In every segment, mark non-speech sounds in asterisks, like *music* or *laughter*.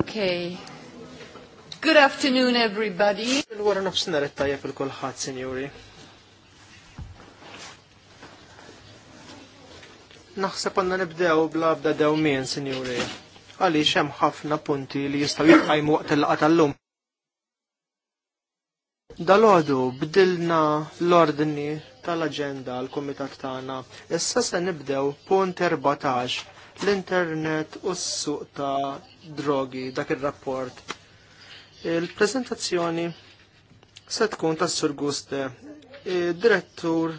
Okay. Good afternoon, everybody. Il-wara nofsinar it fil-kulħadd, sinjuri. Naħseb għandna nibdew bla bda dewmien, sinjuri. Għaliex hemm ħafna punti li jistgħu jitqajmu waqt il-laqgħa tal-lum. Dalodu bdilna l-ordni tal-aġenda l-kumitat tagħna. Issa se nibdew punt 14 l-internet u s-suq ta' drogi dak il-rapport. Il-prezentazzjoni se tkun ta' Sur Guste, direttur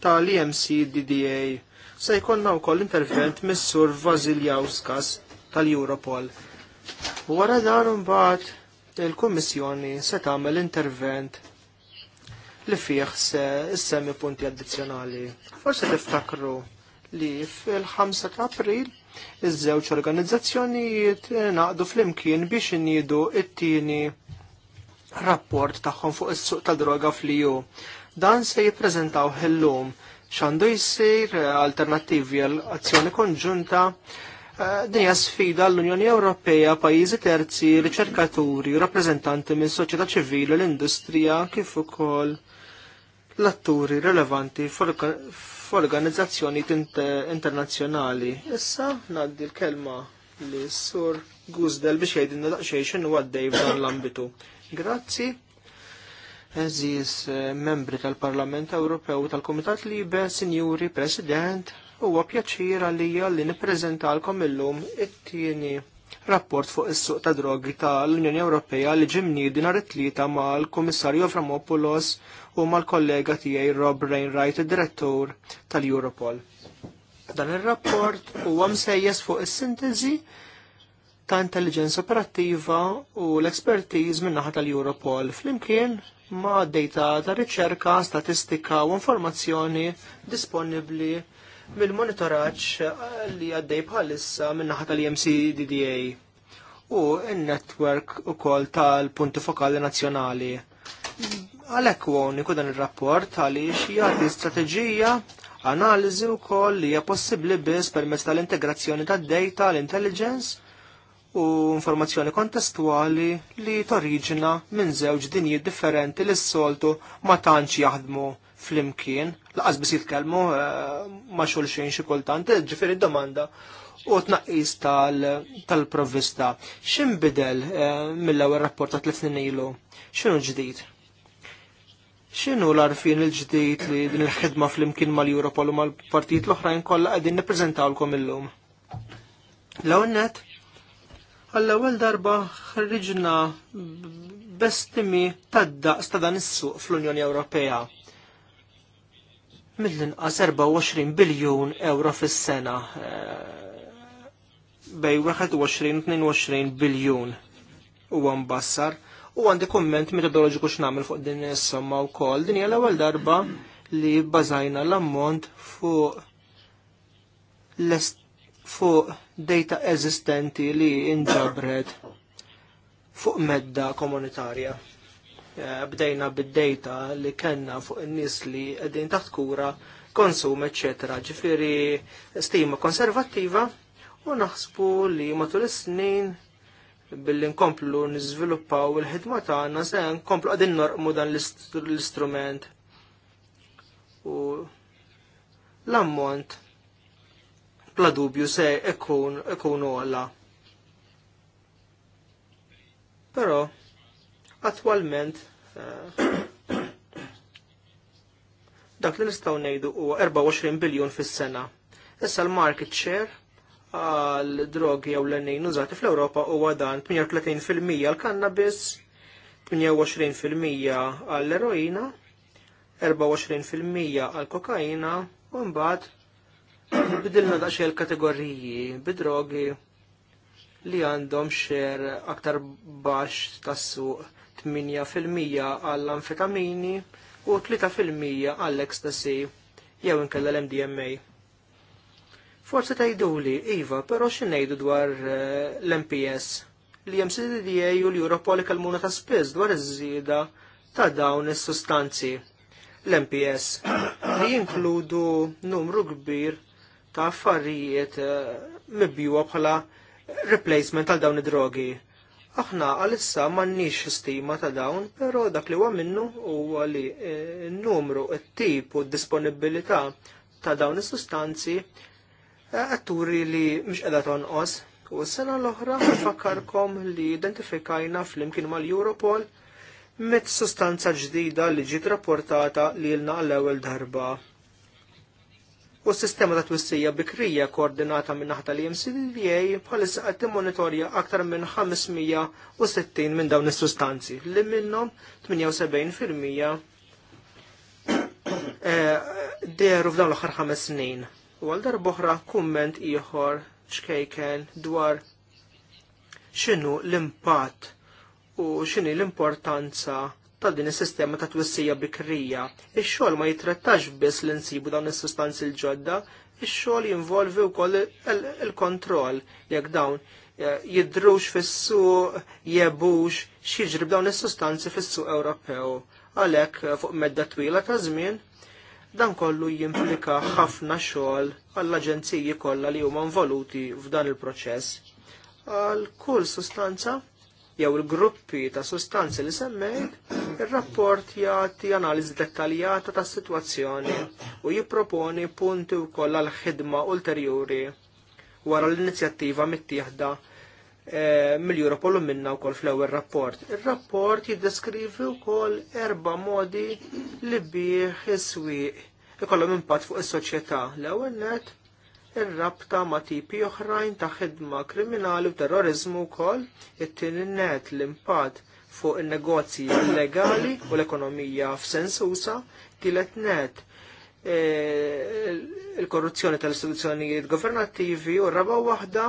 tal-EMC DDA. Se jkollna wkoll intervent mis-Sur Vasiljawskas tal-Europol. Wara dan imbagħad il-Kummissjoni se tagħmel intervent li fih se semmi punti addizzjonali. Forse tiftakru li fil-5 ta' april iż-żewġ organizzazzjonijiet naqdu fl-imkien biex iniedu it-tieni rapport tagħhom fuq is-suq tad droga fl-EU. Dan se jippreżentaw illum x'għandu jsir alternattivi għal azzjoni konġunta eh, dinja sfida l-Unjoni Ewropea, pajjiżi terzi, riċerkaturi, rappreżentanti minn soċjetà ċivili, l-industrija, kif ukoll l-atturi relevanti f'organizzazzjoni internazzjonali. Issa ngħaddi l-kelma li sur Guzdel biex jgħidinna daqsxejn x'inhu għaddej f'dan l-ambitu. Grazzi. Eżis eh, membri tal-Parlament Ewropew tal-Kumitat Libe, Sinjuri President, huwa pjaċir għalija li nippreżentalkom illum it-tieni rapport fuq is-suq ta' drogi tal-Unjoni Ewropea li ġimni dinar it-tlieta mal-Kummissarju Framopoulos u mal-kollega tiegħi Rob Rainwright, id-direttur tal-Europol. Dan ir-rapport huwa msejjes fuq is-sintesi ta' intelligenza operattiva u l expertise min-naħa tal-Europol flimkien ma' data ta' riċerka, statistika u informazzjoni disponibbli mill-monitoraċ eh, li għaddej bħalissa ħata tal-MCDDA u n-network u kol tal-punti fokali nazjonali. Għalek għon ikudan il-rapport għalix jgħati strategija analizi u kol li hija possibbli biss permezz tal-integrazzjoni tad-data, l-intelligence u informazzjoni kontestwali li torriġina minn żewġ dinji differenti li s-soltu ma tantx jaħdmu flimkien, laqas bis jitkellmu eh, ma xulxin xi kultant, ġifiri domanda u tnaqqis tal-provvista. ċim bidel eh, mill-ewwel rapport ta' tliet snin ilu? X'inhu ġdid? X'inhu l-arfin il-ġdid li din il-ħidma flimkien mal-Europol u mal-partijiet l-oħrajn kollha qegħdin nippreżentawlkom illum? L-ewwel net, għall-ewwel darba ħriġna bestimi tad-daqs ta' dan is-suq fl-Unjoni Ewropea mill-inqas 24 biljun euro fis-sena eh, bej 21-22 biljun u għambassar u għandi komment metodologiku x'namel fuq din is-somma wkoll. Din hija l-ewwel darba li bbażajna l-ammont fuq fuq data eżistenti li inġabret fuq medda komunitarja. Eh, bdejna bid-data li kellna fuq in-nies li qegħdin taħt kura, konsum, eċetera. Ġifieri stima konservattiva u naħsbu li matul is-snin billi nkomplu niżviluppaw il-ħidma tagħna se nkomplu qegħdin norqmu dan l-istrument. U l-ammont bla dubju se ikun ikun ola. Però Attualment, eh, *coughs* dak li nistaw nejdu u 24 biljun fis-sena. Issa l-market share għal drogi jew l-għannin użati fl-Europa u għadan 38% għal-kannabis, 28% għall-eroina, 24% għall-kokaina u mbagħad *coughs* bidilna daqsxejn kategoriji bidrogi li għandhom xer aktar baxx tas-suq 8% għall-anfetamini u 3% għall-ecstasy jew inkella l-MDMA. Forse iva, eh, li, Iva, pero xinejdu dwar l-MPS li jem u l-Europol kalmuna ta' spiz dwar iż-żieda ta' dawn is-sustanzi l-MPS *clears throat* li jinkludu numru kbir ta' affarijiet eh, mibjuwa bħala replacement tal dawn id-drogi. Aħna għalissa m'għandniex stima ta' dawn, però dak li huwa minnu huwa li e, n-numru, t-tip u d-disponibilità ta' dawn is-sustanzi għatturi e, li mhux qiegħda tonqos. U s-sena l-oħra fakkarkom li identifikajna fl-imkien mal-Europol mit sustanza ġdida li ġiet rapportata li l-na l-ewwel darba u s-sistema ta' twissija bikrija koordinata minn naħta li MCDA bħalissa qed timmonitorja aktar minn 560 minn dawn is-sustanzi li minnhom 78% eh, deru f'dawn l-aħħar 5 snin. U għal darboħra kumment ieħor xkejken dwar x'inhu l-impatt u x'inhi l-importanza ta' din is-sistema ta' twissija bikrija. Ix-xogħol ma jitrattax biss li nsibu dawn is-sustanzi l-ġodda, ix-xogħol jinvolvi wkoll il-kontroll jekk dawn eh, jidrux fis-suq, jebux, x'jiġri dawn is-sustanzi fis-suq Ewropew. Għalhekk eh, fuq medda twila ta' żmien dan kollu jimplika ħafna xogħol għall-aġenziji kollha li huma involuti f'dan il-proċess. Għal kull sustanza jew il-gruppi ta' sostanzi li semmejt, il-rapport jagħti analiżi dettaljata ta' situazzjoni u jipproponi punti wkoll għal ħidma ulterjuri wara l-inizjattiva mittieħda eh, mill-Europol minna u koll fl-ewel rapport. Il-rapport jiddeskrivi u koll erba modi li bieħ iswiq ikollhom impatt fuq is-soċjetà. L-ewwel net ir-rabta ma' tipi oħrajn ta' ħidma kriminali u terrorizmu wkoll it-tieni net l-impatt fuq in-negozji illegali u l-ekonomija f'sens usa, tielet net e, il-korruzzjoni tal-istituzzjonijiet governattivi u raba waħda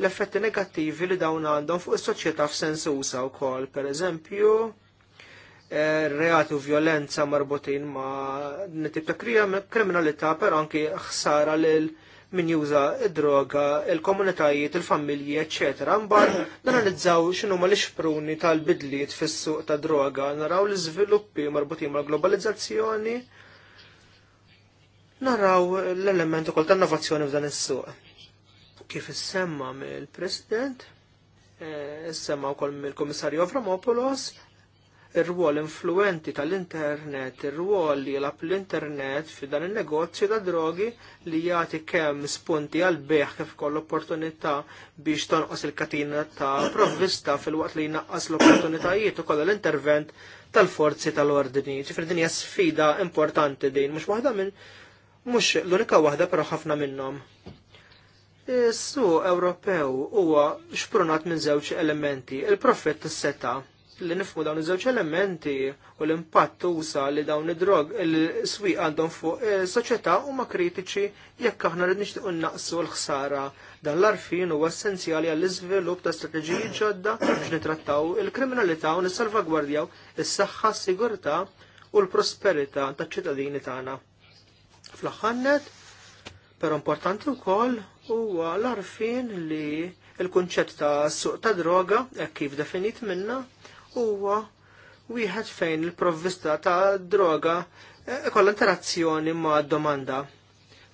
l-effetti negattivi li dawn għandhom fuq is-soċjetà f'sens usa wkoll, pereżempju E, reati u violenza marbutin ma' nitib ta' kriminalità, per anki ħsara lil min juża id-droga, il-komunitajiet, il-familji, ecc. Mbar nanalizzaw xinu ma l-ixpruni tal-bidliet fis-suq ta' droga, naraw l-iżviluppi marbutin mal-globalizzazzjoni, naraw l elementu kol ta' innovazzjoni f'dan is-suq. Kif is-semma mill-President, eh, semma wkoll mill-Kummissarju Avramopoulos, ir-rwol influenti tal-internet, ir-rwol li jilab l-internet fi dan il-negozju ta' drogi li jagħti kemm spunti għal beħ kif koll opportunità biex tonqos il-katina ta' provvista fil-waqt li jnaqqas l-opportunitajiet ukoll l-intervent tal-forzi tal-ordni. Ġifri din hija sfida importanti din, mhux waħda minn mhux l-unika waħda però ħafna minnhom. is su Ewropew huwa xprunat minn żewġ elementi, il-profitt is-seta' li nifmu dawn iż-żewġ elementi u l-impatt usa li dawn id-drog il-swieq għandhom fuq eh, soċjetà huma kritiċi jekk aħna rrid nixtiequ naqsu l-ħsara. Dan l-arfin huwa essenzjali għall-iżvilupp ta' strateġiji ġodda biex nitrattaw il-kriminalità u nissalvagwardjaw is-saħħa, s-sigurtà u l-prosperità taċ-ċittadini tagħna. Fl-aħħannet, però importanti wkoll huwa l-arfin li l kunċett ta' suq ta' droga, hekk kif definit minna, huwa wieħed fejn il-provvista ta' droga eh, kollha interazzjoni ma' domanda.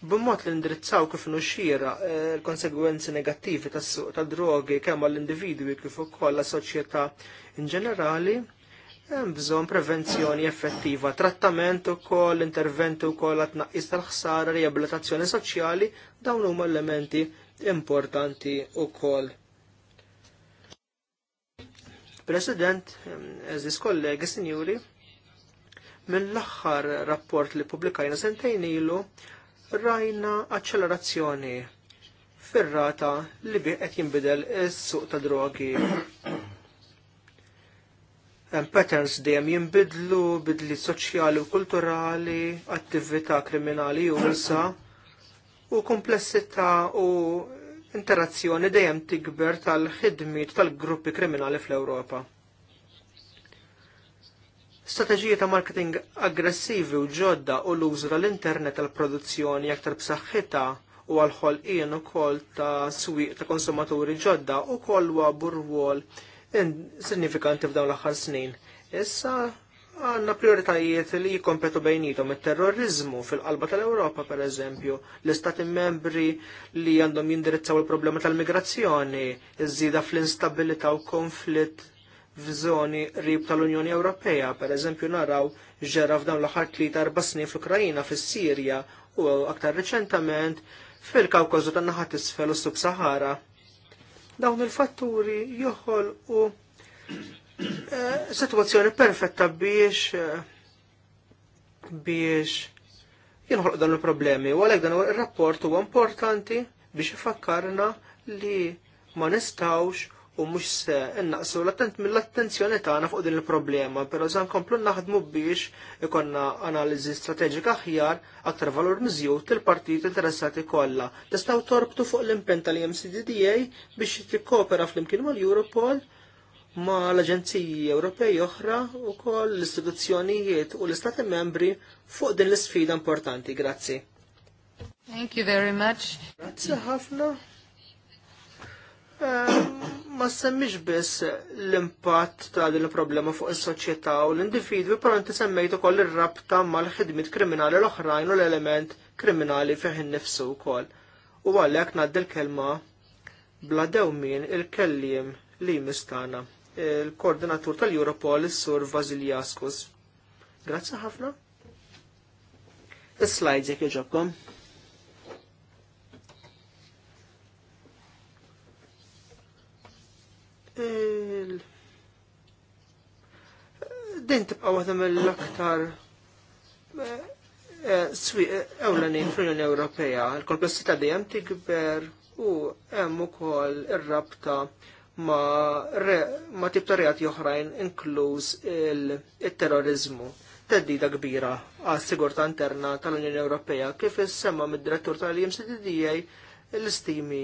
B'mod li indirizzaw kif nuxira eh, l-konsegwenzi negattivi tas-suq ta' drogi kemm għall-individwi kif ukoll la soċjetà in ġenerali, hemm bżonn prevenzjoni effettiva, trattament ukoll, interventi wkoll għat tnaqqis tal-ħsara, riabilitazzjoni soċjali, dawn huma elementi importanti wkoll President, eżis kollegi sinjuri, minn l-axħar rapport li publikajna sentejn ilu, rajna accelerazzjoni fir-rata li biqet jimbidel is-suq ta' drogi. *clears throat* Patterns dejjem jinbidlu, bidli soċjali u kulturali, attività kriminali u u komplessità u interazzjoni dejjem tikber tal-ħidmiet tal-gruppi kriminali fl-Ewropa. Strateġiji ta' marketing aggressivi u ġodda u l-użu tal-internet tal-produzzjoni aktar b'saħħitha u għal-ħolqien ukoll ta' swieq ta' konsumaturi ġodda u koll wabu in sinifikanti f'dawn l-aħħar snin. Issa għanna prioritajiet li jikompetu bejnietom il-terrorizmu fil-qalba tal-Europa, per eżempju, l-istati membri li għandhom jindirizzaw il-problema tal-migrazzjoni, iż-żida fl-instabilità u konflitt f'żoni rib tal-Unjoni Ewropea, per eżempju naraw ġera f'dawn l-aħħar tlieta arba' snin fl-Ukrajina, fis-Sirja u aktar reċentament fil-Kawkażu tan-naħat isfel u sub-Sahara. Dawn il-fatturi joħol u Eh, situazzjoni perfetta biex eh, biex jinħolq dan il-problemi. U għalhekk dan ir-rapport huwa importanti biex ifakkarna li ma nistawx u mhux se innaqsu l-attent mill-attenzjoni tagħna fuq din il-problema, però żan komplu naħdmu biex ikonna analiżi strateġika aħjar aktar valur miżjud il-partiti interessati kollha. Tistgħu torbtu fuq l impenta tal-MCDDA biex tikkopera flimkien mal-Europol ma l-Aġenziji Ewropej oħra u koll l-istituzzjonijiet u l-Istati membri fuq din l-sfida importanti. Grazzi. Thank you very much. Grazzi ħafna. Ehm, ma semmix biss l-impatt ta' din il-problema fuq is-soċjetà u l-individwi, però inti semmejt ukoll ir-rabta mal-ħidmiet kriminali l-oħrajn u l-element kriminali nifsu innifsu wkoll. U għalhekk ngħaddi kelma bla min il kellim li mistana il-koordinatur tal-Europol, il-sur Vasiliaskus. Grazzi ħafna. Is-slides jek joġobkom. Din tibqa' waħda mill-aktar eh, eh, ewlenin fl-Unjoni Ewropea. Il-komplessità dejjem tikber u hemm ukoll ir-rabta ma, re, ma tip reati oħrajn inkluż il-terrorizmu. Teddida kbira għas sigurta interna tal-Unjoni Ewropea kif is semma mid-direttur tal-IMCDDA l-istimi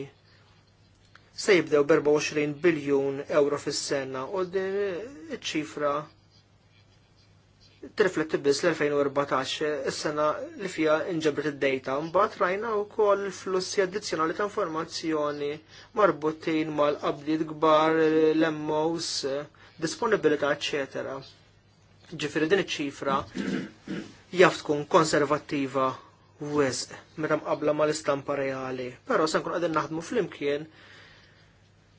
se jibdew 24 biljun euro fis-sena u din iċ-ċifra tirrifletti biss l-2014 is-sena li fija inġabret id-data mbagħad rajna wkoll flussi addizzjonali ta' informazzjoni marbutin mal-qabdiet kbar, l-MOs, disponibilità, eċetera. Ġifieri din iċ-ċifra jaf tkun konservattiva wisq meta mqabbla mal-istampa reali, però se nkun qegħdin naħdmu flimkien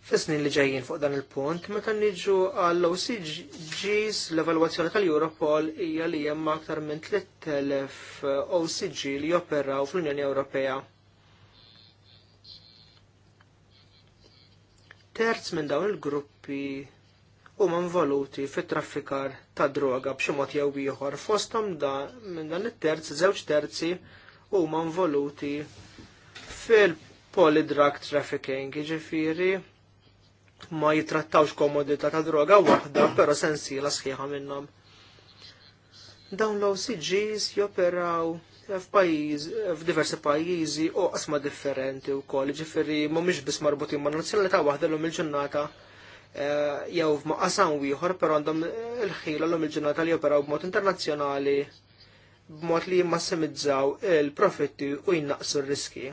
Fisnin li ġejjin fuq dan il-punt, meta niġu għall OCGs l-evalwazzjoni tal-Europol hija li hemm aktar minn 3000 OCG li joperaw fl-Unjoni Ewropea. Terz minn dawn il-gruppi huma involuti fit-traffikar ta' droga b'xi mod jew ieħor fosthom da minn dan it-terz żewġ terzi huma involuti fil-polydrug trafficking, ġifieri ma jitrattawx komodità ta' droga waħda, però la sħiħa minnhom. Dawn l-OCGs joperaw f'diversi pajjiżi u qasma differenti wkoll, ġifieri mhumiex biss marbutin ma' nazzjonalità wahda l il-ġurnata eh, jew f'maqasam wieħor, però għandhom il ħil l il-ġurnata li joperaw b'mod internazzjonali b'mod li jimmassimizzaw il-profitti u jinnaqsu r-riski.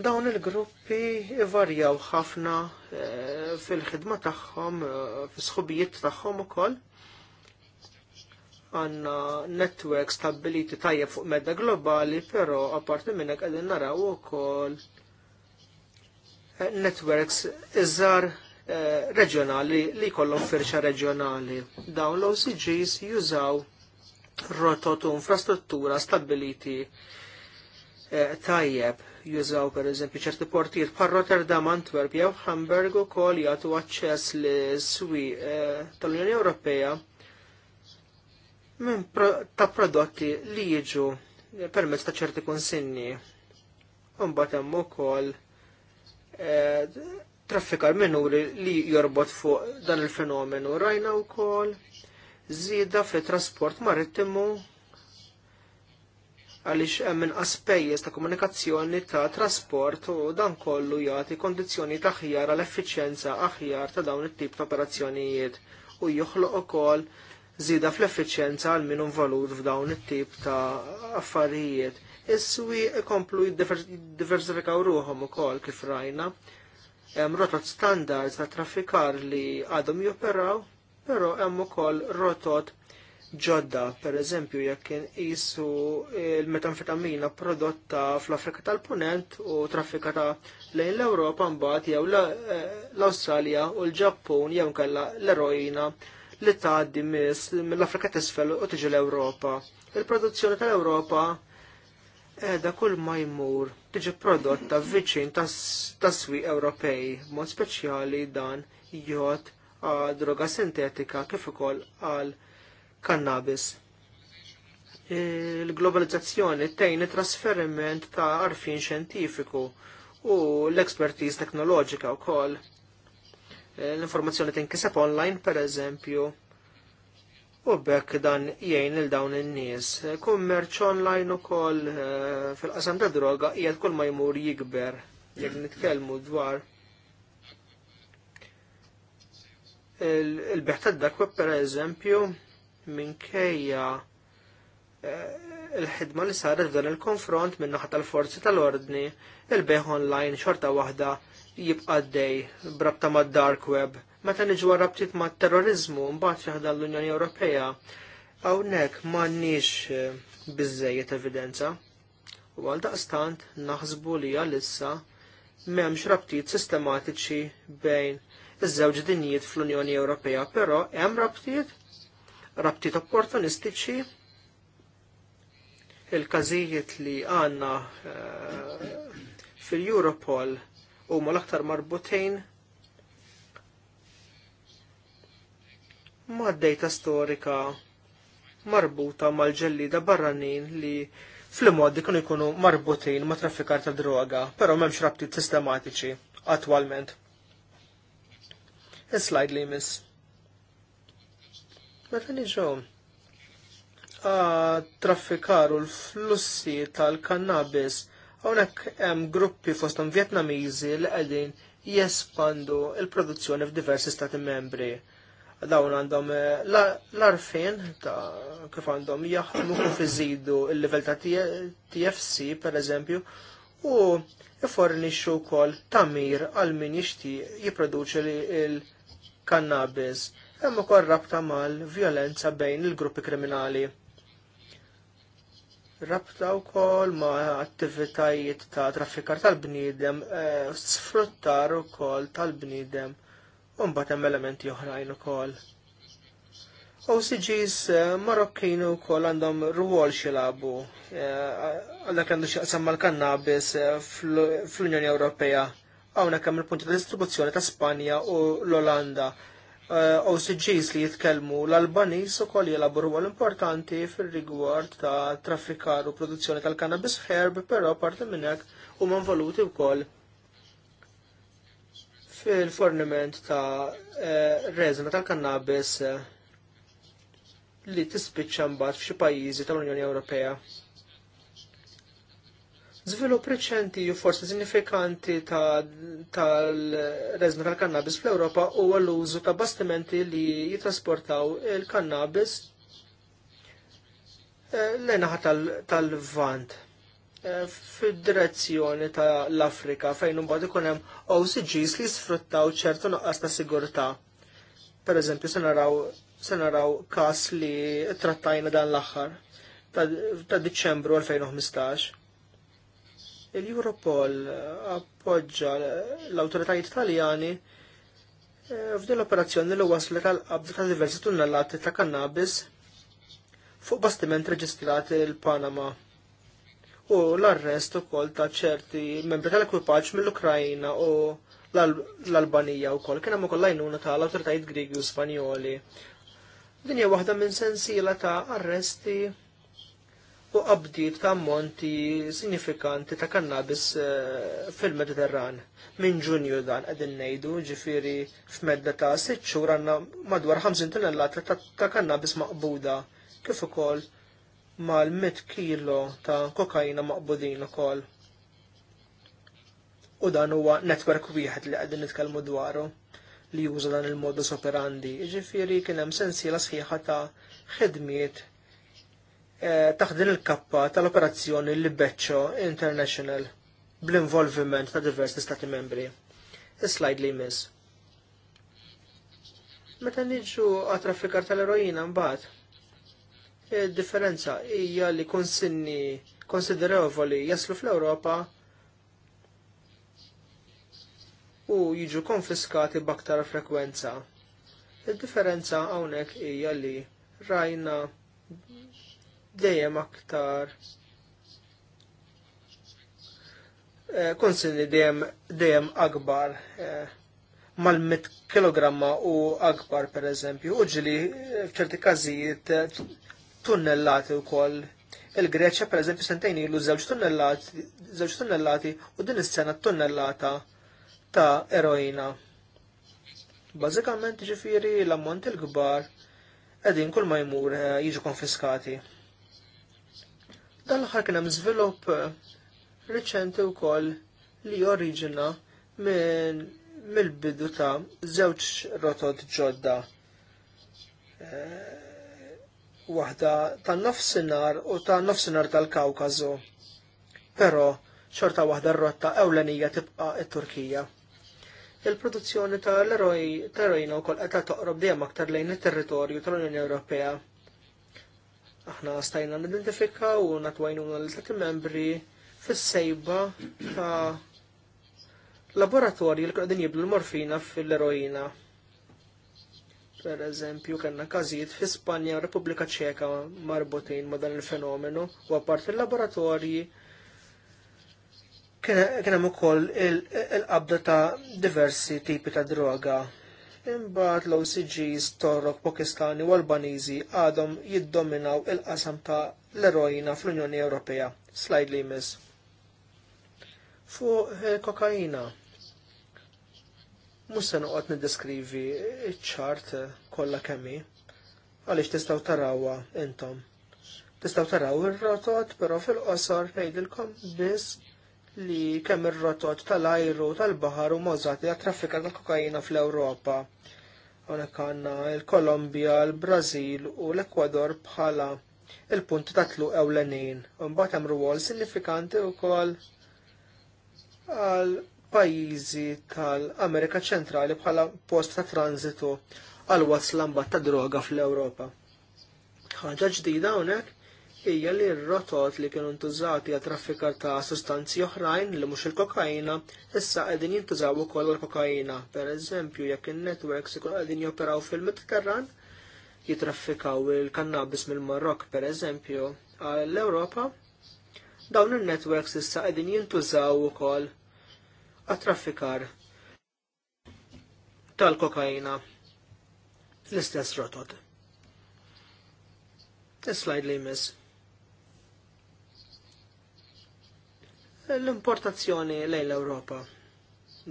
Dawn il-gruppi varjaw ħafna eh, fil-ħidma tagħhom, eh, fis-sħubijiet tagħhom ukoll. Għanna network stabiliti tajjeb fuq medda globali, però apparti minn hekk qegħdin naraw ukoll eh, networks iżar reġjonali li jkollhom firxa reġjonali. Dawn l-OCGs jużaw rotot u infrastruttura stabiliti Eh, tajjeb jużaw per eżempju ċerti portijiet bħal Rotterdam, Antwerp jew Hamburg ukoll jagħtu aċċess li swi eh, tal-Unjoni Ewropea minn ta' prodotti li jiġu eh, permezz ta' ċerti konsinni. mbagħad hemm ukoll traffikar minuri li jorbot fuq dan il-fenomenu rajna wkoll żieda fi trasport marittimu għaliex hemm aspejjes pejjeż ta' komunikazzjoni ta' trasport u dan kollu jagħti kondizzjoni ta' ħjar għal effiċjenza aħjar ta' dawn it-tip ta' operazzjonijiet u joħloq ukoll zida fl-effiċjenza għal min involut f'dawn it-tip ta' affarijiet. Is-swi ikomplu jiddiversifikaw u ukoll kif rajna. Hemm rotot standards ta' traffikar li għadhom joperaw, però hemm ukoll rotot ġodda, per eżempju, jekk jisu il-metanfetamina prodotta fl-Afrika tal-Punent u traffikata lejn l-Ewropa mbagħad jew eh, l-Awstralja u l-Ġappun jew kellha l-eroina li tgħaddi mill-Afrika t'isfel u tiġi l-Ewropa. Il-produzzjoni tal-Ewropa edha kull ma jmur tiġi prodotta viċin tas-swieq Ewropej, mod speċjali dan jgħod droga sintetika kif ukoll għal kannabis Il-globalizzazzjoni e, tejni trasferiment ta' arfin xjentifiku u l-ekspertiż teknoloġika wkoll. E, l-informazzjoni tinkiseb online, per eżempju, u bekk dan jgħin il dawn in-nies. E, kummerċ online ukoll fil-qasam ta' droga qiegħed kull ma jmur jikber jekk nitkellmu dwar il-beħ tad dakwa per eżempju minkejja eh, il-ħidma li saret f'dan il-konfront minn naħa tal-forzi tal-ordni, il-beħ online xorta waħda jibqa' dej brabta mad dark web. Meta nġu rabtiet ma' terrorizmu mbagħad fiħda l-Unjoni Ewropea, hawnhekk m'għandniex eh, bizzejiet evidenza. U għal daqstant naħsbu li għalissa m'hemmx rabtiet sistematiċi bejn iż-żewġ dinjiet fl-Unjoni Ewropea, però hemm rabtiet rabtiet opportunistiċi il-każijiet li għanna eh, fil-Europol huma l-aktar marbutejn ma' dejta storika marbuta mal-ġellida barranin li fl mod dikun ikunu marbutin ma' traffikar ta' droga, però m'hemmx rabtiet sistematiċi attwalment. Is-slide li miss. Meta niġu traffikaru l-flussi tal-kannabis hawnhekk hemm gruppi fosthom Vietnamiżi li qegħdin jespandu il-produzzjoni f'diversi stati membri. Dawn għandhom eh, l-arfin ta' kif għandhom jaħdmu kif iżidu il-livell ta' TFC per eżempju u ifornixxu wkoll tamir għal min jixtieq jipproduċi il-kannabis hemm ukoll rabta mal-vjolenza bejn il-gruppi kriminali. Rabta wkoll ma' attivitajiet ta' traffikar tal-bniedem, eh, sfruttar ukoll tal-bniedem, u mbagħad hemm elementi oħrajn ukoll. OCGs eh, Marokkin u kol għandhom ruol xilabu eh, għallak għandu xaqsam mal-kannabis fl-Unjoni Ewropea għawna kam il-punti ta' distribuzzjoni ta' Spanja u l-Olanda Eh, OCGs li jitkellmu l-Albanis u koll jelabru għal importanti fil-rigward ta' traffikar u produzzjoni tal-cannabis herb, pero parti minnek u man valuti u koll fil-forniment ta' eh, rezina tal-cannabis eh, li tispiċċa mbagħad f'xi pajjiżi tal-Unjoni Ewropea. Zvilup reċenti u forsi sinifikanti tal-reżna tal-kannabis fl-Ewropa huwa l-użu ta' bastimenti li jitrasportaw il-kannabis eh, l-enaħa tal-vant eh, fid-direzzjoni ta' l-Afrika fejn un ikun hemm OCGs li sfruttaw ċertu noqqas ta' sigurtà. Per eżempju, se naraw kas każ li trattajna dan l-aħħar ta' Diċembru 2015 Il-Europol appoġġa l-autoritajiet italjani eh, f'din l-operazzjoni li waslet għal qabda ta' diversi tunnellati ta' kannabis fuq bastiment reġistrati l-Panama u l-arrest ukoll ta' ċerti membri tal-ekwipaġġ mill-Ukrajna u l-Albanija wkoll kien hemm ukoll għajnuna tal-awtoritajiet Grigi u Spanjoli. Dinja waħda minn sensiela ta' arresti u qabdiet ta' ammonti sinifikanti ta' kannabis eh, fil-Mediterran. Minn ġunju dan qegħdin ngħidu ġifieri f'medda ta' 6 xhur għanna madwar 50 tonnellata ta' kannabis maqbuda kif ukoll mal-100 kilo ta' kokaina maqbudin ukoll. U dan huwa netwerk wieħed li qegħdin nitkellmu dwaru li juża dan il-modus operandi. Ġifiri kien hemm sensiela sħiħa ta' ħidmiet Eh, taħdin il-kappa tal-operazzjoni Libeccio International bl-involviment ta' diversi stati membri. Is-slide li jmiss. Meta nġu għat-traffikar tal-eroina il differenza hija li konsinni konsiderevoli jaslu fl-Ewropa u jiġu konfiskati b'aktar frekwenza. il differenza hawnhekk hija li rajna dejjem aktar eh, konsilli dejjem dejjem akbar eh, mal-100 kg u akbar per eżempju, u ġili eh, f'ċerti każijiet tunnellati wkoll. Il-Greċja per eżempju sentejn ilu żewġ tunnellati, żewġ tunnellati u din is-sena tunnellata ta' eroina. Bażikament ġifieri l-ammont il-kbar qegħdin kull ma jmur jiġu konfiskati. Dal-ħar aħħar kien hemm żvilupp eh, riċenti wkoll li oriġina minn mill-bidu ta' żewġ rotot ġodda. Eh, waħda ta' nofsinhar u ta' nofsinhar tal kawkazu Però xorta waħda r-rotta ewlenija tibqa' it-Turkija. Il-produzzjoni ta' l-eroj ta' erojna wkoll qed toqrob dejjem aktar lejn it-territorju tal-Unjoni Ewropea Aħna stajna nidentifika u natwajnu l-tati membri fis-sejba ta' laboratorji li qegħdin jiblu l-morfina fil-eroina. Per eżempju, kellna każijiet fi Spanja u Repubblika Ċeka marbutin ma' dan il-fenomenu u apart il-laboratorji kien hemm ukoll il-qabda ta' diversi tipi ta' droga imbagħad l-OCGs torok Pakistani u Albaniżi għadhom jiddominaw il-qasam ta' l-erojina fl-Unjoni Ewropea. Slide li jmiss. Fuq kokaina. Mhux se noqgħod niddeskrivi ċ-ċart kollha kemmi għaliex tistgħu tarawha intom. Tistgħu taraw ir rotot però fil-qosor ngħidilkom biss li kemm ir-rotot tal-ajru tal-baħar u mażati għat traffika tal-kokaina fl-Ewropa. Hawnhekk għandna l-Kolombja, l-Brażil u l-Ekwador bħala il-punti ta' tluq ewlenin. Mbagħad hemm rwol sinifikanti wkoll għal pajjiżi tal-Amerika ċentrali bħala post ta' tranzitu għal wasl lambat ta' droga fl-Ewropa. Ħaġa ġdida hawnhekk hija li r-rotot li kienu ntużati għal traffikar ta' sostanzi oħrajn li mhux il-kokaina issa qegħdin jintużaw ukoll il-kokaina. Pereżempju, jekk in-networks ikun qegħdin joperaw fil-Mediterran, jitraffikaw il-kannabis mill-Marokk pereżempju għall-Ewropa, dawn in-networks issa qegħdin jintużaw ukoll għat-traffikar tal-kokaina l-istess rotot. Slide li jmiss. l-importazzjoni lejn l-Ewropa.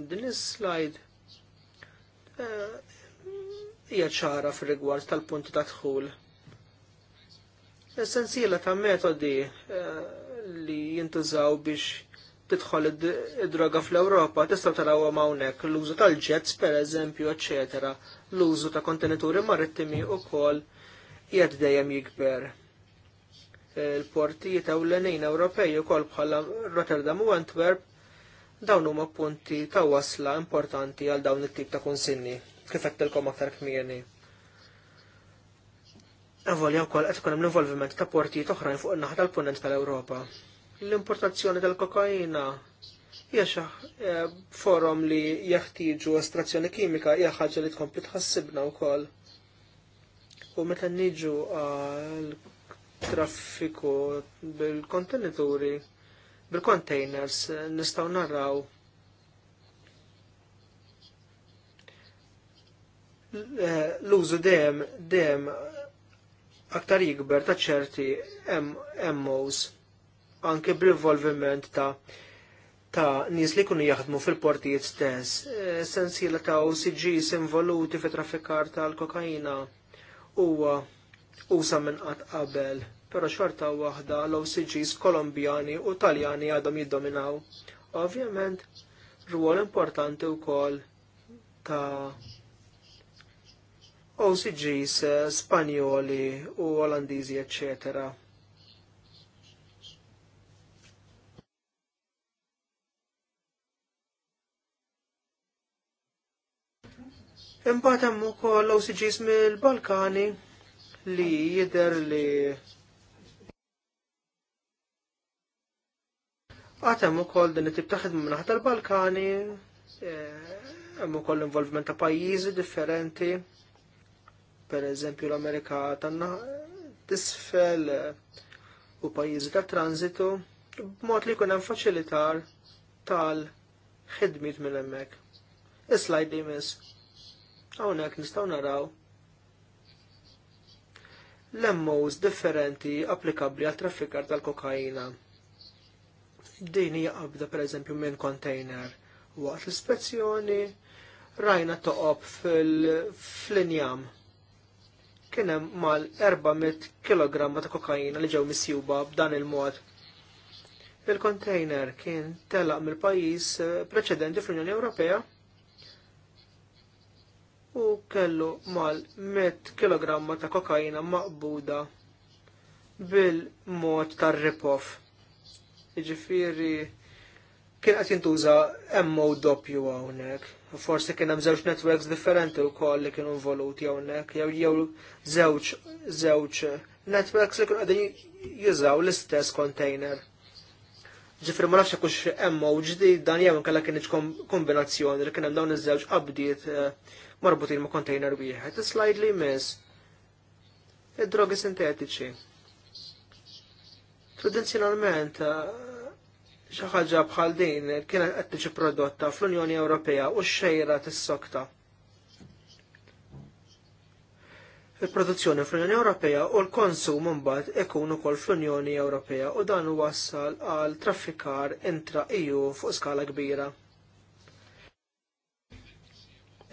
Din is-slide eh, hija ċara fir-rigward tal-punti ta' dħul. Essenzjali ta' metodi eh, li jintużaw biex tidħol id-droga fl-Ewropa, tistgħu taraw hawnhekk l-użu tal-ġets pereżempju, eċetera, l-użu ta' kontenituri marittimi wkoll qiegħed dejjem jikber il-portijiet ewlenin Ewropej ukoll bħala Rotterdam u Antwerp dawn huma punti ta' wasla importanti għal dawn it-tip ta' kunsinni kif tilkom aktar kmieni. Avolja wkoll qed ikun hemm l-involviment ta' portijiet oħrajn fuq in-naħa tal-punent tal-Ewropa. L-importazzjoni tal-kokaina hija xi eh, forum li jeħtieġu estrazzjoni kimika hija ħaġa li tkompli tħassibna wkoll. U meta niġu għal traffiku bil-kontenituri, bil-containers, nistaw narraw l-użu dejjem dejjem aktar jikber ta' ċerti MOs anke bl-involviment ta' ta' nies li kunu jaħdmu fil-portijiet stess, sensila ta' OCGs involuti fi traffikar tal-kokaina huwa usa minn qatt qabel, però xorta waħda l-OCGs Kolombjani u Taljani għadhom jiddominaw. Ovvjament, rwol importanti wkoll ta' OCGs eh, Spanjoli u Olandiżi, eccetera. Imbagħad hemm ukoll OCGs mill-Balkani li jider li Għatem u koll din it-tib taħid tal-Balkani, eh, hemm ukoll involvement ta' pajjiżi differenti, per eżempju l-Amerika tanna tisfel eh, u pajjiżi ta' transitu, b'mod li jkun hemm faċilitar tal-ħidmiet minn hemmhekk. Is-slajd li jmiss. Hawnhekk nistgħu naraw l differenti applikabli għal traffikar tal-kokaina. Din hija qabda pereżempju minn container waqt l-ispezzjoni rajna toqob fil-injam. Kien hemm mal-400 kg ta' kokaina li ġew misjuba b'dan il-mod. Il-kontejner kien telaq mill-pajjiż eh, preċedenti fl-Unjoni Ewropea u kellu mal 100 kg ta' kokaina maqbuda bil-mod tar ripoff Jiġifieri kien qed jintuża emmo doppju għawnek. Forsi kien hemm żewġ networks differenti wkoll li kienu involuti hawnhekk jew jew żewġ zewċ networks li kienu għadin jużaw l-istess container ġifri ma nafxie kux emmo u ġdid dan jew kalla kien kombinazzjoni li kien hemm dawn iż-żewġ qabdiet marbutin ma' container wieħed. Slide li jmiss id-drogi sintetiċi. Tradizzjonalment, eh, xi ħaġa bħal din kienet qed tiġi prodotta fl-Unjoni Ewropea u xejra tis-sokta. Il-produzzjoni fl-Unjoni Ewropea u l-konsum mbagħad ikun ukoll fl-Unjoni Ewropea u dan wassal għal traffikar intra EU fuq skala kbira.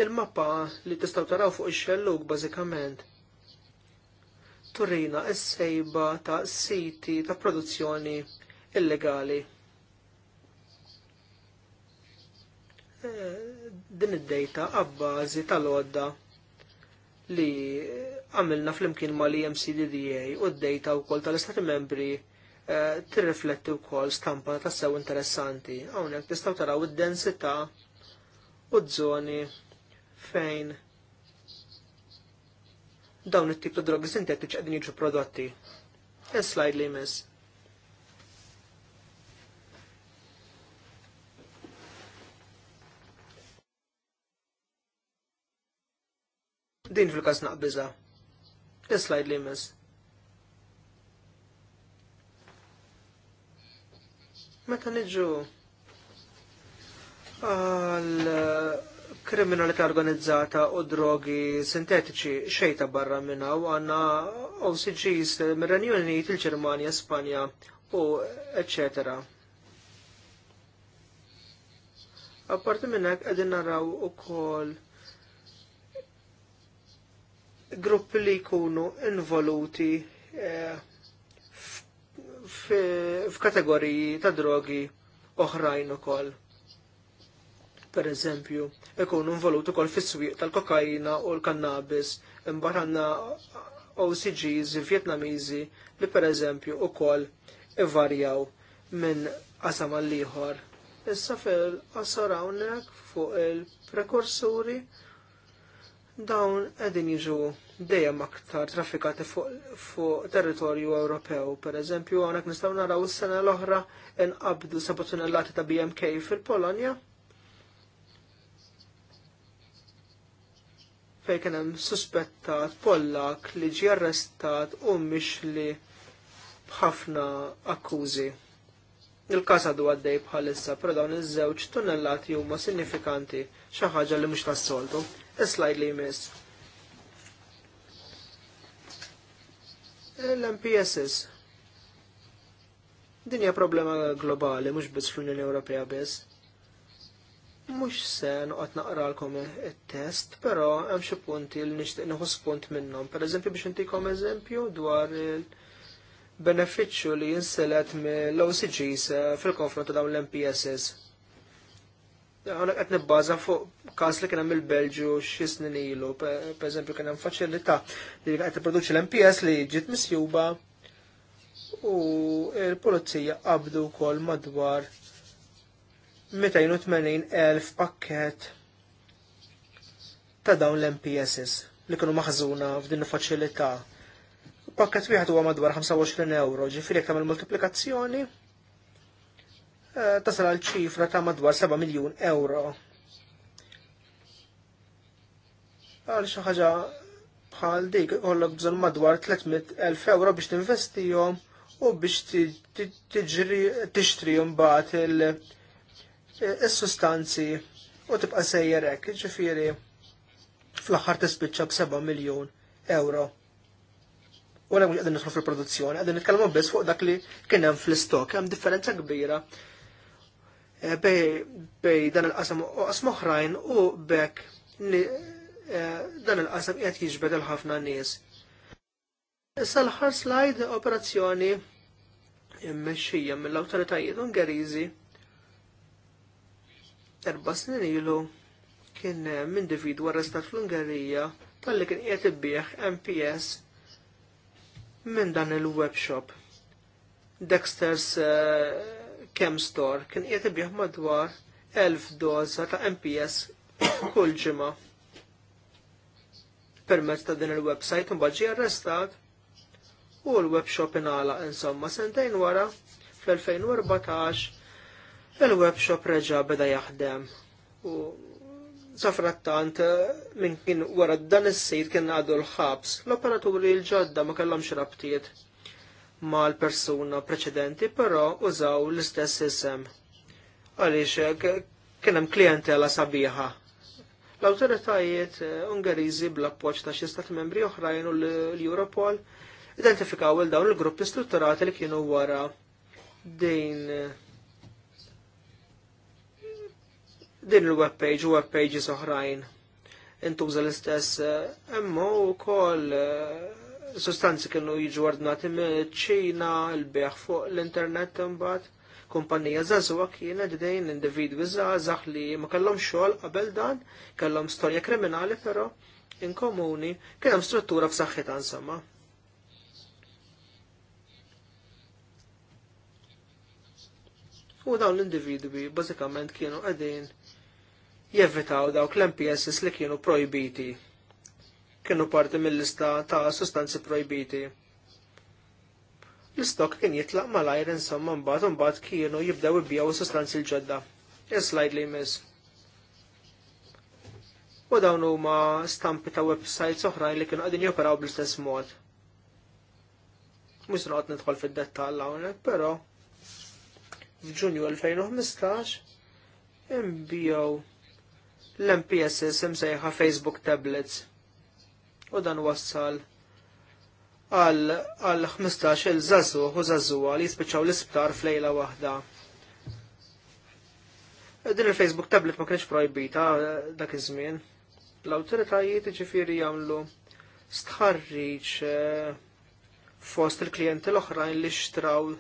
Il-mappa li tistaw taraw fuq ix xellug bażikament turina s-sejba ta' siti ta' produzzjoni illegali. Eh, din id-dejta għabbażi tal odda li għamilna fl-imkien ma li MCDDA u d-dejta u kol tal-istati membri eh, tirrifletti u kol stampa ta' sew interessanti. Għawnek tistaw taraw id-densita u d-żoni fejn dawn it-tip ta' drogi sintetiċi qegħdin jiġu prodotti. Il-slide li jmiss. Din fil-każ naqbiża. Il-slide li jmiss. Meta niġu għal kriminalità organizzata u drogi sintetiċi xejta barra minna u għanna OCGs mir-Renju Unit, il-Ġermanja, Spanja u etc. Apparti hekk għedin naraw u kol gruppi li jkunu involuti eh, f'kategoriji ta' drogi oħrajn u per eżempju, ikunu involut ukoll fis-swieq tal-kokaina u l-kannabis imbagħad għandna OCGs Vjetnamiżi li per eżempju ukoll ivarjaw minn qasam għal ieħor. Issa fil-qasar hawnhekk fuq il-prekursuri dawn qegħdin jiġu dejjem aktar traffikati fuq fu territorju Ewropew. Per eżempju, hawnhekk nistgħu naraw is-sena l-oħra inqabdu seba' tunnellati ta' BMK fil-Polonja fejn kien hemm suspettat Pollak li ġie arrestat u mixli b'ħafna akkużi. Il-każ għadu għaddej bħalissa, però dawn iż-żewġ tunnellati huma sinifikanti xi ħaġa li mhux tas-soltu. Is-slajd li jmiss. L-MPSs. Dinja problema globali, mhux biss fl-Unjoni Ewropea biss Mux se għat naqralkom it-test, però hemm xi punti li nixtieq nieħu spunt minnhom. Pereżempju biex intikom eżempju dwar il-benefiċċju li jinselet mill-OCGs eh, fil-konfront ta' dawn l-MPSs. Għonek qed nibbaża fuq każ li kien hemm il-Belġu xi snin ilu, pereżempju kien hemm faċilità li qed tipproduċi l-MPS li ġit misjuba u l-pulizija qabdu wkoll madwar 280.000 pakket ta' dawn l-MPSs li kienu maħżuna f'din il-faċilità. Pakket wieħed huwa madwar 25 euro, ġifieri tagħmel multiplikazzjoni eh, tasal għal ċifra ta' madwar 7 miljun euro. Għal xi ħaġa bħal dik ikollok bżonn madwar 300.000 euro biex tinvestihom u biex tixtri mbagħad il- is-sustanzi u tibqa' sejjerek, ġifiri, fl fl-aħħar tispiċċa 7 miljun euro. U għalhekk mhux qegħdin fil-produzzjoni, qegħdin nitkallmu biss fuq dak li kien hemm fl-istok, hemm differenza kbira eh, bej dan il-qasam u qasam oħrajn u bekk eh, dan il-qasam qiegħed jiġbed il-ħafna nies. Issa l ħar slide operazzjoni mmexxija mill-awtoritajiet Ungeriżi erba' snin ilu kien hemm individwu arrestat fl-Ungerija tal-li kien qiegħed ibbieħ MPS minn dan il-webshop. Dexter's eh, Chem Store kien qiegħed ibbieħ madwar 1000 doza ta' MPS kull ġimgħa. Permezz ta' din il-website imbagħad ġie arrestat u l-webshop ingħalaq insomma sentejn wara fl-2014 il-webshop reġa beda jaħdem. U safrattant eh, minn kien wara dan is-sit kien għadu l-ħabs, l-operaturi l-ġodda ma kellhomx rabtiet mal persuna preċedenti, però użaw l-istess isem. Għaliex eh, kien hemm klientela sabiħa. L-awtoritajiet eh, Ungeriżi bl-appoġġ ta' xi stati membri oħrajn u l-Europol identifikaw il dawn il-gruppi strutturati li kienu wara din din il-web page u web pages oħrajn. Intuża l-istess emmo eh, u koll eh, sostanzi kienu jiġu ordnati ċina, l-beħ fuq l-internet imbagħad. Kumpanija zazwa kienet dejn individwi zazax li ma kellhom xogħol qabel dan, kellhom storja kriminali però inkomuni kien hemm struttura f'saħħitha insomma. U dawn l-individwi bażikament kienu qegħdin jevitaw dawk l-MPSs li kienu projbiti. Kienu parti mill-lista ta' sustanzi projbiti. L-istok kien jitlaq malajr insomma mbagħad mbagħad kienu jibdew ibijaw sustanzi l-ġodda. Slide li jmiss. U dawn huma stampi ta' websites oħrajn li kienu qegħdin joperaw bl-istess mod. Mhux noqgħod nidħol fid-dettall hawnhekk, però f'Ġunju 2015 imbijaw l-MPSS imsejħa Facebook Tablets. U dan wassal għal 15 il zazu u zazu għal jispiċaw l-isptar flejla wahda. Din il-Facebook tablet ma kienx projbita dak iż-żmien. L-awtoritajiet ġifieri jagħmlu stħarriġ eh, fost il-klijenti l-oħrajn li xtraw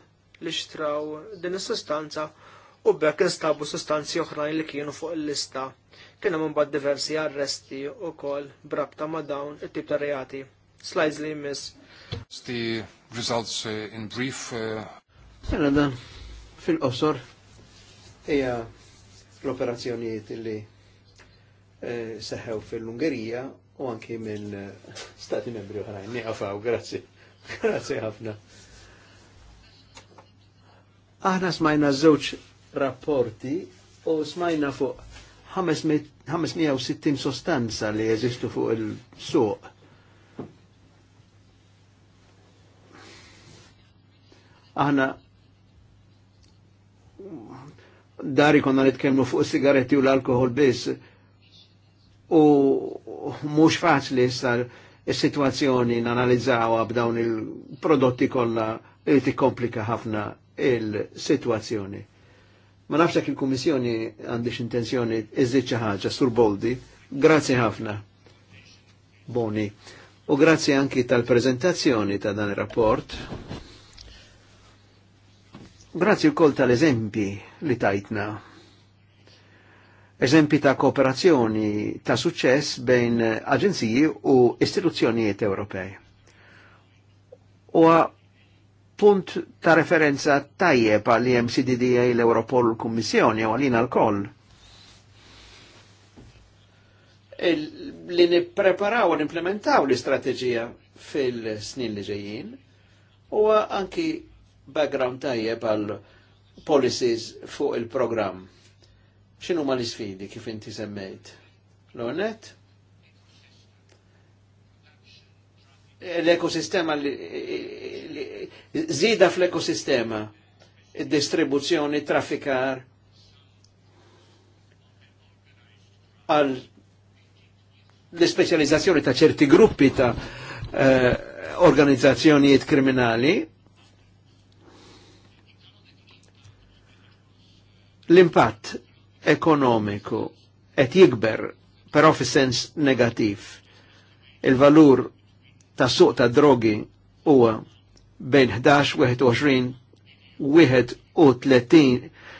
li xtraw din is-sustanza u bekk instabu sustanzi oħrajn li kienu fuq il-lista. Kien hemm imbagħad diversi arresti wkoll brabta ma' dawn it-tip ta' reati. Slides li jmiss. The results uh, in brief. Uh, Sena dan fil-qosor hija l-operazzjonijiet li eh, seħew fil-Ungerija u anki minn eh, stati membri oħrajn. Niqafaw, grazzi. *laughs* Grazzi ħafna. Aħna smajna żewġ rapporti u smajna fuq 560 sostanza li jeżistu fuq il-suq. Aħna dari konna nitkellmu fuq sigaretti u l-alkohol biss u mhux faċli issa s sitwazzjoni nanalizzaw b'dawn il-prodotti kollha li tikkomplika ħafna il-sitwazzjoni. Ma nafx jekk il-Kummissjoni għandix intenzjoni iżid xi ħaġa sur Boldi. Grazzi ħafna. Boni. U grazzi anki tal-prezentazzjoni ta' dan ir-rapport. Grazzi wkoll tal-eżempi li tajtna. Eżempi ta' kooperazzjoni ta' suċċess bejn aġenziji u istituzzjonijiet Ewropej. U punt ta' referenza tajjeb għal għaj e l-Europol Kummissjoni u għalina l-koll. Li nipreparaw u nimplementaw l-istrateġija fil-snin li ġejjin u anki background tajjeb għal policies fuq il-programm. ċinu ma l-sfidi kif inti semmejt? L-onet? l-ekosistema li zida fl-ekosistema id-distribuzzjoni, traffikar għal l-specializzazzjoni ta' ċerti gruppi ta' eh, organizzazzjonijiet kriminali l-impatt ekonomiku qed jikber però fis sens negativ il-valur ta' suq ta' drogi huwa bejn 11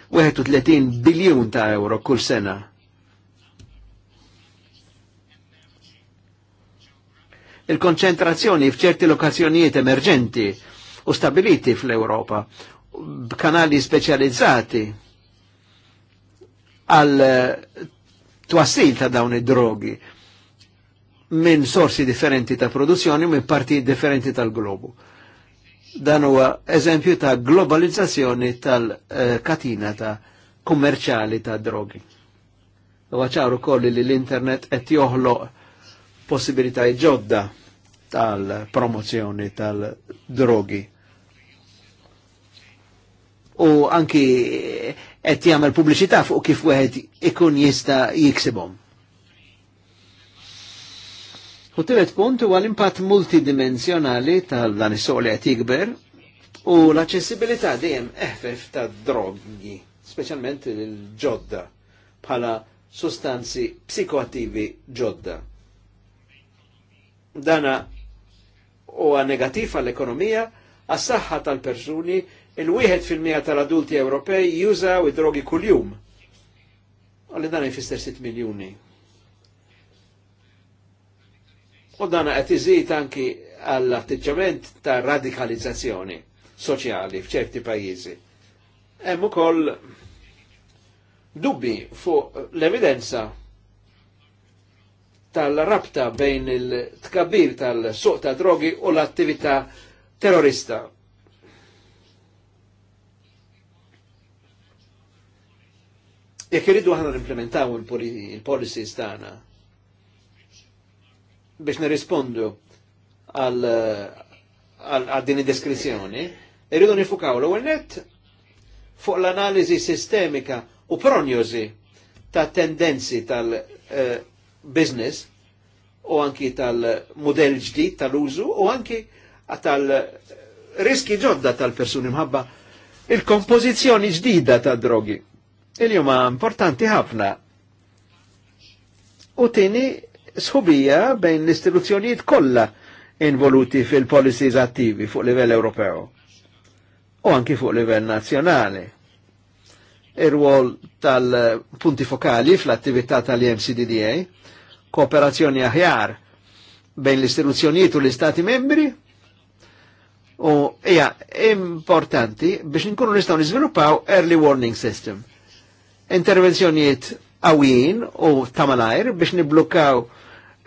u 31 biljun ta' euro kull sena. Il-konċentrazzjoni f'ċerti lokazzjonijiet emerġenti u stabiliti fl-Europa b'kanali speċjalizzati għal twassil ta' dawn id-drogi minn sorsi differenti ta' produzzjoni minn parti differenti tal-globu. Dan huwa eżempju ta' globalizzazzjoni tal-katina ta' kummerċali ta' drogi. Huwa ċaru kolli li l-internet qed joħloq possibilitajiet ġodda tal-promozzjoni tal-drogi. U anki qed jagħmel pubbliċità fuq kif wieħed ikun jista' jiksibhom. U tielet punt huwa l-impatt multidimensjonali tal dan is-soq qed jikber u l-aċċessibilità dejjem eħfef ta' drogi, speċjalment il-ġodda bħala sustanzi psikoattivi ġodda. Dana huwa negattiv għall-ekonomija, għas-saħħa tal-persuni, il-wieħed fil-mija tal-adulti Ewropej jużaw id-drogi kuljum. Għalli dan jfisser 6 miljoni U dan qed iżid anki għall-atteġġament ta' radikalizzazzjoni soċjali f'ċerti pajjiżi. Hemm ukoll dubbi fuq l-evidenza tal-rabta bejn il-tkabbir tal-suq ta' drogi u l-attività terrorista. Jekk irridu ħana implementaw il-policies tagħna biex nirrispondu għal din id-deskrizzjoni, irridu nifukaw l net fuq l-analiżi sistemika u pronjosi ta' tendenzi tal-business eh, u anki tal-modell ġdid tal-użu u anki tal-riski eh, ġodda tal-persuni mħabba il kompozizjoni ġdida tal drogi Il-jum importanti ħafna. U tini sħubija bejn l-istituzzjonijiet kollha involuti fil-policies attivi fuq livell Ewropew u anki fuq livell nazzjonali. Ir-rwol tal-punti fokali fl-attività tal-MCDDA, kooperazzjoni aħjar bejn l-istituzzjonijiet u l-istati membri, u hija importanti biex nkunu nistgħu nizviluppaw early warning system. Intervenzjonijiet għawin u tamanajr biex niblukkaw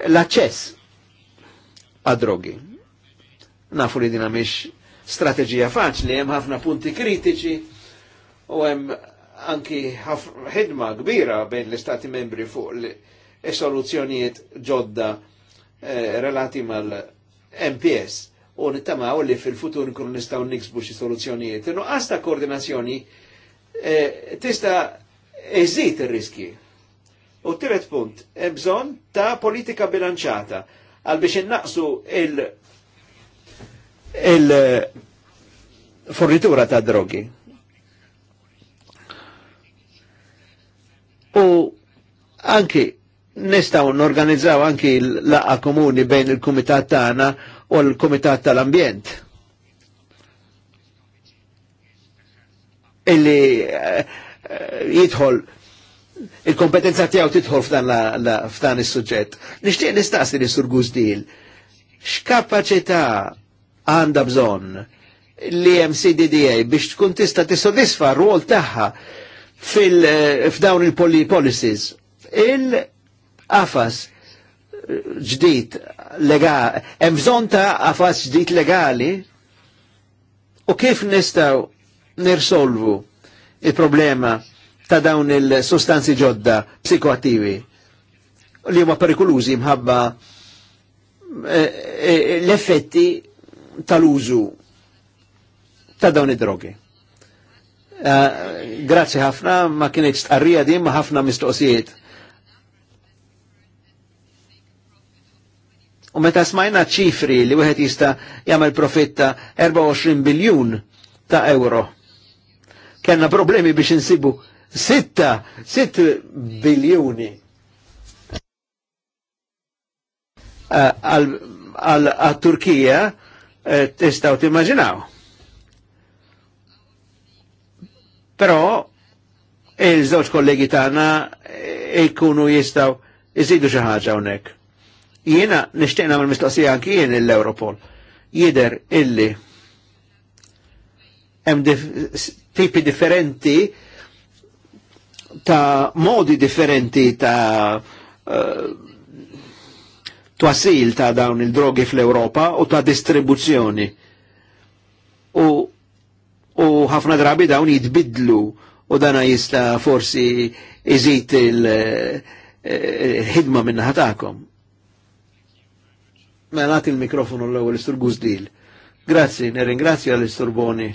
l-aċċess għad-drogi. Nafu li dina miex strategija faċli, hemm ħafna punti kritiċi u hemm anki ħidma kbira bejn l-Istati membri fuq l-soluzzjonijiet e ġodda eh, relati mal-MPS u nittamaw li fil-futur nkunu nistaw niksbu xi soluzzjonijiet. Inqas ta' koordinazzjoni eh, tista' eżit ir-riski U tiret punt, bżon ta' politika bilanċata għal biex innaqsu il- il-fornitura ta' drogi. U anki nistaw n-organizzaw anki l laqqa komuni bejn il-Kumitat tagħna u l-Kumitat tal-Ambjent. Illi uh, uh, jidħol il-kompetenza tiegħu tidħol f'dan is sujġet Nixtieq nistaqsi li sur Guzdil, x'kapaċità għandha bżonn li MCDDA biex tkun tista' tissodisfa r-rol tagħha eh, f'dawn il-policies. Il-qafas ġdid legali, hemm ta' qafas ġdid legali u kif nistaw nirsolvu il-problema ta' dawn il sustanzi ġodda psikoattivi li huma perikolużi mħabba eh, eh, l-effetti tal-użu ta' dawn id-drogi. Eh, grazzi ħafna, ma kienieċ tqarrija din ma ħafna mistoqsijiet. U meta smajna ċifri li wieħed jista' jagħmel profitta 24 biljun ta' euro. Kenna problemi biex insibu Sitta, sitt biljoni. għal-Turkija eh, testaw timmaġinaw. Pero, il żoċ kollegi tagħna jkunu eh, jistaw jizidu xaħġa ħaġa hawnhekk. Jiena nixtieq nagħmel mistoqsija anki jien l-Europol. Jider illi hemm tipi differenti ta' modi differenti ta' uh, twasil ta' dawn il-drogi fl-Europa u ta' distribuzzjoni. U ħafna drabi dawn jitbidlu u dana jista forsi iżid eh, il-ħidma minna ħatakom. Ma mela, nagħti il-mikrofonu l-ewwel istur Guzdil. Grazzi, nirringrazzja l Boni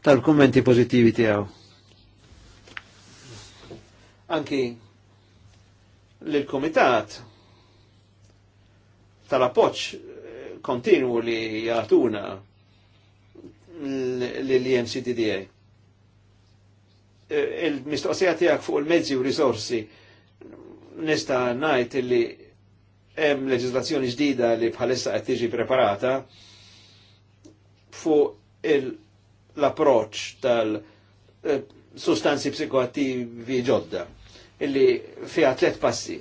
tal-kummenti pozitivi tiegħu anki l-komitat tal-appoċ eh, kontinu li jgħatuna l-IMCDDA. Eh, il-mistoqsija tijak fuq il-mezzi u risorsi nista najt li hemm leġislazzjoni ġdida li bħalissa qed tiġi preparata fuq l-approċ tal- eh, sostanzi psikoattivi ġodda illi fija tlet passi.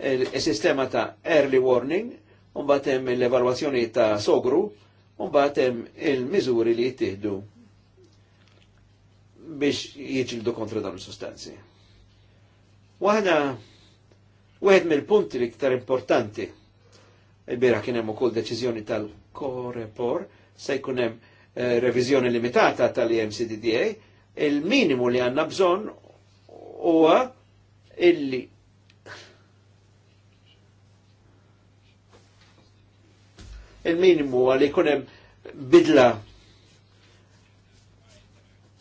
Il-sistema ta' early warning, un batem l evaluazzjoni ta' sogru, un batem il mizuri li jittihdu biex jieġildu kontra dan il-sustanzi. Waħda, wieħed mill-punti li ktar importanti, il-bira kien hemm ukoll deċiżjoni tal-Korepor, se jkun hemm eh, revizjoni limitata tal-EMCDDA, il-minimu li għanna bżon huwa illi il-minimu għalli kunem bidla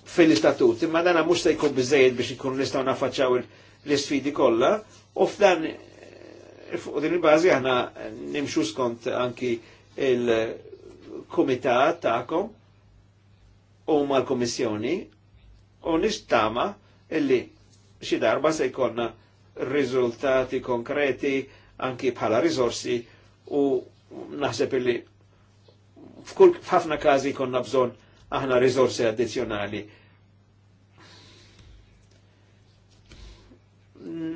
fil-istatut, imma dana mux se jkun bizzejed biex ikun nistaw nafacċaw l isfidi kollha, u f'dan fuq din il-bażi aħna nimxu skont anki il-kumitat ta'kom u mal-komissjoni u nistama illi xi darba se jkollna riżultati konkreti anki bħala risorsi u naħseb illi f'kull f'ħafna każi konna bżonn aħna risorsi addizzjonali.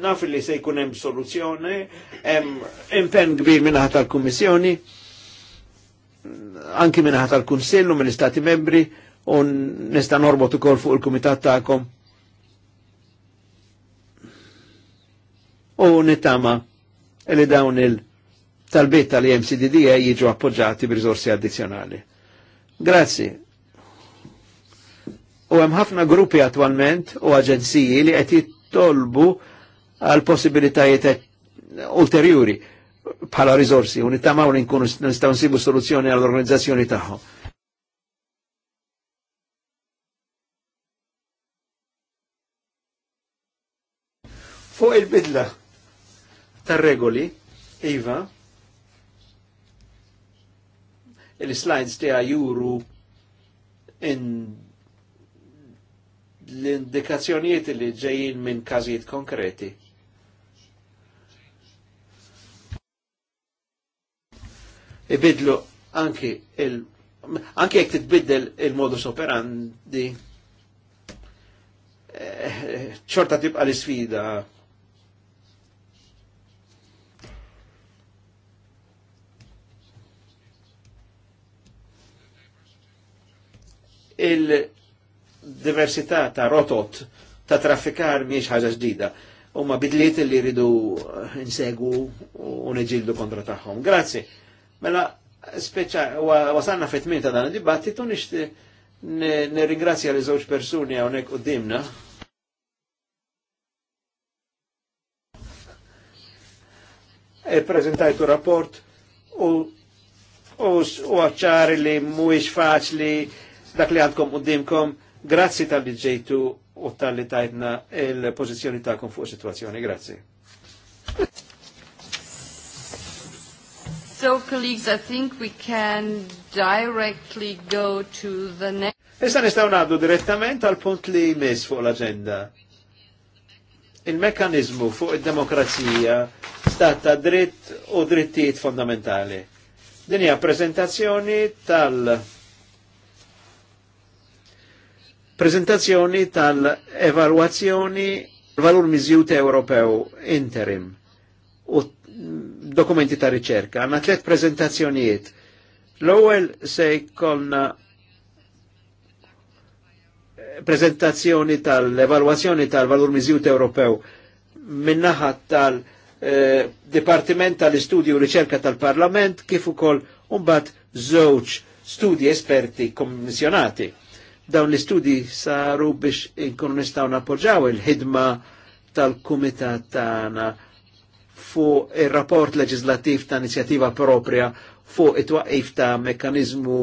Naf li se jkun hemm soluzzjoni, hemm impenn kbir minn tal-Kummissjoni, anki minn tal u mill-Istati Membri, un nista norbot ukoll fuq il-kumitat tagħkom. U nittama li dawn il-talbiet tal-MCDD jiġu appoġġati b'riżorsi addizzjonali. Grazzi. U hemm ħafna gruppi attwalment u aġenziji li qed jittolbu għal possibilitajiet ulterjuri bħala risorsi u nittama li nkunu nistaw nsibu soluzzjoni għall organizzazzjoni tagħhom. Fuq il-bidla tar-regoli, Iva, il-slides tija juru in l-indikazzjonijiet li ġejjin minn kazijiet konkreti. Ibidlu anki il- anki jek titbiddel il-modus operandi, eh, ċorta tibqa l-sfida il-diversità ta' rotot ta' traffikar miex ħaġa ġdida. Umma bidliet li ridu eh, insegu u neġildu kontra taħħom. Grazzi. Mela, speċa, wasanna fetmin ta' dan il-dibattitu nixti nirringrazzja li żewġ persuni u dimna. E prezentajtu rapport u u għacċari li mhuwiex faċli dak li għandkom u dimkom, Grazzi tal-li ġejtu u tal-li tajtna il-pozizjoni ta'kom fuq situazzjoni. Grazzi. So, colleagues, I think we can directly go to the next. Issa nistaw naddu direttament għal punt li jmiss fuq l-agenda. Il-mekanizmu fuq il demokrazija stat dritt u drittijiet fondamentali. Dinja prezentazzjoni tal- prezentazzjoni tal evaluazzjoni valur miżjut Ewropew interim u dokumenti ta' riċerka. Għanna tlet prezentazzjonijiet. L-ewwel se jkollna prezentazzjoni tal-evalwazzjoni tal-valur miżjut Ewropew minnaħa tal-Dipartiment eh, tal-Istudju u Riċerka tal-Parlament kif ukoll mbagħad żewġ studji esperti kommissjonati Dawn l-istudji saru biex inkunu nistaw nappoġġaw il-ħidma tal-kumitat tagħna fuq ir-rapport leġislattiv ta' inizjattiva propria fuq it-twaqif ta' mekkanizmu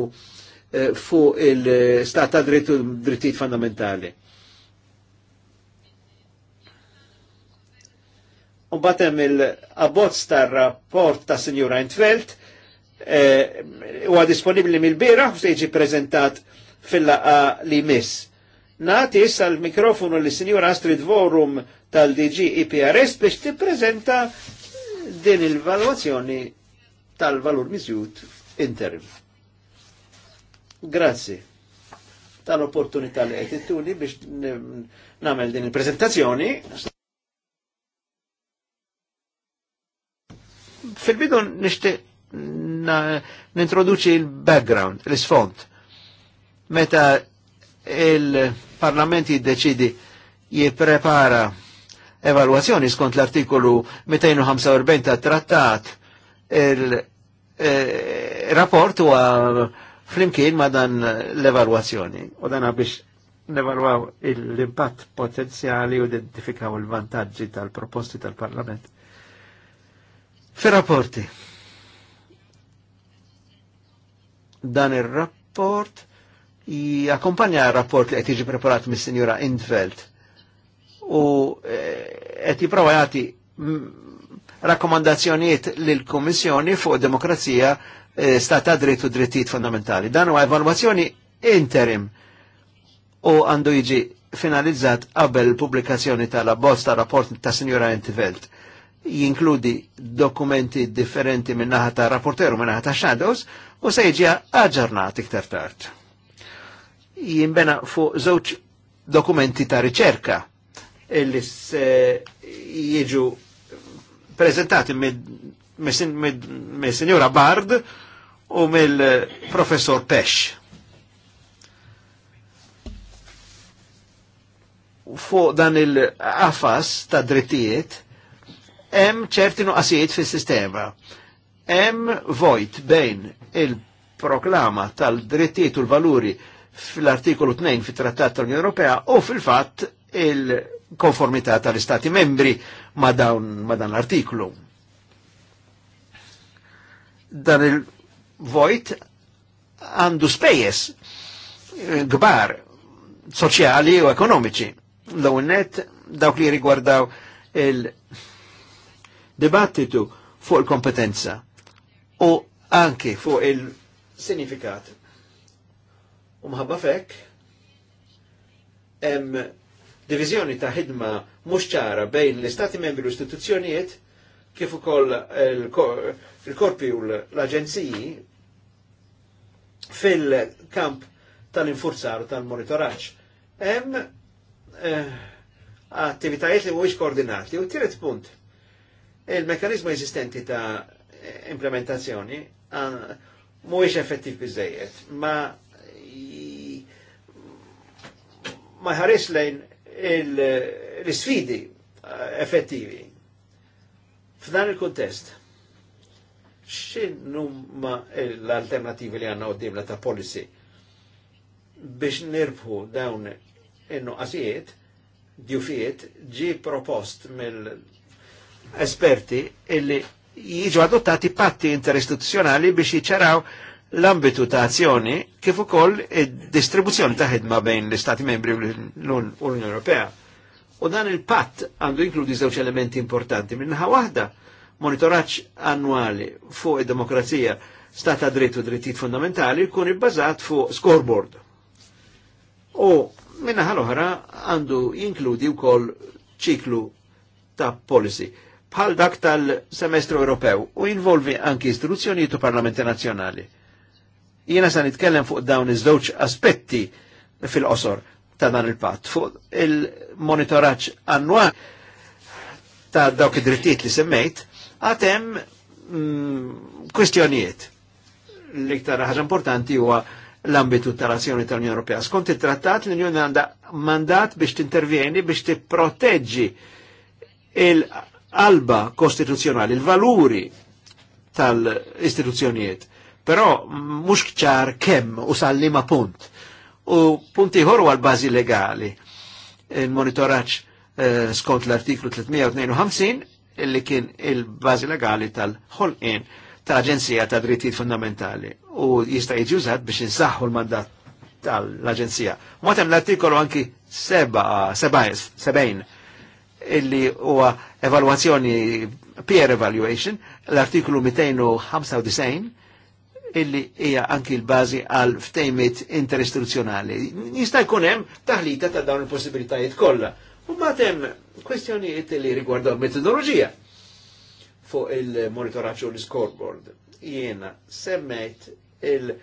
eh, fuq il-stat ta' drittu drittijiet fundamentali. Unbatem il-abbozz ta' rapport ta' Signora Entfeld eh, huwa disponibbli disponibli mill-bira u se jiġi prezentat fil-laqa li miss. Nati issa l-mikrofonu li sinjura Astrid Vorum tal-DG IPRS e biex prezenta din il valuazzjoni tal-valur mizjut interim. Grazzi tal-opportunità li qed tuni biex nagħmel din il prezentazzjoni Fil-bidu n introduċi l-background, l il meta il-Parlament jiddeċidi jipprepara evalwazzjoni skont l-artikolu 245 ta' trattat il-rapport eh, huwa flimkien ma' dan l-evalwazzjoni u dan biex nevalwaw l-impatt potenzjali u identifikaw il-vantaġġi tal-proposti tal-Parlament. fi rapporti Dan il rapport jakkompanja rapport li qed jiġi preparat mis-Sinjura Indfeld u e, qed jipprova jagħti rakkomandazzjonijiet lil kummissjoni fuq demokrazija e, Stata dritt u drittijiet fondamentali. Dan huwa evalwazzjoni interim u għandu jiġi finalizzat qabel pubblikazzjoni tal-abbozz ta' rapport ta' Sinjura Entvelt. Jinkludi dokumenti differenti minnaħa ta' rapporteru minnaħa ta' shadows u se jiġi aġġornat iktar tard jimbena fuq żewġ dokumenti ta' riċerka illi se jiġu prezentati mill-Sinjora Bard u mill-Professor Pesh. Fuq dan il-qafas ta' drittijiet, hemm ċerti nuqqasijiet fis-sistema. Hemm vojt bejn il-proklama tal-drittijiet u l-valuri fil-artikolu 2 fit-Trattat tal-Unjoni Ewropea u fil-fatt il-konformità tal-Istati membri ma, dawn, ma dan l-artiklu. Dan il-vojt għandu spejjes eh, gbar soċjali u ekonomiċi. L-għu dawk li rigwardaw il-dibattitu fuq il-kompetenza u anke fuq il-sinifikat Umħabba fekk, hemm divizjoni ta' ħidma mhux ċara bejn l-Istati membri u istituzzjonijiet kif ukoll il-korpi u l-aġenziji fil-kamp tal-infurzar u tal-monitoraġġ. Hemm eh, attivitajiet li mhuwiex koordinati. U tiret punt, il-mekanizmu eżistenti ta' implementazzjoni ah, mhuwiex effettiv biżejjed, ma' ma jħares lejn l-sfidi eh, effettivi. F'dan il-kontest, xin ma l-alternativi li għanna għoddimna ta' policy biex nirbħu dawn innu nuqqasijiet djufijiet, ġi propost mill-esperti illi jiġu adottati patti interistituzjonali biex jiċċaraw l-ambitu ta' azzjoni kif ukoll id-distribuzzjoni ta' ħidma bejn l-Istati membri u l-Unjoni Ewropea. U dan il-patt għandu jinkludi żewġ elementi importanti. Minnaħa waħda monitoraġġ annwali fuq id-demokrazija stata dritt u drittijiet fundamentali jkun ibbażat fuq scoreboard. U minnaħa l-oħra għandu jinkludi wkoll ċiklu ta' policy bħal dak tal-semestru Ewropew u involvi anki istituzzjonijiet u parlamenti nazzjonali Jiena sa nitkellem fuq dawn iż-żewġ aspetti fil-qosor ta' dan il-patt, fuq il-monitoraġġ annwali ta' dawk id-drittijiet li semmejt, għatem mm, kwestjonijiet. L-iktar ħaġa importanti huwa l-ambitu tal-azzjoni tal-Unjoni Ewropea. Skont it-trattat l-Unjoni għandha mandat biex tintervjeni biex tipproteġġi il-alba kostituzzjonali, il-valuri tal-istituzzjonijiet Però mux ċar kemm u sallima punt. U punti ħor għal bażi legali. Il-monitoraġġ eh, skont l-artiklu 352 illi kien il-bażi legali tal-ħolqien tal-Aġenzija ta' Drittijiet Fundamentali u jista' jiġi użat biex insaħħu l-mandat tal-Aġenzija. Matem l-artikolu anki 70 illi huwa evalwazzjoni peer evaluation, l-artiklu 295 illi hija anki l bazi għal ftejmit interistituzzjonali. Jista' jkun hemm taħlita ta' dawn il-possibilitajiet kollha. U mbagħad hemm kwestjonijiet li rigwardaw metodoloġija fuq il-monitoraġġ u l-scoreboard. Jiena semmejt il-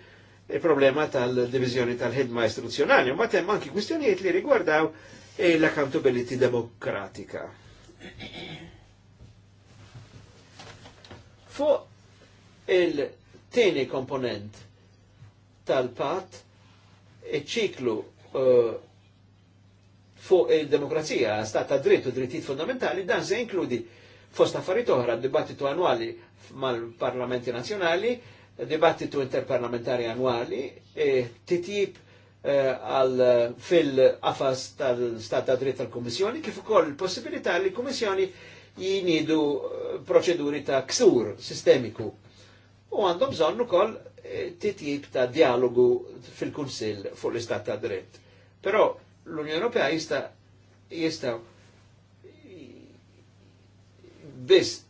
problema tal-divizjoni tal-ħidma istituzzjonali, ma temm anki kwistjonijiet li rigwardaw l-accountability demokratika. Fuq il- Tini komponent tal-pat il ċiklu uh, fuq il-demokrazija, stat ta' dritt u drittijiet fundamentali, dan se inkludi fost affarijiet oħra dibattitu annwali mal-parlamenti nazjonali, dibattitu interparlamentari annwali, e, titjib uh, e, fil-qafas tal-stat ta' dritt tal-Kummissjoni, kif ukoll il-possibilità li l jinidu e, proċeduri ta' ksur sistemiku u għandhom bżonnu kol eh, titjib ta' dialogu fil kunsil fuq l-istat ta' dritt. Però l-Unjoni Ewropea jista' jista' biss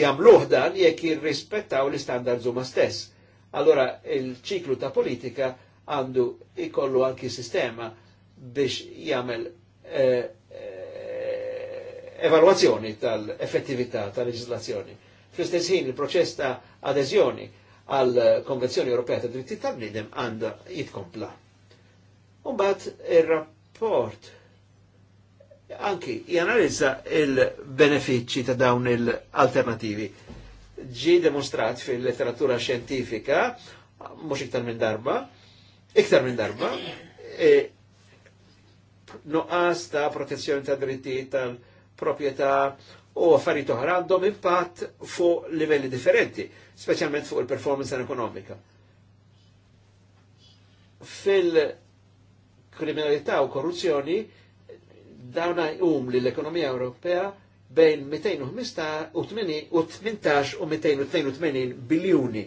jagħmluh dan jekk jirrispettaw l-istandards huma stess. Allora il-ċiklu ta' politika għandu ikollu anki sistema biex jagħmel eh, eh evalwazzjoni tal-effettività tal-leġislazzjoni. Fl-istess ħin il-proċess ta' adeżjoni għal Konvenzjoni Ewropea ta' Dritti tal bnidem għandha jitkompla. Umbagħad ir-rapport anki janalizza il-benefiċċji ta' dawn il-alternativi. Ġi demonstrat fil-letteratura xjentifika mhux iktar minn darba, iktar minn darba, e, noqas ta' protezzjoni ta' dritti tal-propieta u affarijiet oħra għandhom impatt fuq livelli differenti, speċjalment fuq il-performance ekonomika. Fil-kriminalità u korruzzjoni dawna jqum li l-ekonomija Ewropea bejn 218 u 18 u 282 biljuni.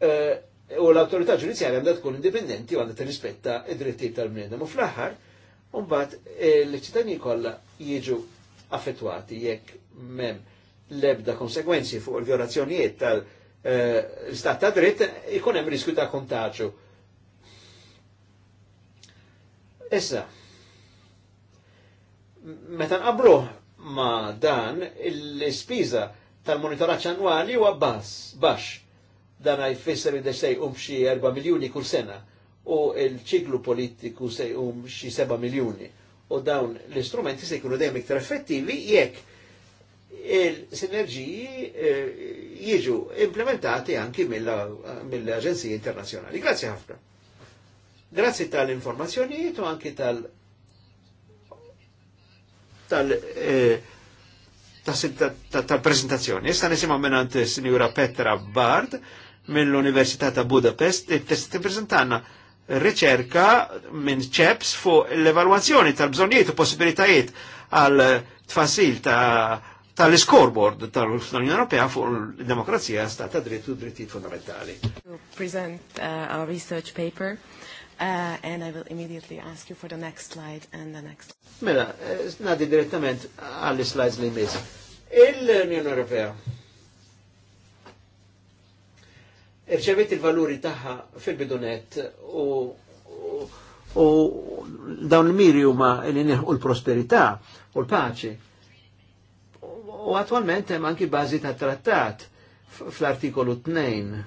Eh, u l-autorità ġudizzjarja għandha tkun indipendenti u għandha tirrispetta id-drittijiet tal bnedem U fl-aħħar, Umbat, l ċitani kollha jiġu affettwati jekk mem lebda konsekwenzi fuq il-violazzjonijiet tal-istat eh, ta' dritt, ikun hemm riskju ta' kontaġġu. Issa, meta nqabruh ma' dan, l-ispiża tal-monitoraġġ annwali huwa baxx. Dan fisser id dessej umxie xi 4 miljuni kull sena u il-ċiklu politiku se jqum xi 7 miljuni. U dawn l-istrumenti se jkunu dejjem iktar effettivi jekk il-sinerġiji eh, jiġu implementati anki mill-Aġenziji mill Internazzjonali. Grazie ħafna. Grazie tal-informazzjonijiet u anki tal- tal- eh, tal-prezentazzjoni. Issa nisimgħu minnant Sinjura Petra Bard mill-Università ta' Budapest t-testi prezentanna riċerka minn ċeps fuq l evaluazzjoni tal-bżonijiet u possibilitajiet għal tfasil tal-scoreboard ta tal-Unjoni Ewropea fuq l-demokrazija stata dritt u drittijiet fundamentali. Present uh, our research paper. Uh, and I will immediately ask you for the next slide and the next. Mela, eh, nadi direttament għall-slides li mis. Il-Unjoni Ewropea irċevit il-valuri taħħa fil-bidunet u, u, u dawn il-miri huma li neħu l-prosperità u l-paċi. U attualment hemm anki bażi ta' trattat fl-artikolu 2.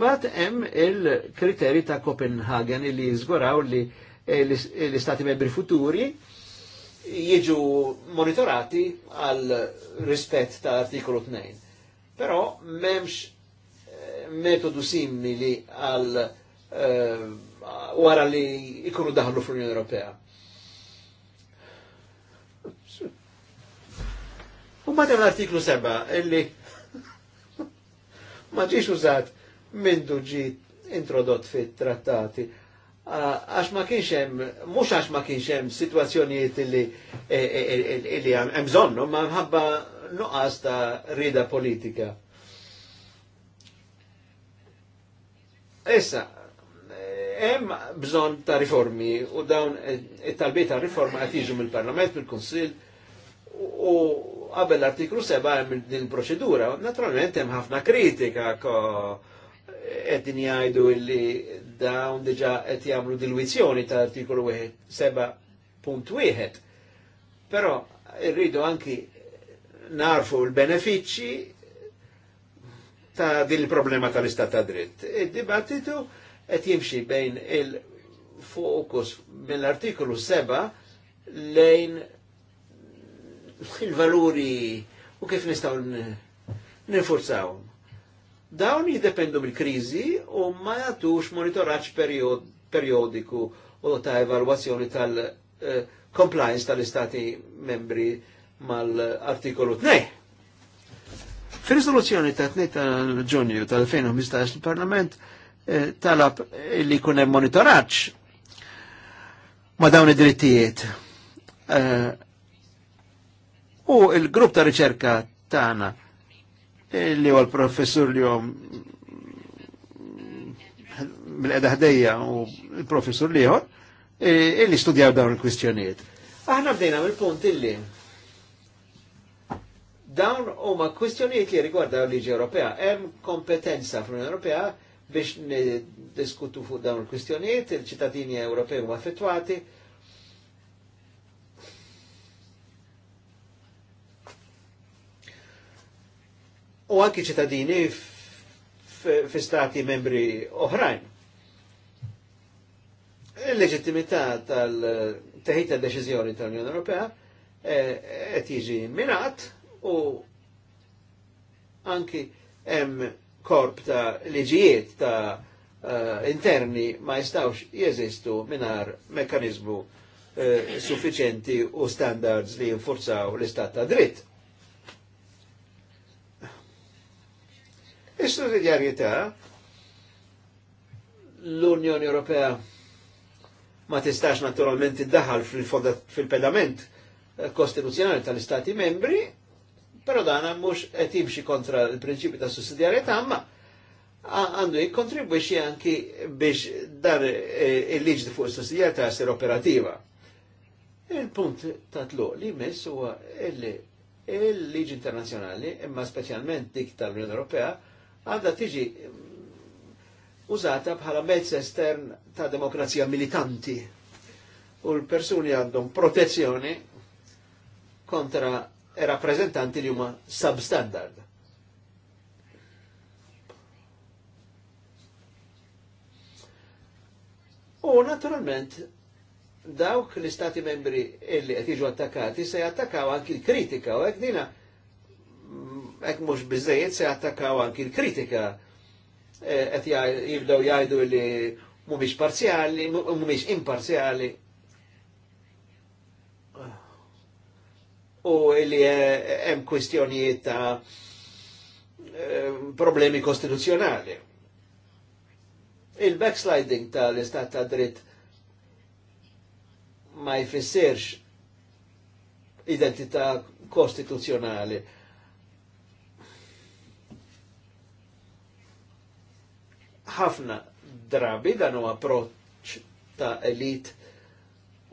bat hemm il-kriteri ta' Copenhagen li jizguraw li eh, l-istati eh, membri futuri jiġu monitorati għal rispett ta' artikolu 2. Però memx eh, metodu simili għal uh, wara li ikunu daħlu fl-Unjoni Ewropea. U ma matem l-artiklu 7, illi *laughs* ma ġiġ użat minn duġi introdott fit trattati għax ma kienx hemm, mhux għax ma kienx hemm sitwazzjonijiet illi eh, illi hemm bżonnhom, ma mħabba nuqqas ta' rida politika. Issa, hemm bżonn ta' riformi u dawn it-talbiet ta' riforma qed jiġu mill-Parlament, mill-Kunsill u qabel l-artiklu 7 hemm din proċedura. Naturalment hemm ħafna kritika qegħdin jgħidu li dawn diġà qed jagħmlu dilwizzjoni ta' artikolu 7.1. Però irridu anki narfu l-benefiċċji ta' din il-problema tal-istat ta' dritt. Id-dibattitu qed jimxi bejn il-fokus mill artiklu 7 lejn il-valuri u kif nistgħu nifurzaw. Dawn jiddependu mill kriżi u ma jagħtux monitoraġġ periodiku u ta' evalwazzjoni tal-compliance eh, tal-istati membri mal-artikolu 2. Fil-risoluzzjoni ta' 2 tal-ġunju tal-2015 il-Parlament eh, talab li kun hemm monitoraġġ ma' dawn id-drittijiet. Eh, u il-grupp ta' riċerka tagħna eh, li huwa l-professur li hom bil qeda ħdejja u l-professur liħor, illi studjaw dawn il-kwistjonijiet. Aħna bdejna mill-punt illi Dawn huma kwistjonijiet li rigwardaw liġi Ewropea. Hemm kompetenza fl-Unjoni Ewropea biex diskutu fuq dawn il-kwistjonijiet, il-ċittadini Ewropej huma affettwati. U anki ċittadini fi stati membri oħrajn. Il-leġittimità tal-teħid tal-deċiżjoni tal-Unjoni Ewropea eh, qed jiġi minat u anki hemm korp ta' liġijiet ta' uh, interni ma jistawx jeżistu minar mekanizmu uh, suffiċenti u standards li jinforzaw l-istat ta' dritt. Is-sussidjarjetà l-Unjoni Ewropea ma tistax naturalment iddaħal fil-pedament fil eh, kostituzzjonali tal-Istati membri Pero dan mux qed jimxi kontra l prinċipi ta' sussidjarjetà, ma għandu jikkontribwixxi anki biex dar e, il-liġi fuq sussidjarjetà sir operativa. Il-punt ta' tluq li jmiss huwa illi il-liġi internazzjonali, imma speċjalment dik tal-Unjoni Ewropea, għandha tiġi użata bħala mezz estern ta' demokrazija militanti. U l-persuni għandhom protezzjoni kontra E rappresentanti li huma substandard. U naturalment dawk l stati membri illi qed jiġu attakati se jattakaw anki l-kritika u hekk dina mm, hekk mhux biżejjed se jattakaw anki l-kritika e, qed jibdew jgħidu li mhumiex parzjali, mhumiex imparzjali. u li eh, hemm kwistjonijiet ta' eh, problemi kostituzzjonali. Il-backsliding tal-istat ta' dritt ma jfissirx identità kostituzzjonali. ħafna drabi dan huwa approċċ ta' elit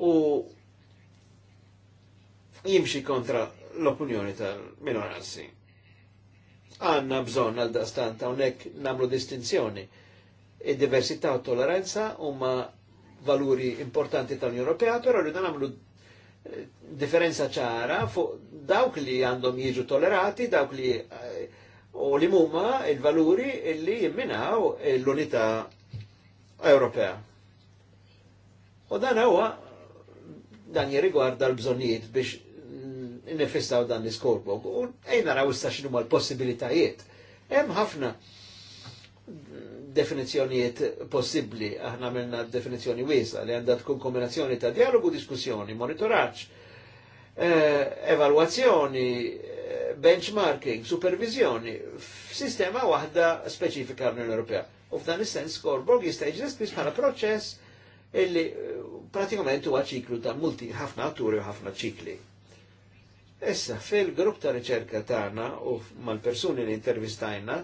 u jimxi kontra l-opinjoni tal-minoranzi. Għanna bżon għal daqstant hawnhekk namlu distinzjoni. Id-diversità u tolleranza huma valuri importanti tal-Unjoni Ewropea, però rridu nagħmlu eh, differenza ċara fuq dawk li għandhom jiġu tollerati, dawk li eh, u li mumma il-valuri li jimminaw l-unità Ewropea. U dan huwa dan jirrigwarda l-bżonijiet biex nifissaw dan l-scorebook u ejna raw issa xinu l-possibilitajiet. Hemm ħafna definizjonijiet possibbli, aħna minna definizjoni wiesa li għandha tkun kombinazzjoni ta' dialogu, diskussjoni, monitoraġġ, eh, evalwazzjoni, eh, benchmarking, supervizjoni, f'sistema waħda speċifika l-Unjoni Ewropea. U f'dan is-sens Skorborg jista' jeżisti bħala proċess illi eh, pratikament huwa ċiklu ta' multi ħafna atturi u ħafna ċikli. Issa, fil-grupp ta' riċerka tagħna u mal-persuni li intervistajna,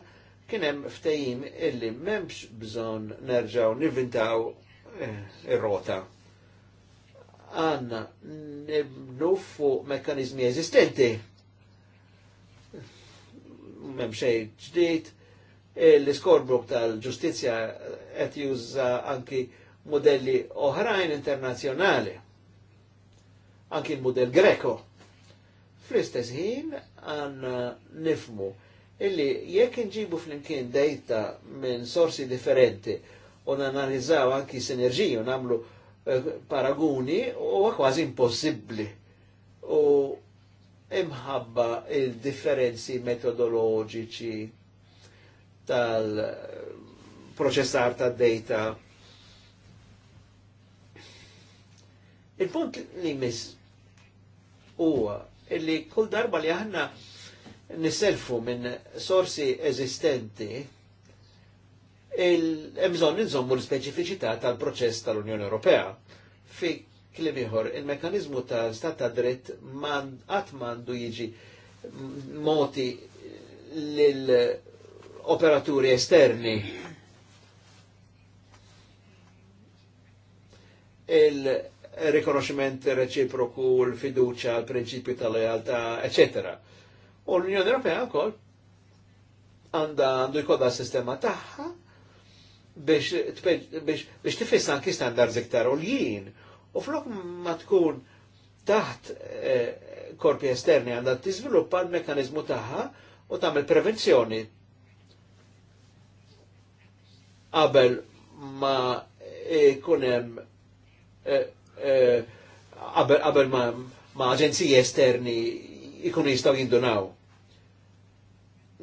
kien hemm ftehim illi m'hemmx bżonn nerġgħu nivvintaw eh, ir-rota. Għanna nibnu fuq mekkanizmi eżistenti. M'hemm xejn ġdid, l-iskorbuk tal-ġustizzja qed juża anki modelli oħrajn internazzjonali. Anki l-modell Greko Fl-istess ħin għanna nifmu illi jekk nġibu fl-imkien dejta minn sorsi differenti u nanalizzaw anki sinerġiju u namlu eh, paraguni u kważi impossibli. U imħabba il-differenzi metodoloġiċi tal-proċessar ta' data. Il-punt li mis huwa illi kull darba li aħna nisselfu minn sorsi eżistenti il-emżon nżommu l-speċifiċità tal-proċess tal-Unjoni Ewropea. Fi klim ieħor, il-mekanizmu tal-stat ta' dritt qatt m'għandu jiġi moti lil operaturi esterni. Il- rikonoximent reċiproku, l-fiduċa, l-prinċipju tal-lealtà, eccetera. U l-Unjoni Ewropea wkoll għandha għandu jkollha sistema tagħha biex tifissa anki standards iktar u l-jien. U flok ma tkun taħt e, korpi esterni għandha tiżviluppa l-mekanizmu tagħha u tagħmel prevenzjoni qabel ma ikun e, hemm e, Eh, qabel ma, ma aġenziji esterni ikun jistaw jindunaw.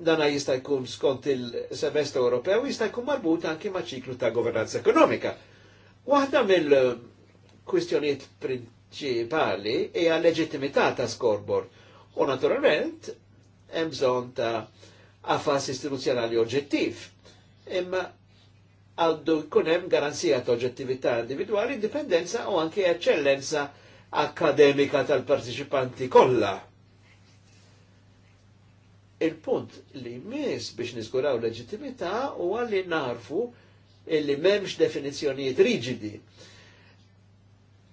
Dana jista' jkun skont il-semestru Ewropew jista' jkun marbut anki ma' ċiklu ta' governanza ekonomika. Waħda mill-kwistjonijiet prinċipali hija leġittimità ta' scoreboard. U naturalment hemm bżonn ta' affas istituzzjonali oġġettiv. Imma għaddu jkun hemm garanzija ta' oġettività individwali, indipendenza u anke eċċellenza akademika tal-partiċipanti kollha. Il-punt li mis biex niżguraw leġittimità huwa li narfu illi memx definizjonijiet riġidi.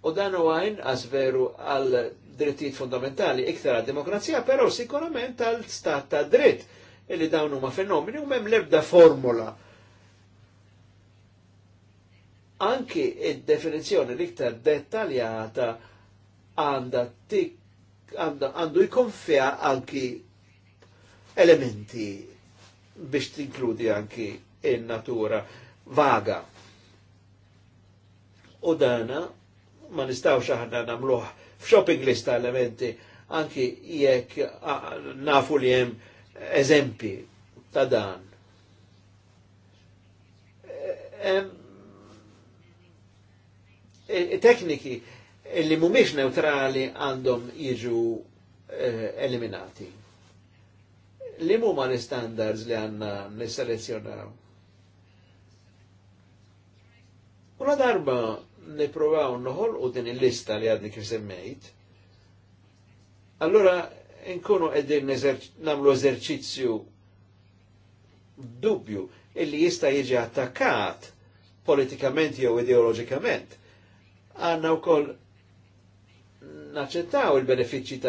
U dan u għajn għazveru għal drittijiet fundamentali iktar għal demokrazija, pero sikurament għal stat ta' dritt illi dawn huma fenomeni u mem lebda formula anki il definizjoni liktar dettaljata għanda għandu jkonfja anki elementi biex tinkludi anki in-natura vaga. U dana ma nistawx aħna namluħ f'shopping list ta' elementi anki jekk nafu li hemm eżempi ta' dan. Eh, tekniki li mumiex neutrali għandhom jiġu eh, eliminati. Li mumma l-standards li għanna nisselezzjonaw? Una darba niprovaw noħol u din il-lista li għadni kif allora nkunu għeddin namlu eżerċizzju dubju illi jista jiġi attakkat politikament jew ideologikament għanna u koll naċċettaw il-benefiċi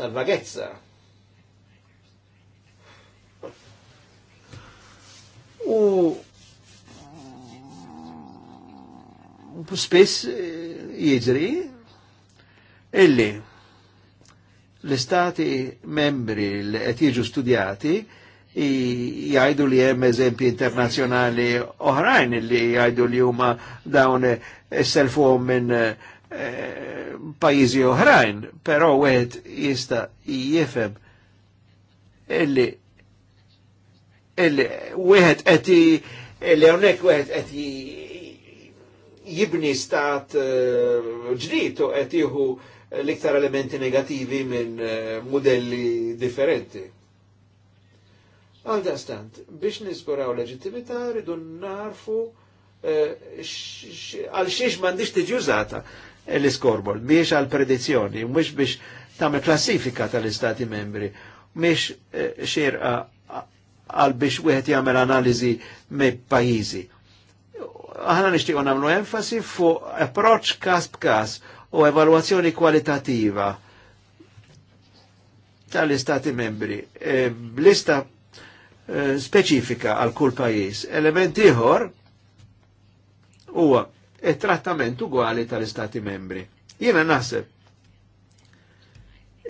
tal-vagezza. u spess eh, jizri illi l-istati membri li qed jiġu studjati jajdu li jem eżempi internazjonali oħrajn li jajdu li juma dawn eh, selfuhom minn eh, pajizi oħrajn, pero għed jista' jifem illi illi għed għeti illi għonek għed għeti jibni stat eh, ġdid u qed jieħu l-iktar elementi negativi minn modelli differenti. Għal dastant, biex niskuraw leġittimità rridu narfu eh, għal xiex mandiġ tiġi użata eh, l-iskorbol, biex għal predizzjoni, mux biex tamme klassifika tal-istati membri, mux eh, xirqa għal biex wieħed jagħmel analiżi me pajjiżi. Aħna nixtiequ nagħmlu enfasi fuq approċċ każ b'każ u evalwazzjoni kwalitativa tal-istati membri. E, Blista Eh, speċifika għal kull pajjiż. Element ieħor huwa it-trattament ugwali tal-Istati membri. Jiena naħseb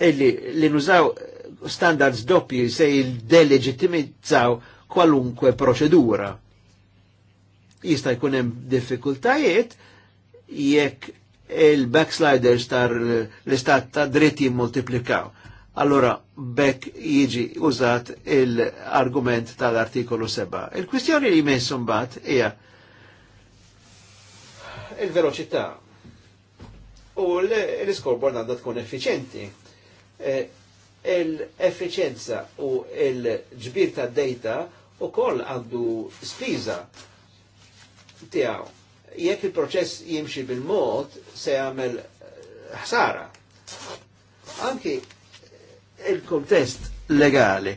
illi li nużaw standards doppji se il kwalunkwe proċedura. Jista' jkun hemm diffikultajiet jekk il-backsliders tar l-istat ta' dritti multiplikaw allora bekk jiġi użat l argument tal-artikolu 7. Il-kwistjoni li jmessum bat hija il-veloċità u l iskorbor għandha tkun effiċenti. E, l efficienza u l-ġbir ta' data u koll għandu spiża tiegħu. Jekk il-proċess jimxi bil-mod se jagħmel ħsara. Anki il-kontest legali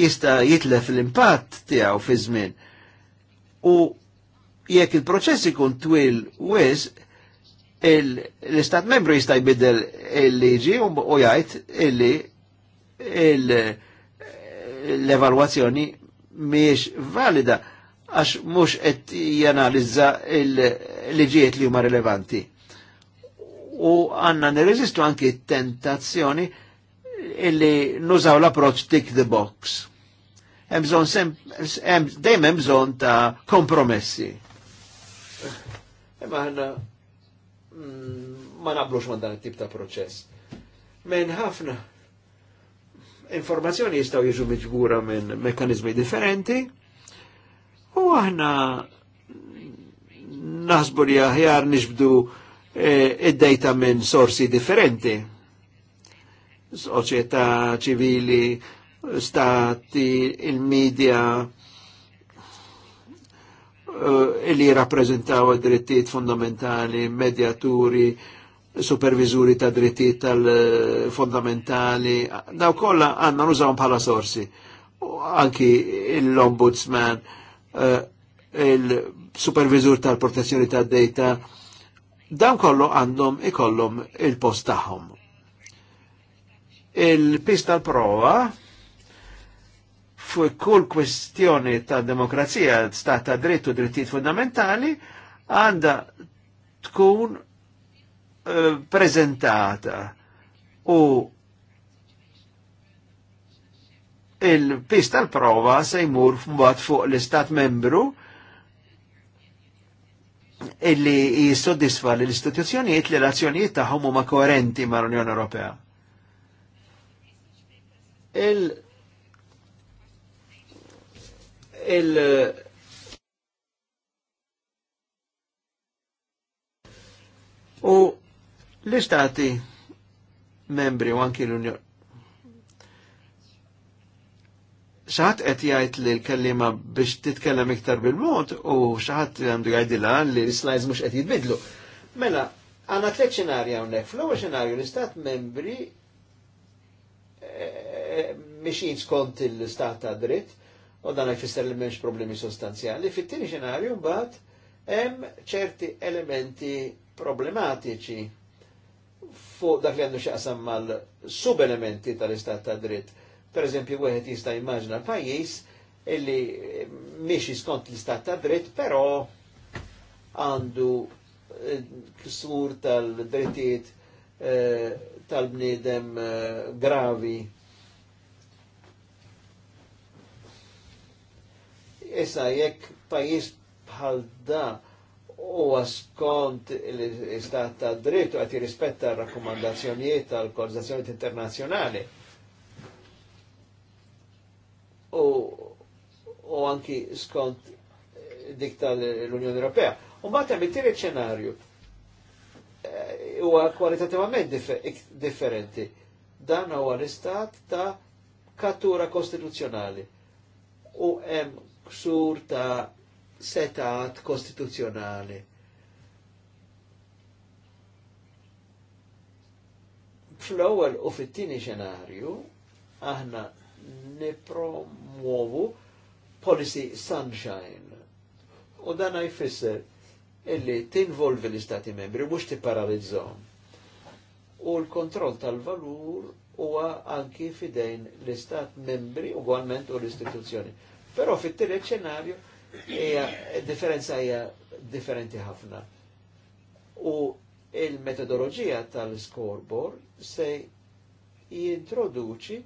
jista jitlef l-impatt tiegħu fi żmien. U jekk il-proċess ikun twil wis, l-istat membru jista' jbidel il-liġi u jgħid illi l-evalwazzjoni miex valida għax mux qed janalizza l-liġijiet li huma rilevanti. U għanna nirreżistu anki tentazzjoni illi nużaw l-approċ tick the box. Dejjem hemm bżonn ta' kompromessi. Imma ħanna mm, ma nablux ma dan tip ta' proċess. Men ħafna informazzjoni jistgħu jiġu miġbura minn mekkanizmi differenti u aħna naħsbu li aħjar nixbdu eh, id data minn sorsi differenti soċjetà ċivili, stati, il-medja uh, eh, li rappresentaw drittijiet fundamentali, medjaturi, supervizuri ta' drittijiet tal-fundamentali, daw kolla għanna nużawm bħala sorsi. Anki l-ombudsman, eh, il-supervizur tal-protezzjoni tad data, dawn kollu għandhom ikollhom il-post tagħhom il-pista l-prova fu kull kwestjoni ta' demokrazija, stat ta' dritt u drittijiet fundamentali, għanda tkun uh, prezentata u il-pista l-prova se jmur f'mbat fuq l-istat membru illi jissodisfa l-istituzzjonijiet li l-azzjonijiet tagħhom huma koerenti mal-Unjoni Ewropea il- il- u l-istati membri u anki l-Unjon xaħat qed jgħid li l-kellima biex titkellem iktar bil-mod u xaħat għandu jgħidilha li l-slides mhux qed jitbidlu. Mela, għandna tliet xenarja hawnhekk. Fl-ewwel xenarju l-istat membri mixin skont il-stat ta' dritt, u dan jfisser li m'hemmx problemi sostanzjali. Fit-tieni xenarju mbagħad hemm ċerti elementi problematiċi fuq dak li għandu xaqsam mal sub-elementi tal-istat ta' dritt. Per eżempju, għuħet jista' jimmaġna pajis illi miex skont l-istat ta' dritt, però għandu eh, kisur tal drittiet eh, tal bnidem eh, gravi Issa jekk pajis bħal da u għaskont l-istat ta' drittu għati rispetta rakkomandazzjonijiet tal-Organizzazzjoni Internazzjonali. U, u anki skont dik tal-Unjoni Ewropea. U mbagħad hemm it ċenarju eh, huwa kwalitativament differenti. Dan huwa l-istat ta' kattura kostituzzjonali. U hemm ksur ta' setat kostituzjonali. Fl-ewwel u fit-tieni xenarju aħna nipromuovu policy sunshine. U dan jfisser illi tinvolvi l-istati membri mhux tipparalizzhom. U l-kontroll tal-valur huwa anki fidejn l-istat membri ugualment u l-istituzzjoni. Però fit-tielet xenarju differenza hija differenti ħafna. U il metodologija tal-scoreboard se jintroduċi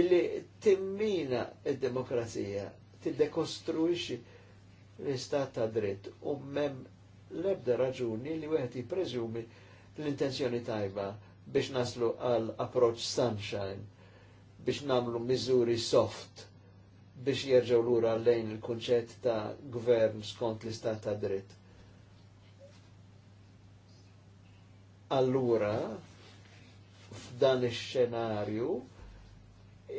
illi timmina id-demokrazija, il tiddekostruixi l-istat ta' dritt u mem lebda raġuni li wieħed jippreżumi l-intenzjoni tajba biex naslu għal approach sunshine biex namlu mizuri soft biex jerġaw lura għallejn il-kunċett ta' gvern skont l-istat ta' dritt. Allura, f'dan il xenarju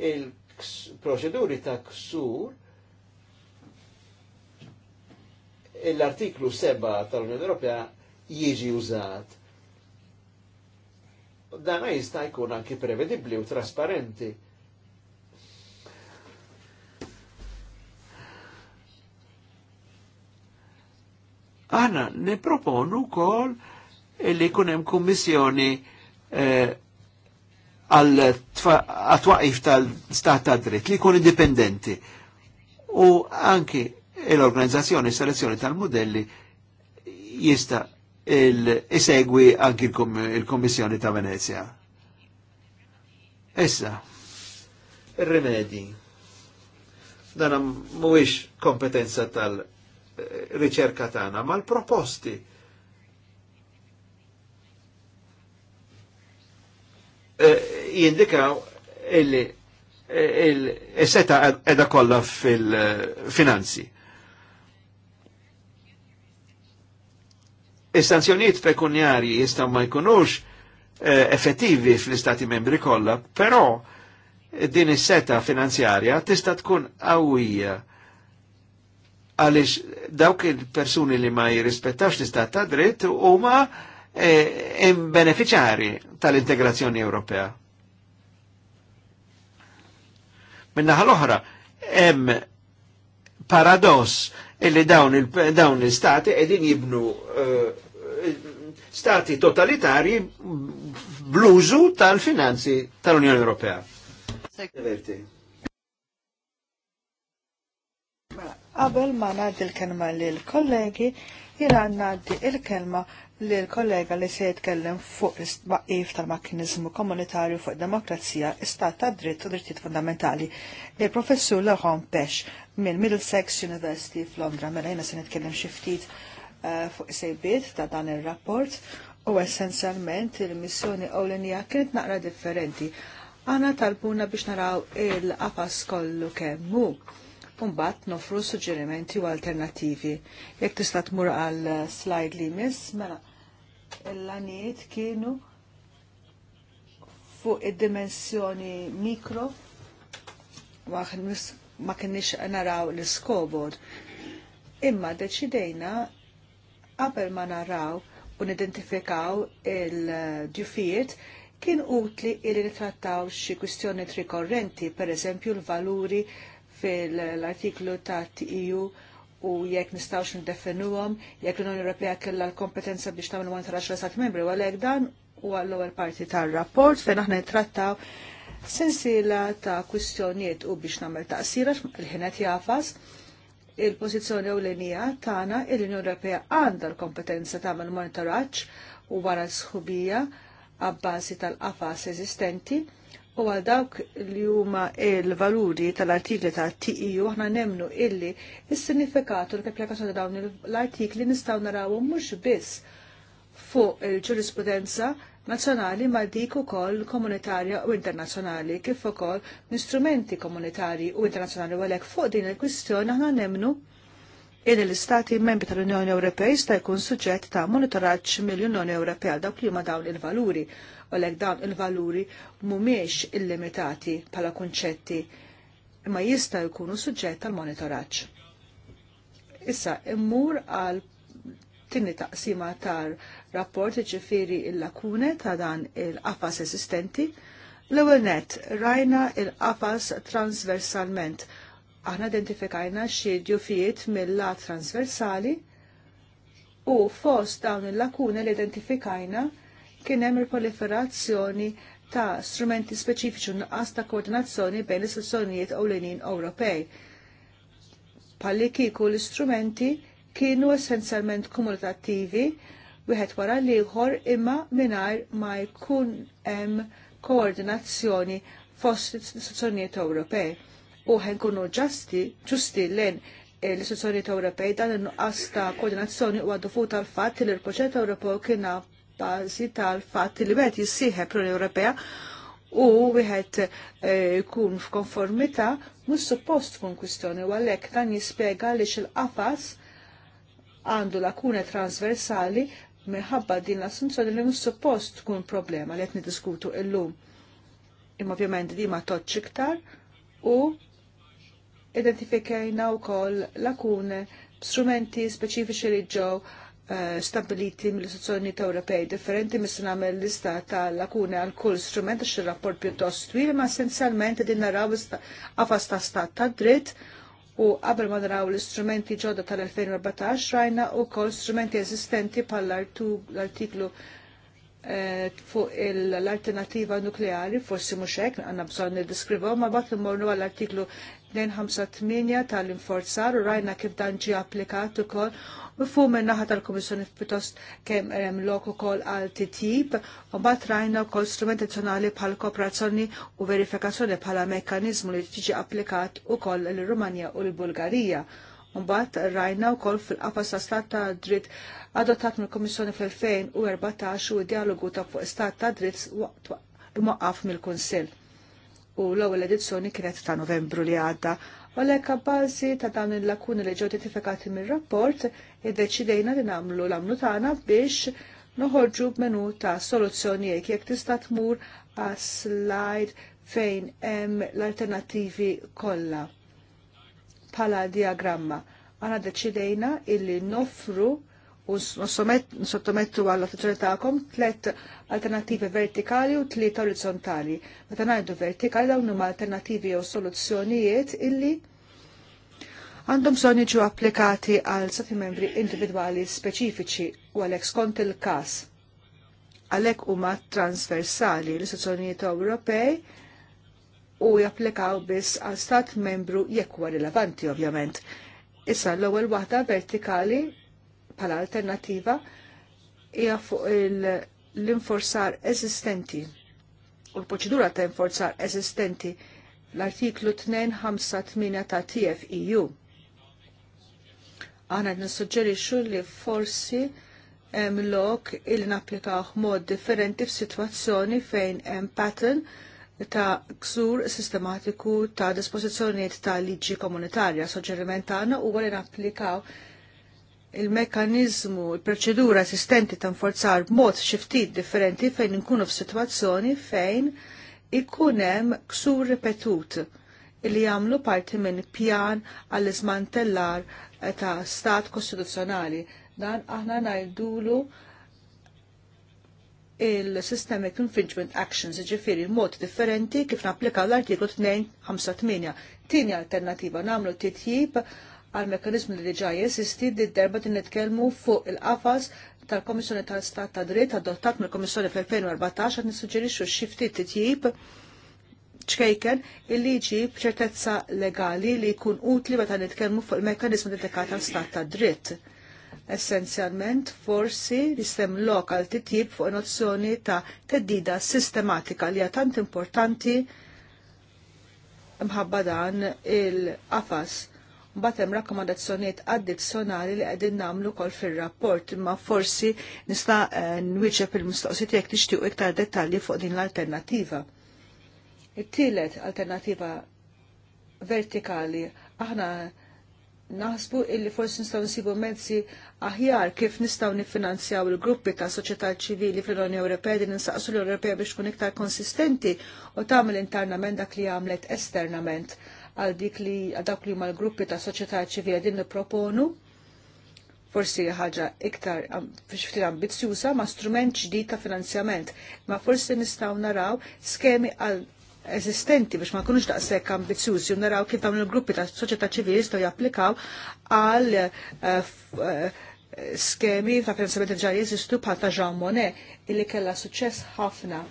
il-proċeduri ta' ksur l-artiklu 7 tal-Unjoni Ewropea jiġi użat. Dan jista' jkun anki prevedibbli u trasparenti ne proponu kol li kunem kummissjoni eh, għal eh, twaqif tal-stat ta' dritt li kun indipendenti. U anki l-organizzazzjoni selezzjoni tal-modelli jista il-segwi anki il-Kommissjoni ta' Venezia. Issa, il remedi Dan mhuwiex kompetenza tal- riċerka tagħna, mal-proposti. E, jindikaw illi e, il-seta e, edha kollha fil-finanzi. Is-sanzjonijiet pekunjari jistgħu ma jkunux effettivi fl-istati membri kollha, però din is-seta finanzjarja tista' tkun għawija għalix dawk il-persuni li ma jirrispettax l-istat ta' dritt u ma eh, beneficjari tal-integrazzjoni Ewropea. Minna l-oħra, hemm paradoss illi dawn l-istati edin jibnu eh, stati totalitari bluzu tal-finanzi tal-Unjoni Ewropea. Diverti. Qabel ma ngħaddi l-kelma lil kollegi, jien ngħaddi l-kelma lil kollega li se jitkellem fuq l-istbaqif tal-makkinizmu komunitarju fuq demokrazija, istat ta' dritt u drittijiet fundamentali. Il-professur Laurent Pesh minn Middlesex University f'Londra, mela jiena se nitkellem xi ftit eh, fuq sejbiet ta' dan ir-rapport u essenzjalment il-missjoni ewlenija kienet naqra differenti. Għana talbuna biex naraw il-qafas kollu kemmu Umbat nofru suġġerimenti u alternativi. Jek tista' tmur għal slide li miss, mela l-għaniet kienu fuq id-dimensjoni mikro ma kienix naraw l-skobod. Imma deċidejna qabel ma naraw u nidentifikaw il-ġufijiet kien utli il trattaw xi kwistjoni trikorrenti, per eżempju l-valuri fil-artiklu ta' TEU u jekk nistawx ndefinuhom jekk l-Unjoni Ewropea kellha l-kompetenza biex tagħmel wara tara sat membri u għalhekk dan huwa l-ewwel parti tar-rapport fejn aħna nittrattaw sensiela ta' kwistjonijiet u biex nagħmel taqsir il-ħinet jafas il-pożizzjoni ewlenija tagħna l-Unjoni Ewropea għandha l-kompetenza tagħmel monitoraġġ u wara sħubija għabbażi tal-qafas eżistenti U għal dawk li huma il-valuri tal-artikli ta' TIU e aħna nemnu illi il sinifikatu l applikazzjoni ta' dawn l-artikli nistgħu narawu mhux biss fuq il-ġurisprudenza nazzjonali ma dik ukoll komunitarja u internazzjonali kif ukoll l-istrumenti komunitarji u internazzjonali u għalhekk fuq din il-kwistjoni aħna nemnu il l-Istati membri tal-Unjoni Ewropea jista' jkun suġġett ta' monitoraġġ mill-Unjoni Ewropea dawk li huma dawn il-valuri. il valuri u l dawn il-valuri mumiex illimitati pala kunċetti imma jista' jkunu suġġett tal monitoraġġ. Issa immur għal tinni taqsima tar rapport ġifiri il-lakune ta' dan il-qafas esistenti. L-ewwel net rajna il-qafas transversalment. Aħna identifikajna xi djufijiet mill-lat transversali u fost dawn il-lakune li identifikajna kien hemm il-proliferazzjoni ta' strumenti speċifiċi nuqqas ta' koordinazzjoni bejn l-istituzzjonijiet ewlenin Ewropej. Palli kieku l-istrumenti kienu essenzjalment kumulattivi wieħed wara l-ieħor imma mingħajr ma jkun hemm koordinazzjoni fost l-istituzzjonijiet Ewropej. U ħenkunu ġasti, ġusti lejn l-istituzzjonijiet Ewropej dan in-nuqqas ta' koordinazzjoni u għaddu fuq tal-fatt li l-proġett Ewropew kien bazi tal-fatt li wieħed jissieħeb l-Unjoni Ewropea u wieħed eh, kun e, f'konformità mhux suppost tkun kwistjoni u għalhekk dan jispjega li xil-qafas għandu lakune transversali minħabba din l-assunzjoni li mhux suppost tkun problema li qed niddiskutu illum. Imma ovvjament di ma toċċ iktar u identifikajna wkoll lakune strumenti speċifiċi li ġew Eh, stabiliti mill-istituzzjoni Ewropej differenti mis nagħmel lista ta' lakune għal kull strument għax ir-rapport pjuttost twil ma essenzjalment qegħdin naraw qafas ta' stat ta' dritt u qabel ma naraw l-istrumenti ġodda tal-2014 rajna u koll strumenti eżistenti pal l-artiklu eh, fuq l-alternativa nukleari, forsi mhux hekk għandna bżonn niddiskrivaw, ma bat l-mornu għall-artiklu lejn 5 tal-inforzar u rajna kif dan ġi applikat ukoll u fu naħa tal-Komissjoni pjuttost kemm hemm lok ukoll għal titjib u mbagħad rajna wkoll strumenti addizzjonali bħal kooperazzjoni u verifikazzjoni bħala mekkaniżmu li tiġi applikat ukoll l rumanja u l-Bulgarija. Mbagħad rajna wkoll fil-qafas ta' stat ta' dritt adottat mill-Komissjoni fl-2014 u dialogu ta' fuq stat ta' dritt imwaqqaf mill-Kunsill u l-ewwel edizzjoni kienet ta' Novembru li għadda. U bażi ta' dan il-lakuni li ġew identifikati mir-rapport, iddeċidejna li nagħmlu l amlu tagħna biex noħorġu b'menu ta' soluzzjonijiet jekk tista' tmur għas slide fejn hemm l-alternattivi kollha. Pala diagramma. Għana deċidejna illi noffru u sottomettu għall attenzjoni tagħkom tliet alternattivi vertikali u tliet orizzontali. Meta ngħidu vertikali dawn huma alternattivi jew soluzzjonijiet illi għandhom bżonn jiġu applikati għal sati membri individwali speċifiċi u għalhekk skont il-każ. Għalhekk huma transversali l-istituzzjonijiet Ewropej u japplikaw biss għal stat membru jekk huwa rilevanti ovvjament. Issa l-ewwel waħda vertikali pala alternativa hija fuq l-inforzar eżistenti u l-proċedura ta' inforzar eżistenti l-artiklu 258 ta' TFEU. Għana nissuġġerixxu li forsi hemm lok il napplikaw mod differenti f'sitwazzjoni fejn hemm pattern ta' ksur sistematiku ta' dispożizzjonijiet ta' liġi komunitarja. Soġġeriment tagħna huwa li napplikaw il-mekanizmu, il-proċedura assistenti ta' nforzar b'mod xiftit differenti fejn nkunu f'sitwazzjoni fejn ikunem ksur ripetut li jagħmlu parti minn pjan għall iżmantellar eh, ta' stat kostituzzjonali. Dan aħna ngħidulu il-Systemic Infringement Actions, ġifiri mod differenti kif napplikaw l-artiklu 258. Tini alternativa namlu titjib għal mekanizmi li diġa jesisti di d-derba din nitkellmu fuq il-qafas tal-Komissjoni tal-Stat ta' Dritt adottat mill-Komissjoni fl-2014 għad nissuġġerixxu xifti titjib ċkejken illi jġib ċertezza legali li jkun utli meta nitkellmu fuq il-mekkanizmu dedikat tal stat ta' dritt. Essenzjalment, forsi jistem lokal titjib fuq nozzjoni ta' teddida sistematika li tant importanti mħabba dan il-qafas Mbagħad hemm rakkomandazzjonijiet addizzjonali li qegħdin nagħmlu wkoll fir-rapport, imma forsi nista' eh, nwieġeb il-mistoqsijiet jekk tixtiequ iktar dettalji fuq din l-alternattiva. It-tielet alternattiva vertikali aħna naħsbu illi forsi nistgħu nsibu mezzi aħjar kif nistgħu nifinanzjaw il-gruppi ta' soċjetà ċivili fl-Unjoni Ewropea din insaqsu l-Ewropea biex tkun iktar konsistenti u tagħmel internament dak li għamlet esternament għal dik li għadak li huma l-gruppi ta' soċjetà ċivili din nipproponu forsi ħaġa iktar ftit ambizzjuża ma' strument ġdid ta' finanzjament, ma forsi nistgħu naraw skemi għal eżistenti biex ma kunux daqshekk ambizzjużi u naraw kif dawn il-gruppi ta' soċjetà ċivili jistgħu japplikaw għal eh, eh, skemi ta' finanzjament ġar jeżistu bħal ta' Jean Monnet illi kellha suċċess ħafna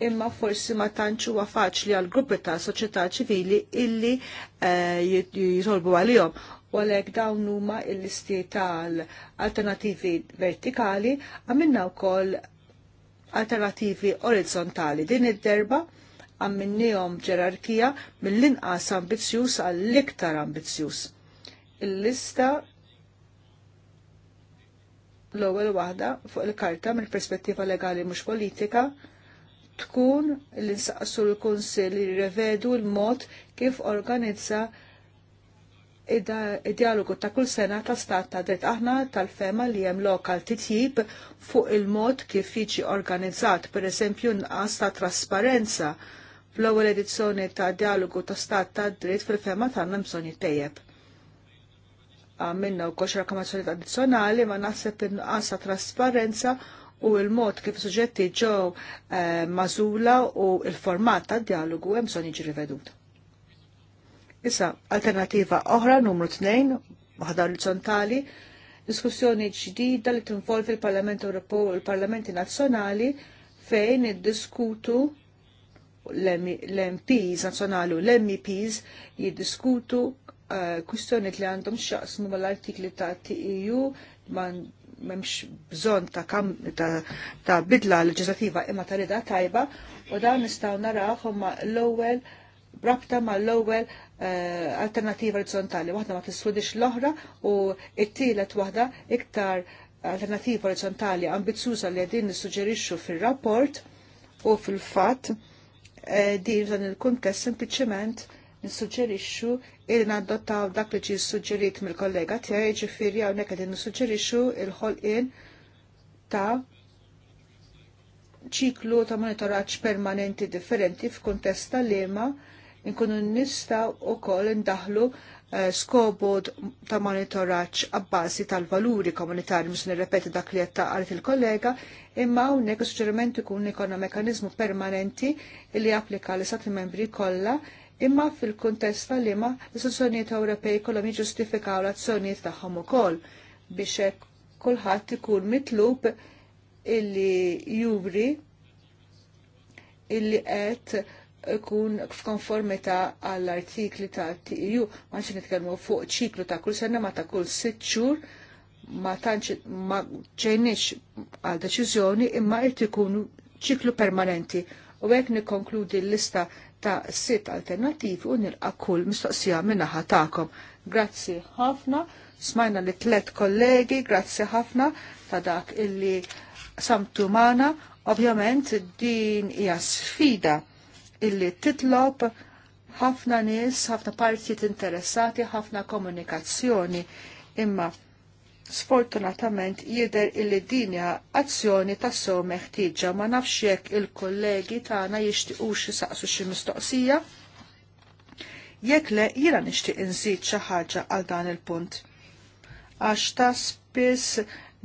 imma forsi ma tantxu huwa faċli għal gruppi ta' soċjetà ċivili illi eh, jisolbu għalihom u għalhekk dawn huma l-listi tal-alternativi vertikali għamilna wkoll alternativi orizzontali. Din id-derba għamminnijom ġerarkija mill-inqas ambizzjuż għall-iktar ambizzjuż. Il-lista l-ewwel waħda fuq il-karta mill-perspettiva legali mhux politika tkun l-insaqsu l-Kunsill li revedu l-mod kif organizza id-dialogu ta' kull sena ta' stat ta' dritt aħna tal-fema li hemm lokal titjib fuq il-mod kif jiġi organizzat, per eżempju nqas ta' trasparenza fl-ewwel edizzjoni ta' dialogu ta' stat ta' dritt fil-fema tagħna bżonn jittejjeb. u wkoll rakkomandazzjoni addizzjonali ma naħseb inqas ta' trasparenza u l-mod kif suġġetti ġew eh, mażula u l-format ta' dialogu hemm bżonn jiġi rivedut. Issa, alternativa oħra numru 2, waħda orizzontali, diskussjoni ġdida li tinvolvi l-Parlament Ewropew u l-Parlamenti Nazzjonali fejn iddiskutu l-MPs nazzjonali u l-MEPs jiddiskutu eh, kwistjoni li għandhom xaqsmu mal-artikli ta' TEU memx bżon ta', kam, ta, ta bidla leġislativa imma ta' rida tajba u dan nistaw naraw ma l-ewwel rabta ma l-ewwel uh, eh, alternativa orizzontali, waħda ma t-swedix l-oħra u it tielet waħda iktar alternativa orizzontali ambizzuża li għedin nissuġġerixxu fir-rapport u fil-fatt uh, din dan il kuntess sempliċement nissuġġerixxu il nadottaw dak li ġi suġġerit mill-kollega tiegħi ġifieri hawnhekk qegħdin nissuġġerixxu il-ħolqien ta' ċiklu ta' monitoraġġ permanenti differenti f'kuntest tal-lema nkunu nistgħu wkoll koll ndaħlu eh, skobod ta' monitoraġġ ab'bażi tal-valuri komunitarji mux nirrepeti dak li qed taqalet il-kollega, imma is suġġeriment ikun ikonna mekanizmu permanenti li applika l istati membri kollha imma fil-kuntest tal lima l-istituzzjonijiet Ewropej kollhom jiġġustifikaw l-azzjonijiet tagħhom ukoll biex hekk kulħadd ikun mitlub illi juri illi qed ikun f'konformità għall-artikli ta' TEU, ma nxin nitkellmu fuq ċiklu ta' kull sena ma ta' kull sitt xhur ma tantx ma ġejniex għal deċiżjoni imma qed ikunu ċiklu permanenti. U hekk nikkonkludi l-lista ta' sitt alternativi u nilqa' kull mistoqsija minnaħa tagħkom. Grazzi ħafna, smajna li tlet kollegi, grazzi ħafna ta' dak illi samtu mana. Ovvjament din hija sfida illi titlob ħafna nies, ħafna partijiet interessati, ħafna komunikazzjoni. Imma sfortunatament jider illi dinja azzjoni ta' sew tiġa ma nafx jekk il-kollegi tagħna jixtiequx saqsu xi mistoqsija. Jekk le jiena nixtieq inżid xi ħaġa għal dan il-punt. Għax ta' spiss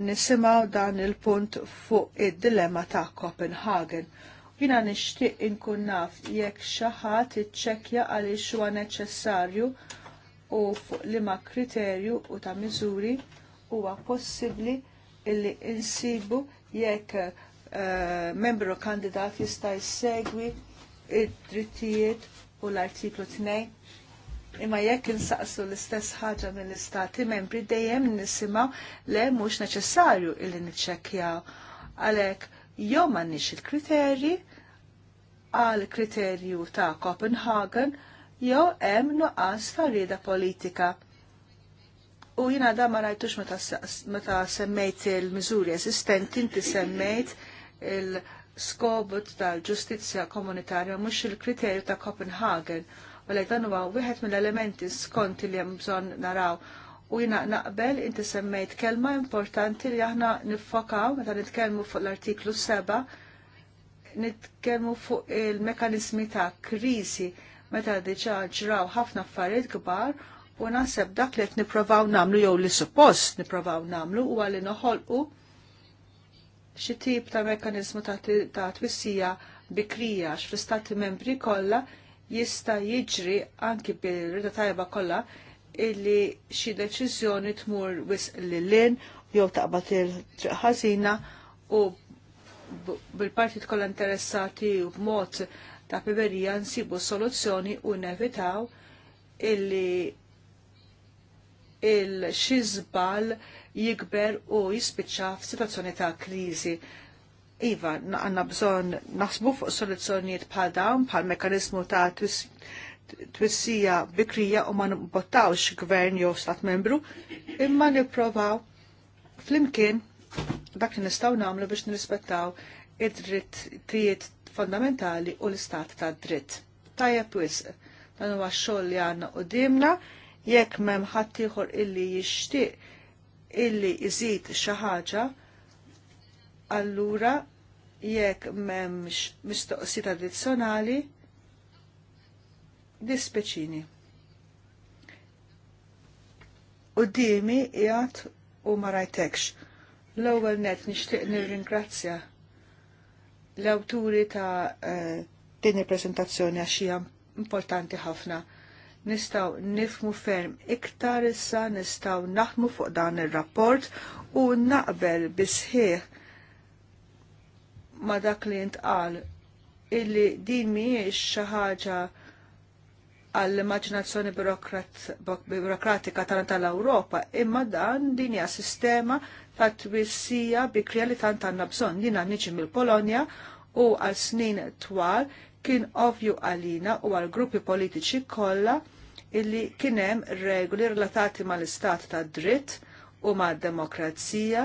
nisimaw dan il-punt fuq id-dilemma ta' Copenhagen. Jina nixtieq inkun naf jekk xi ħadd iċċekkja għaliex huwa neċessarju u fuq liema kriterju u ta' miżuri huwa possibbli illi insibu jekk uh, membru kandidat jista' jsegwi id-drittijiet u l-artiklu 2 imma jekk insaqsu l-istess ħaġa mill-istati membri dejjem nisimgħu le mhux neċessarju illi niċċekkjaw għalhekk jew m'għandniex il-kriterji għal kriterju ta' Copenhagen jew hemm nuqqas ta' rieda politika U jina da ma rajtux meta semmejt il-mizuri esistenti, inti semmejt il-skobut tal-ġustizja komunitarja mux il-kriterju ta' Copenhagen. U li dan huwa wieħed mill-elementi skont li hemm bżonn naraw. U jina naqbel inti semmejt kelma importanti li aħna niffokaw meta nitkellmu fuq l-artiklu 7 nitkellmu fuq il-mekanizmi ta' kriżi meta diġà ġraw ħafna affarijiet kbar U naħseb dak li qed nipprovaw nagħmlu jew li suppost nipprovaw nagħmlu u għalli noħolqu xi tip ta' mekkaniżmu ta' twissija bikrija għax fl-istati membri kollha jista' jiġri anki bil-rida tajba kollha illi xi deċiżjoni tmur wisq lil jew taqbad il-triq ħażina u bil-partit kollha interessati u b'mod ta' priverija nsibu soluzzjoni u nevitaw illi il-xi żball jikber u jispiċċa f'sitwazzjoni ta' kriżi. Iva, għanna bżon naħsbu fuq soluzzjonijiet bħal dawn, bħal mekanizmu ta' twissija bikrija u ma nbottawx gvern jew stat membru, imma nipprovaw flimkien dak li nistgħu nagħmlu biex nirrispettaw id-drittijiet fondamentali u l-istat ta' dritt. Tajja pwis, dan huwa x-xogħol li għandna dimna jekk m'hemm ħadd ieħor illi jixtieq illi jizid xi ħaġa, allura jekk m'hemmx mistoqsi addizzjonali dispeċini. U dimi jgħat u marajtekx. rajtekx. L-ewwel net nixtieq nirringrazzja l-awturi ta' eh, din il-preżentazzjoni għax hija importanti ħafna nistaw nifmu ferm iktar issa nistaw naħmu fuq dan ir-rapport u naqbel bisħieħ ma dak li ntqal illi din mhijiex xi ħaġa għall-immaġinazzjoni burokratika tagħna tal-Ewropa, imma dan din hija sistema ta' twissija bi li tant għandna bżonn. jiena niġi mill-Polonja u għal snin twal kien ovju għalina u għal gruppi politiċi kollha illi kienem regoli relatati mal-istat ta' dritt u ma' demokrazija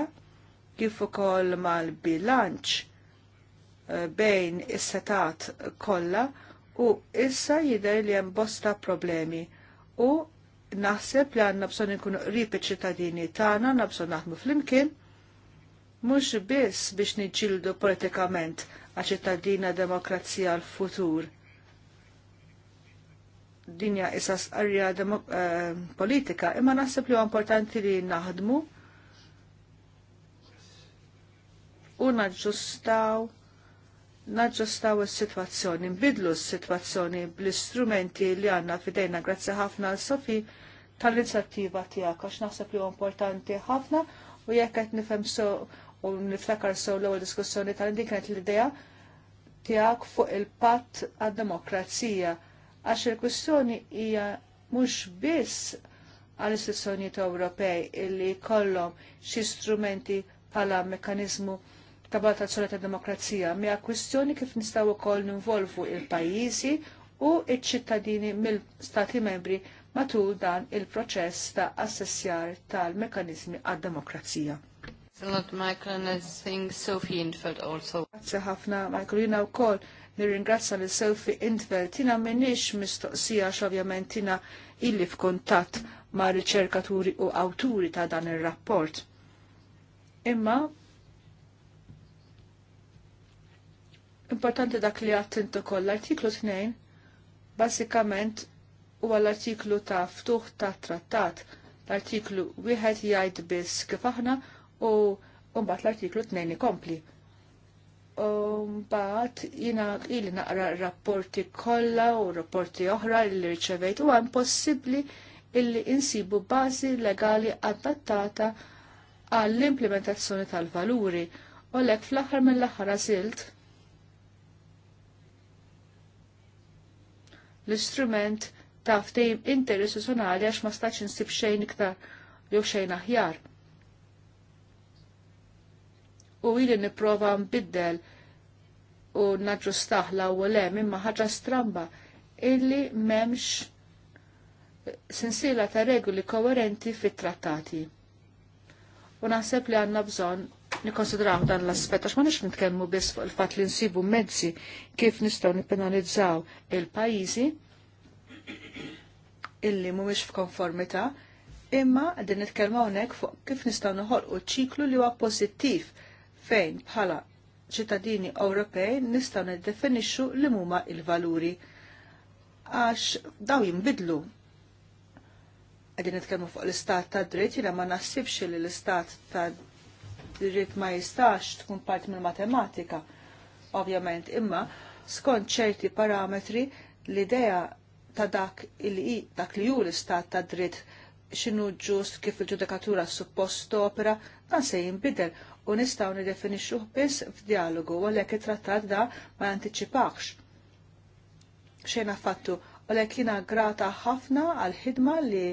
kif ukoll mal-bilanċ eh, bejn is-setat kollha u issa jidher li hemm bosta problemi u naħseb li għandna bżonn inkunu qrib iċ-ċittadini tagħna nabżon naħdmu flimkien mhux biss biex niġġieldu politikament għax ċittadina demokrazija l-futur dinja issa sqarrija eh, politika, imma naħseb li huwa importanti li naħdmu u naġġustaw naġġustaw is-sitwazzjoni, nbidlu s-sitwazzjoni bl-istrumenti li għandna fidejna grazzi ħafna għal Sofi tal-inizjattiva tiegħek għax naħseb li importanti ħafna u jekk qed nifhem so u niftakar so l-ewwel diskussjoni tal-din l-idea tiegħek fuq il-patt għad-demokrazija għax il-kwistjoni hija mhux biss għall istituzzjonijiet Ewropej illi jkollhom xi strumenti bħala mekkaniżmu ta' valutazzjoni ta' demokrazija, mija kwistjoni kif nistgħu wkoll ninvolvu il-pajjiżi u iċ-ċittadini mill-Stati membri matul dan il-proċess ta' assessjar tal-mekkaniżmi għad-demokrazija. Grazzi Grazie ħafna, Michael, jina wkoll nirringrazzja lil Selfi Intvel tina minix mistoqsija x'ovjament tina illi f'kuntatt ma' riċerkaturi u awturi ta' dan ir-rapport. Imma importanti dak li għattintu koll, l-artiklu 2 basikament huwa l-artiklu ta' ftuħ ta' trattat. L-artiklu wieħed jgħid biss kif aħna u mbagħad l-artiklu tnejn ikompli. Mbagħad jiena ili naqra rapporti kollha u rapporti oħra li rċevejt u hemm possibbli illi insibu bażi legali adattata għall-implementazzjoni tal-valuri u lek fl-aħħar mill-aħħar għażilt l-istrument ta' ftejim interistituzzjonali għax ma stax insib xejn iktar jew xejn aħjar u illi niprofa nbiddel u naġu staħla u hemm imma ħaġa stramba illi m'hemmx sinsiela ta' regoli koherenti fit-trattati. U naħseb li għandna bżonn nikkonsidraw dan l-aspett għax ma nix nitkellmu biss fuq il-fatt li nsibu mezzi kif nistgħu nippenalizzaw il-pajjiżi illi mhumiex f'konformità imma qegħdin nitkellmu hawnhekk fuq kif nistgħu noħolqu ċiklu li huwa pożittiv fejn bħala ċittadini Ewropej nistgħu niddefinixxu li huma il-valuri għax daw jinbidlu. Qegħdin nitkellmu fuq l-istat ta' dritt, jiena ma naħsibx li l-istat ta' dritt ma jistax tkun parti mill-matematika, ovvjament, imma skont ċerti parametri l-idea ta' dak li dak li hu l-istat ta' dritt xinu ġust kif il-ġudikatura suppost opera, dan se jinbidel u nistgħu nidefinixxuh biss f'dialogu għalhekk it-trattat da ma jantiċipax. Xejn affattu, għalhekk jiena grata ħafna għall-ħidma li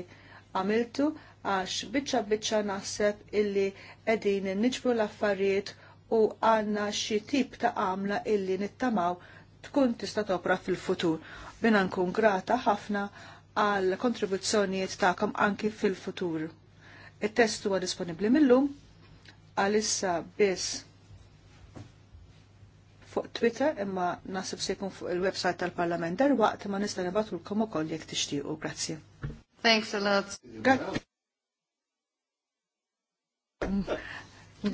għamiltu għax biċċa biċċa naħseb illi qegħdin niġbru l-affarijiet u għanna xi tip ta' għamla illi nittamaw tkun tista' topra fil-futur. Bina nkun grata ħafna għal kontribuzzjonijiet ta'kom anki fil-futur. Il-test huwa disponibbli lum għalissa biss fuq Twitter imma nasib se jkun fuq il-website tal-Parlament darwaqt ma nista' nibatulkom ukoll jekk tixtiequ. Grazzi. Thanks a lot.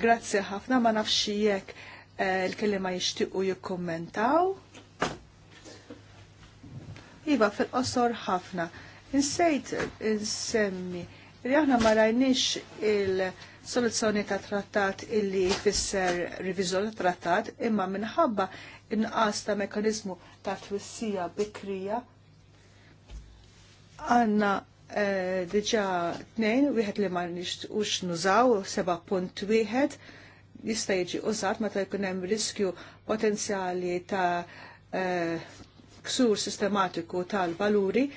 Grazzi ħafna ma nafx jekk eh, il ma jixtiequ jikkommentaw. Iva fil-qosor ħafna. Insejt insemmi li aħna ma rajniex il-soluzzjoni ta' trattat illi jfisser revizjoni ta' trattat imma minħabba inqas ta' mekanizmu ta' twissija bikrija għanna eh, diġa tnejn, wieħed li ma nixtiequx nużaw, seba' punt wieħed jista' jiġi użat meta jkun hemm riskju potenzjali ta' eh, ksur sistematiku tal-valuri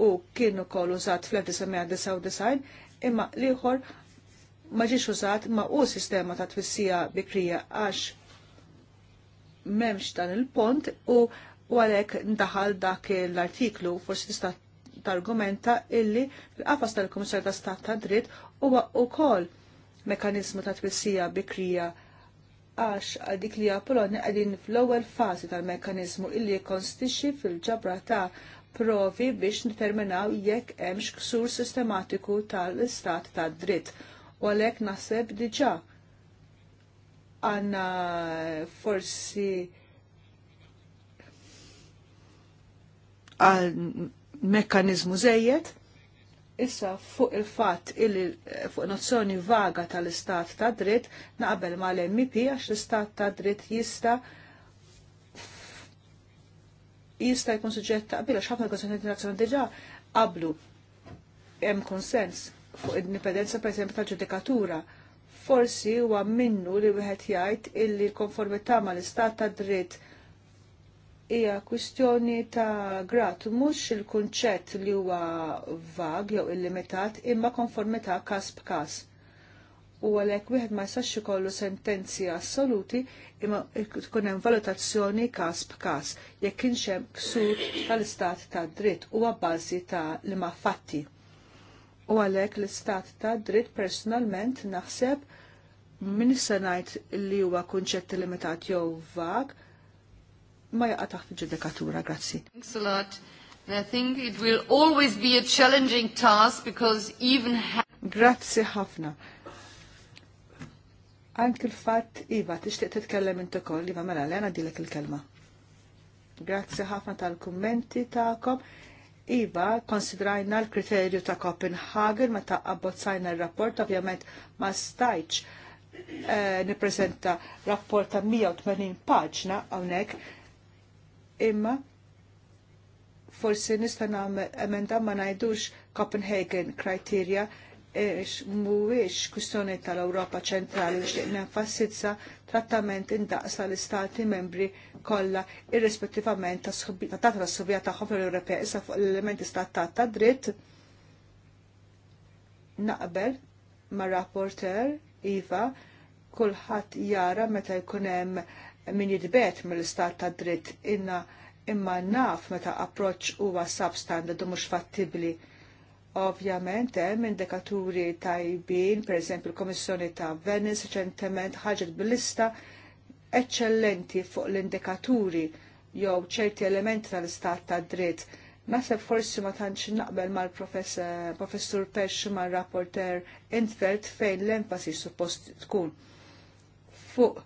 u kien ukoll użat fl-1999 imma liħor ma ġiex użat ma u sistema ta' twissija bikrija għax memx dan il-pont u għalek ndaħal dak l-artiklu forsi tista' targumenta illi l-qafas tal komissar ta' Stat ta' Dritt huwa wkoll mekanizmu ta' twissija bikrija għax għadik li Polonja għadin fl-ewwel fażi tal-mekkaniżmu illi konstixi fil-ġabra ta' provi biex niterminaw jekk hemmx ksur sistematiku tal-istat tad dritt. U għalhekk naħseb diġà għandna forsi għal mekkanizmu żejjed Issa fuq il fatt il fuq nozzjoni vaga tal-istat ta' dritt naqbel mal l-MP għax l-istat ta' dritt jista' jista' jkun suġġett ta' qbila x'ħafna l-Konsultazzjoni Internazzjonali diġà qablu hemm konsens fuq id dipendenza pereżempju tal-ġudikatura. Forsi huwa minnu li wieħed jgħid illi l konformità mal-istat ta' dritt hija kwistjoni ta' grat mhux il-kunċett li huwa vag jew illimitat imma konformità każ b'każ u għalhekk wieħed ma jistax ikollu sentenzi assoluti imma tkun hemm valutazzjoni każ b'każ jekk kienx hemm ksur tal-istat ta' dritt huwa bażi ta' ma' fatti. U għalhekk l-istat ta' dritt personalment naħseb min se ngħid li huwa kunċett limitat jew vag ma jaqa' taħt ġudikatura. Grazzi. Thanks a lot. And I think it will always be a challenging task because even Grazzi ħafna Anki l-fatt Iva, tixtieq titkellem inti ukoll, Iva mela Lena dilek il-kelma. Grazzi ħafna tal-kummenti tagħkom. Iva, konsidrajna l-kriterju ta' Copenhagen meta abbozzajna r-rapport, ovvjament ma stajċ eh, nippreżenta rapport ta' 180 paġna hawnhekk, imma forsi nista' nagħmel emenda ma ngħidux Copenhagen criteria mhuwiex kwistjoni tal-Ewropa ċentrali nixtieq nenfasizza trattament indaqsa l-istati membri kollha irrispettivament ta' ta' sovjet subija tagħhom l-Europea issa fuq l-elementi stattat ta' dritt naqbel ma' rapporter Iva kulħadd jara meta jkun hemm min jitbet mill-istat ta' dritt inna imma naf meta approċċ huwa substandard u mhux fattibbli Ovvjament hemm indikaturi tajbin, pereżempju l-Komissjoni ta' Venice reċentement ħaġet bil-lista eċċellenti fuq l-indikaturi jew ċerti elementi tal-istat ta' dritt. Naħseb forsi ma tantx naqbel mal-professur Pesh mal rapporter Intfeld fejn l-enfasi suppost tkun fuq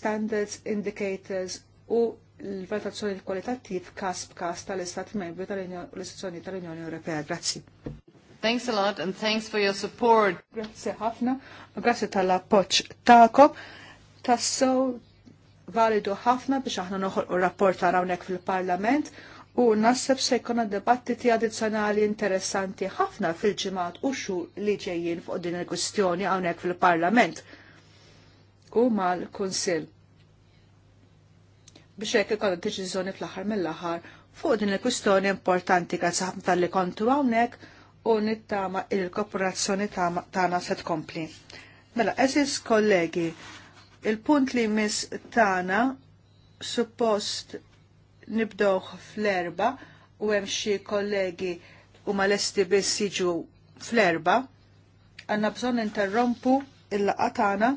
standards indicators u l-valutazzjoni kwalitattiv kas b'kas tal-Istat membri tal-Istituzzjoni tal-Unjoni Ewropea. Grazzi. Thanks a lot and thanks for your support. Grazzi ħafna, grazzi tal-appoċ ta'kom. Tasso validu ħafna biex aħna noħolqu rapport ta' hawnhekk fil-Parlament u nasseb se jkollna dibattiti addizzjonali interessanti ħafna fil-ġimgħat u xhur li ġejjin fuq din il-kwistjoni hawnhekk fil-Parlament u mal-Kunsill biex hekk ikollok deċiżjoni fl-aħħar mill-aħħar fuq din il-kwistjoni importanti ka saħm tal-li kontu hawnhekk u nittama il-korporazzjoni tagħna se tkompli. Mela, eżis kollegi, il-punt li miss tagħna suppost nibdowh fl-erba u hemm xi kollegi u malesti biss jiġu fl-erba, għanna bżonn interrompu il-laqatana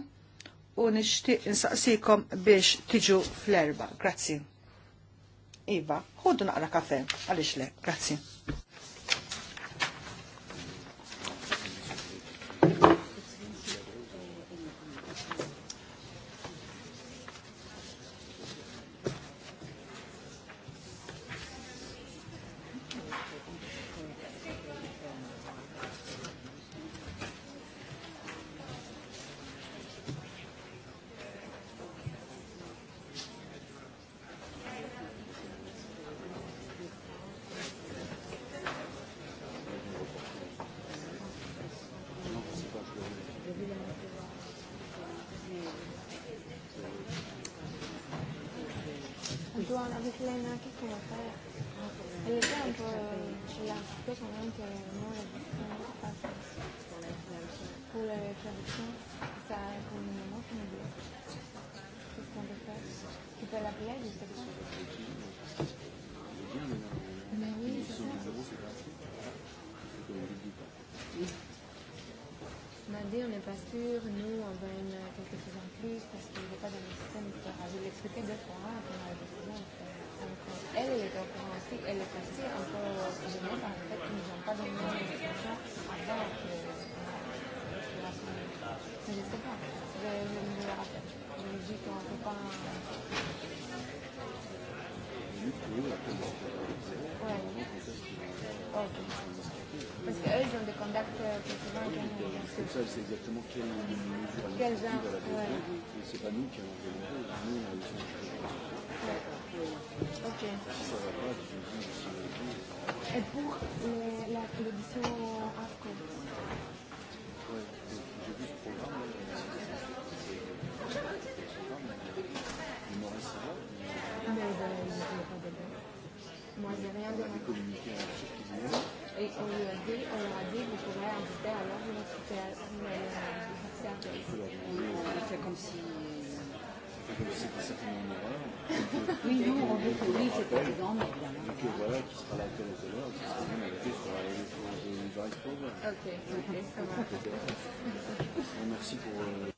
u nixtieq insaqsikom biex tiġu fl-erba. Grazzi. Iva, ħoddu naqra kafe, għaliex le, grazzi. savent, c'est exactement quelle mesure alternative à la BNP. Et c'est pas nous qui avons fait le nous on a aussi un D'accord. Ok. Si ça va pas, tu me dis aussi le Et pour l'édition AFCO Ouais, j'ai vu ce programme. Il m'aurait cela. Mais il n'y a pas de Moi, j'ai rien demandé. communiqué à la Turquie. Et on lui a dit, on leur a dit, vous pourrez inviter alors notre Oui, non, on veut oui, c'est pas évident, mais évidemment. Donc voilà, qui sera là à telle ou telle heure, qui sera bien invité, qui sera arrivé pour le drive-through. Ok, ok, ça va. Merci pour. Euh,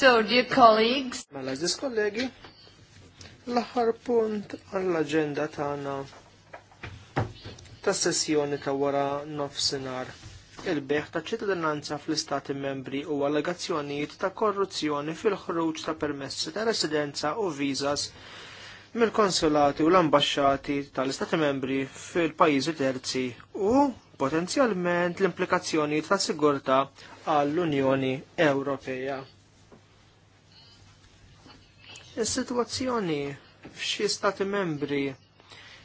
So, dear colleagues. Mela, ġdis kollegi, l-aħħar punt għall-agenda tagħna ta' sessjoni ta' wara nofsinhar il-beħ ta' ċittadinanza fl-istati membri u allegazzjonijiet ta' korruzzjoni fil-ħruġ ta' permessi ta' residenza u vizas mill-konsulati u l-ambasċati tal-istati membri fil-pajjiżi terzi u potenzjalment l-implikazzjoni ta' sigurta għall-Unjoni Ewropea. Is-sitwazzjoni f'xi stati membri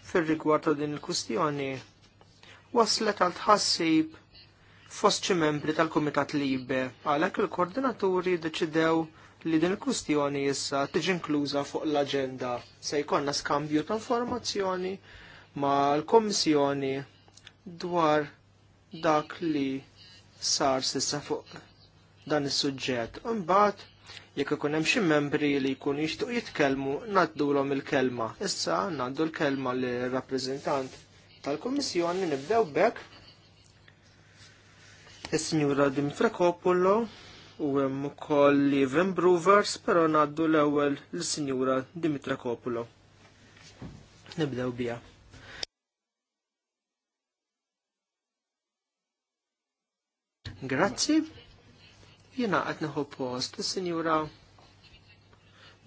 fir-rigward ta' din il-kwistjoni waslet għal tħassib fost xi membri tal-Kumitat Libe għalhekk il-koordinaturi deċidew li din il-kwistjoni issa tiġi inkluża fuq l-aġenda se jkollna skambju ta' informazzjoni mal l-Kommissjoni dwar dak li sar sissa fuq dan is-suġġett. Imbagħad Jekk ikun hemm xi membri li jkunu jixtuq jitkellmu, naddulhom il-kelma. Issa naddu l-kelma lir rappreżentant tal-Kummissjoni nibdew bekk is-Sinjura Coppolo u hemm ukoll Ivan Brovers, però naddu l-ewwel lis-Sinjura Coppolo. Nibdew biha. Grazzi. Jena qed neħu post is-Sinjura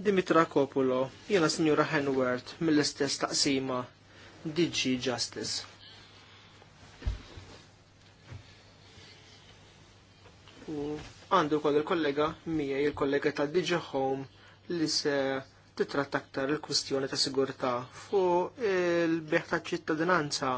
Dimitra Kopulo, jena Sinjura Henwert mill-istess taqsima DG Justice. U għandu kol il-kollega mija il-kollega ta' DG Home li se titratta aktar il-kwistjoni ta' sigurtà fuq il-beħ ċittadinanza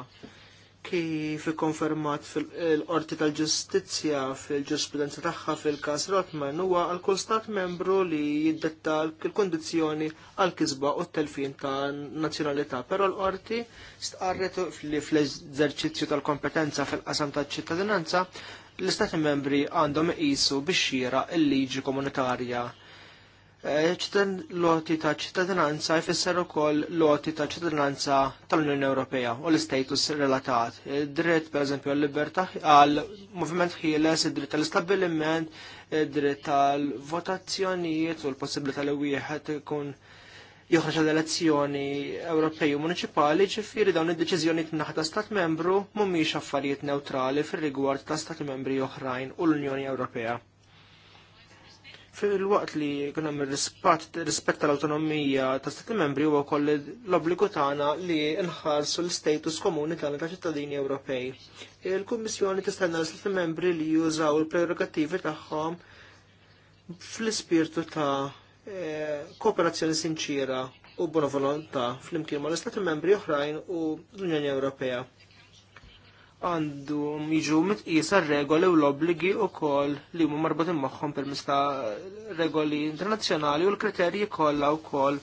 kif ikkonfermat fil-qorti tal-ġustizzja fil-ġurisprudenza tagħha fil-każ Rotman huwa għal kull stat membru li jiddetta l-kondizzjoni għal kisba u t-telfin ta' nazzjonalità, però l-qorti stqarret li fl-eżerċizzju tal-kompetenza fil-qasam tal-ċittadinanza l-istati membri għandhom iqisu biex xira l-liġi komunitarja Eh, loti ta' ċittadinanza jfisser ukoll loti ta' ċittadinanza tal-Unjoni Ewropea u l-istatus relatat. Eh, dritt pereżempju għall-libertà għal moviment ħieles, id-dritt tal-istabbiliment, id-dritt eh, tal-votazzjonijiet u l-possibilità li wieħed ikun joħroġ għal elezzjoni Ewropej u Municipali ġifieri dawn id-deċiżjoni ta' stat membru mhumiex affarijiet neutrali fir-rigward ta' stati membri oħrajn u l-Unjoni Ewropea fil-waqt li kunem hemm l tal-awtonomija ta' stati membri huwa wkoll l-obbligu tagħna li nħarsu l-status komuni tagħna ta' ċittadini Ewropej. Il-Kummissjoni tistenna l-Stati membri li jużaw il-prerogattivi tagħhom fl-ispirtu ta' eh, kooperazzjoni sinċira u bona volontà fl-imkien mal istati membri oħrajn u l-Unjoni Ewropea għandhom jiġu mitqisa regoli u l-obbligi u kol li huma marbutin magħhom permezz ta' regoli internazzjonali u l-kriterji kollha wkoll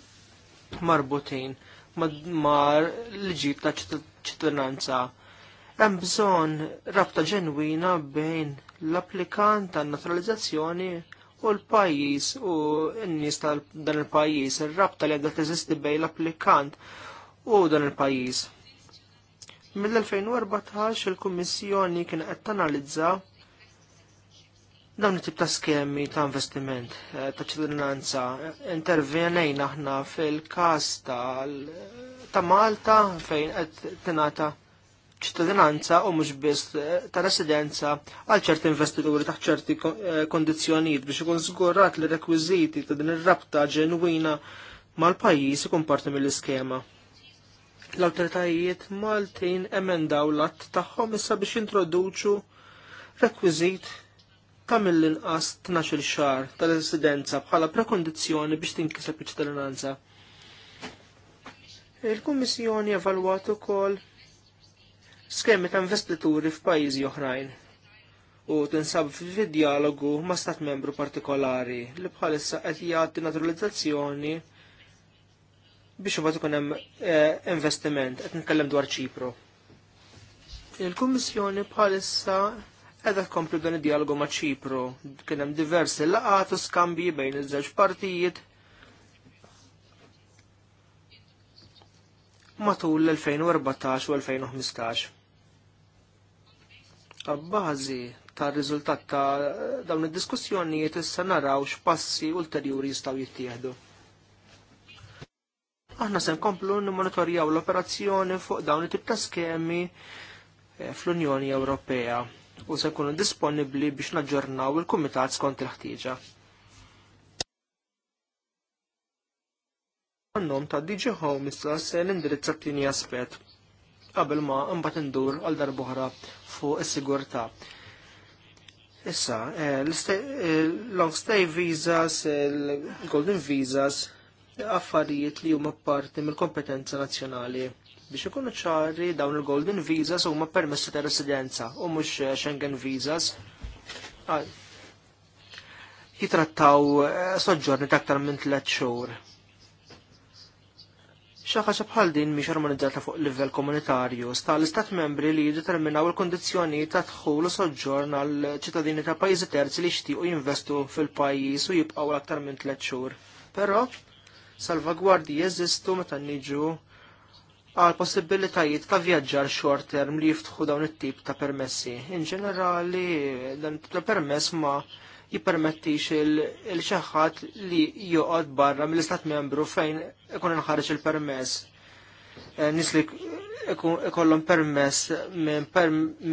marbutin ma' l-ġib ta' ċittadinanza. Hemm bżonn rabta ġenwina bejn l-applikant tan naturalizzazzjoni u l-pajjiż u n-nies ta' dan il-pajjiż, ir-rabta li għandha teżisti bejn l-applikant u dan il-pajjiż Mill-2014 il-Kummissjoni kien qed tanalizza dawn it-tip ta' skemi ta' investiment eh, ta' ċittadinanza intervjenejna aħna fil-każ ta' Malta fejn qed tingħata ċittadinanza u mhux biss eh, ta' residenza għal ċerti investituri taħt ċerti eh, kondizzjonijiet biex ikun żgurat li rekwiżiti ta' din ir-rabta ġenwina mal-pajjiż ikun parti mill-iskema. L-autoritajiet Maltin emendaw l-att tagħhom issa biex introduċu rekwiżit ta' mill-inqas 12 xahar tal-residenza bħala prekondizzjoni biex tinkiseb iċ-ċittadinanza. Il-Kummissjoni evalwat ukoll skemi ta' investituri f'pajjiżi oħrajn u tinsab fid-dialogu ma' stat membru partikolari li bħalissa qed jagħti naturalizzazzjoni biex imbagħad ikun hemm eh, investiment qed nkellem dwar Ċipru. Il-Kummissjoni bħalissa qiegħda tkomplu dan id-dialogu ma' Ċipru. Kien hemm diversi laqat u skambji bejn iż-żewġ partijiet matul l-2014 u 2015. Abbażi ta' riżultat ta' dawn id-diskussjonijiet issa naraw x'passi ulterjuri jistgħu jittieħdu. Aħna se nkomplu nimmonitorjaw l-operazzjoni fuq dawn it-tip ta' skemi eh, fl-Unjoni Ewropea u se jkunu disponibbli biex naġġornaw il-Kumitat skont il-ħtieġa. Għannom ta' DJ Home issa se l-indirizza t-tini aspet qabel ma mbagħad indur għal darbohra fuq is-sigurtà. Issa, eh, l-long eh, stay visas, il-golden visas, affarijiet li huma parti mill-kompetenza nazzjonali. Biex ikunu ċari dawn il-Golden Visas huma permessi ta' residenza u mhux eh, Schengen Visas. Ah, jitrattaw eh, soġġorni ta' aktar minn tliet xhur. Xi ħaġa bħal din mhix armonizzata fuq livell komunitarju sta l-istat membri li jiddeterminaw il kundizzjonijiet ta' dħul u soġġorn għal ċittadini ta' pajjiżi terzi li jixtiequ jinvestu fil-pajjiż u jibqgħu l-aktar minn tliet xhur. Però salvagwardi jeżistu meta niġu għal possibilitajiet ta' vjaġġar short term li jiftħu dawn it-tip ta' permessi. In ġenerali, dan ta' permess ma jippermettix il-xaħat li joqgħod barra mill-istat membru fejn ikun inħarġ il-permess. Eh, nis li ikollhom permess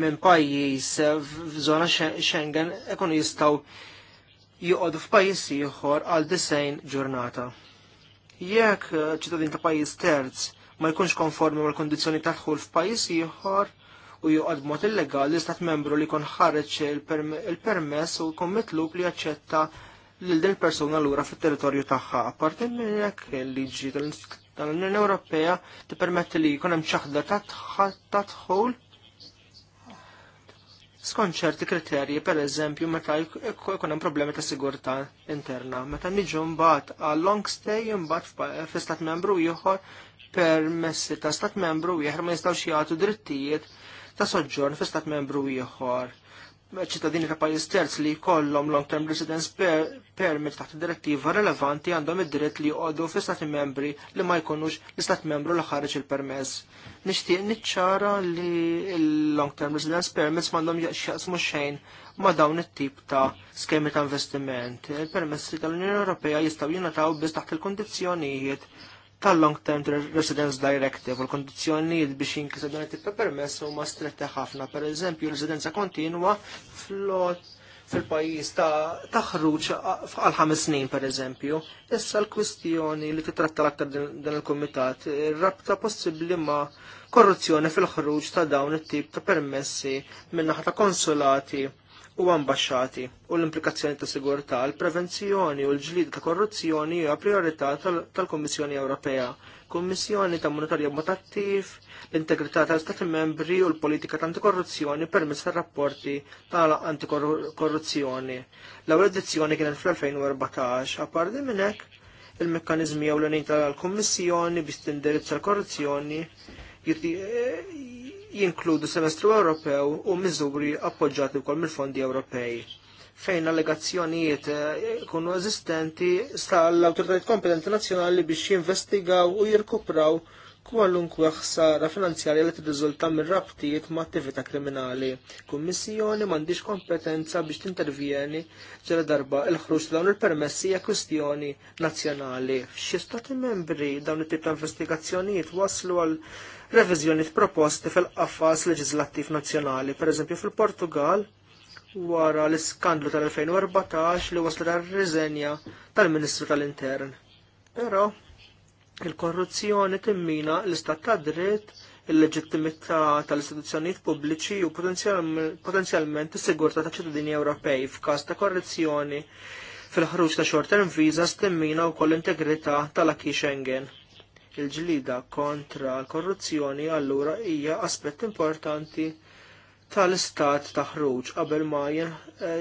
minn pajjiż f'żona Schengen ikun jistgħu joqogħdu f'pajjiż ieħor għal disejn ġurnata. Jekk eh, ċittadin ta' pajjiż terz ma jkunx konformi mal kondizzjoni ta' dħul f'pajjiż ieħor u joqgħod mod illegali stat membru li jkun ħareġ il-permess u jkun mitlub li jaċċetta lil del persuna lura fit-territorju tagħha. Apparti minn hekk il-liġi tal-Unjoni Ewropea tippermetti li jkun hemm ċaħda ta' dħul skont ċerti kriterji, per eżempju, meta jkun hemm problemi ta' sigurtà interna. Meta niġu mbagħad għal long stay mbagħad f'istat membru ieħor permessi ta' stat membru ieħor ma jistgħux jagħtu drittijiet ta' soġġorn f'Istat stat membru ieħor ċittadini ta' pajjiż terz li jkollhom long term residence permit taħt direttiva relevanti għandhom id-dritt li jqogħdu fi stati membri li ma jkunux l istati membru li ħareġ il-permess. Nixtieq niċċara li l-long term residence permits m'għandhom jaqsmu xejn ma dawn it-tip ta' skemi ta' investiment. Il-permessi tal-Unjoni Ewropea jistgħu jingħataw biss taħt il-kundizzjonijiet tal-Long Term Residence Directive u l-kondizjonijiet biex jinkisa dan it permess huma stretti ħafna. Per eżempju, residenza kontinwa flot fil-pajis ta' ħruġ għal ħames snin per eżempju. Issa l-kwistjoni li titratta l-aktar dan il-komitat, rabta possibbli ma' korruzzjoni fil-ħruġ ta' dawn it-tip ta' permessi minn naħa ta' konsolati u ambasċati u l-implikazzjoni ta' sigurtà, l-prevenzjoni u l-ġlid ta' korruzzjoni hija priorità tal-Kummissjoni Ewropea. Kummissjoni ta' monitorja mod attiv, l-integrità tal-Stati membri u l-politika ta' antikorruzzjoni permezz tar-rapporti tal-antikorruzzjoni. L-ewwel edizzjoni kienet fl-2014, apparti minn hekk il-mekkaniżmi ewlenin tal-Kummissjoni biex tindirizza l-korruzzjoni jinkludu semestru Ewropew u miżuri appoġġati wkoll mill-fondi Ewropej fejn allegazzjonijiet jkunu eh, eżistenti l awtoritajiet kompetenti nazzjonali biex jinvestigaw u jirkupraw kwalunkwe ħsara finanzjarja li tirriżulta minn rabtiet ma' attività kriminali. Kummissjoni m'għandix kompetenza biex tintervjeni ġara darba il-ħruġ dawn il-permessi hija kwistjoni nazzjonali. F'xi stati membri dawn it-tip ta' investigazzjonijiet waslu għal reviżjoni proposti fil-qaffas leġislattiv nazzjonali, pereżempju fil-Portugal wara l-iskandlu tal-2014 li waslu għal-riżenja tal-Ministru tal-Intern. Però il-korruzzjoni timmina l-istat ta' dritt, il-leġittimità tal-istituzzjonijiet pubbliċi u potenzjalment is-sigurtà ta' ċittadini Ewropej f'każ ta' korruzzjoni fil-ħruġ ta' short-term visas timmina koll integrità tal-aki Schengen il-ġlida kontra l-korruzzjoni allura hija aspett importanti tal-istat ta' ħruġ qabel ma eh,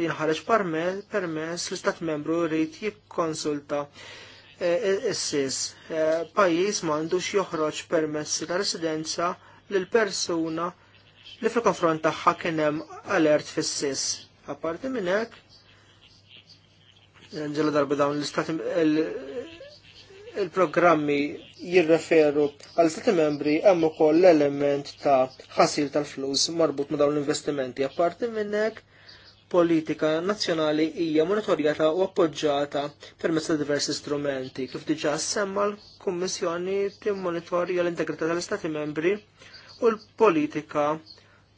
jinħareġ permess l-istat membru jrid jikkonsulta eh, s-sis eh, pajjiż m'għandux joħroġ permessi ta' residenza lil persuna li fil konfront tagħha kien hemm alert fis-sis. Apparti minn hekk, ġela darba dawn l istat il-programmi jirreferu għal stati membri hemm ukoll l-element ta' ħasil tal-flus marbut ma' dawn l-investimenti. Apparti minn hekk, politika nazzjonali hija monitorjata u appoġġjata permezz ta' diversi strumenti. Kif diġà semma l-Kummissjoni monitorja l-integrità tal-Istati membri u l-politika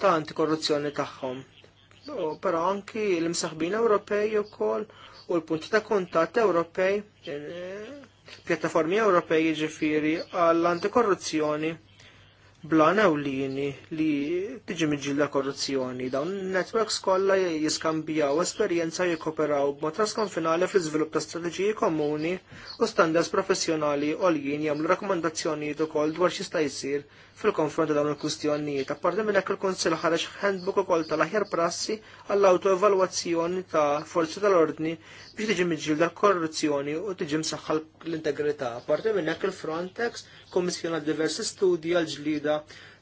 ta' antikorruzzjoni tagħhom. Però anki l-imsaħbin Ewropej ukoll u l-punti ta' kuntatt Ewropej eh, pjattaformi Ewropej ġifiri għall-antikorruzzjoni blan ewlieni li tiġi miġilla korruzzjoni. Dawn networks kollha jiskambjaw esperjenza jikkoperaw b'mod trasconfinali fl-iżvilupp ta' strateġiji komuni u standards professjonali għoljien jagħmlu rakkomandazzjonijiet ukoll dwar xi jsir fil-konfront dawn il-kustjonijiet. Apparti minn hekk il konsil ħareġ handbook ukoll tal-aħjar prassi għall autoevalwazzjoni ta' forzi tal-ordni biex tiġi miġġielda l-korruzzjoni u tiġi msaħħa l-integrità. Apparti minn hekk il-Frontex kommissjona diversi studji għal ġlida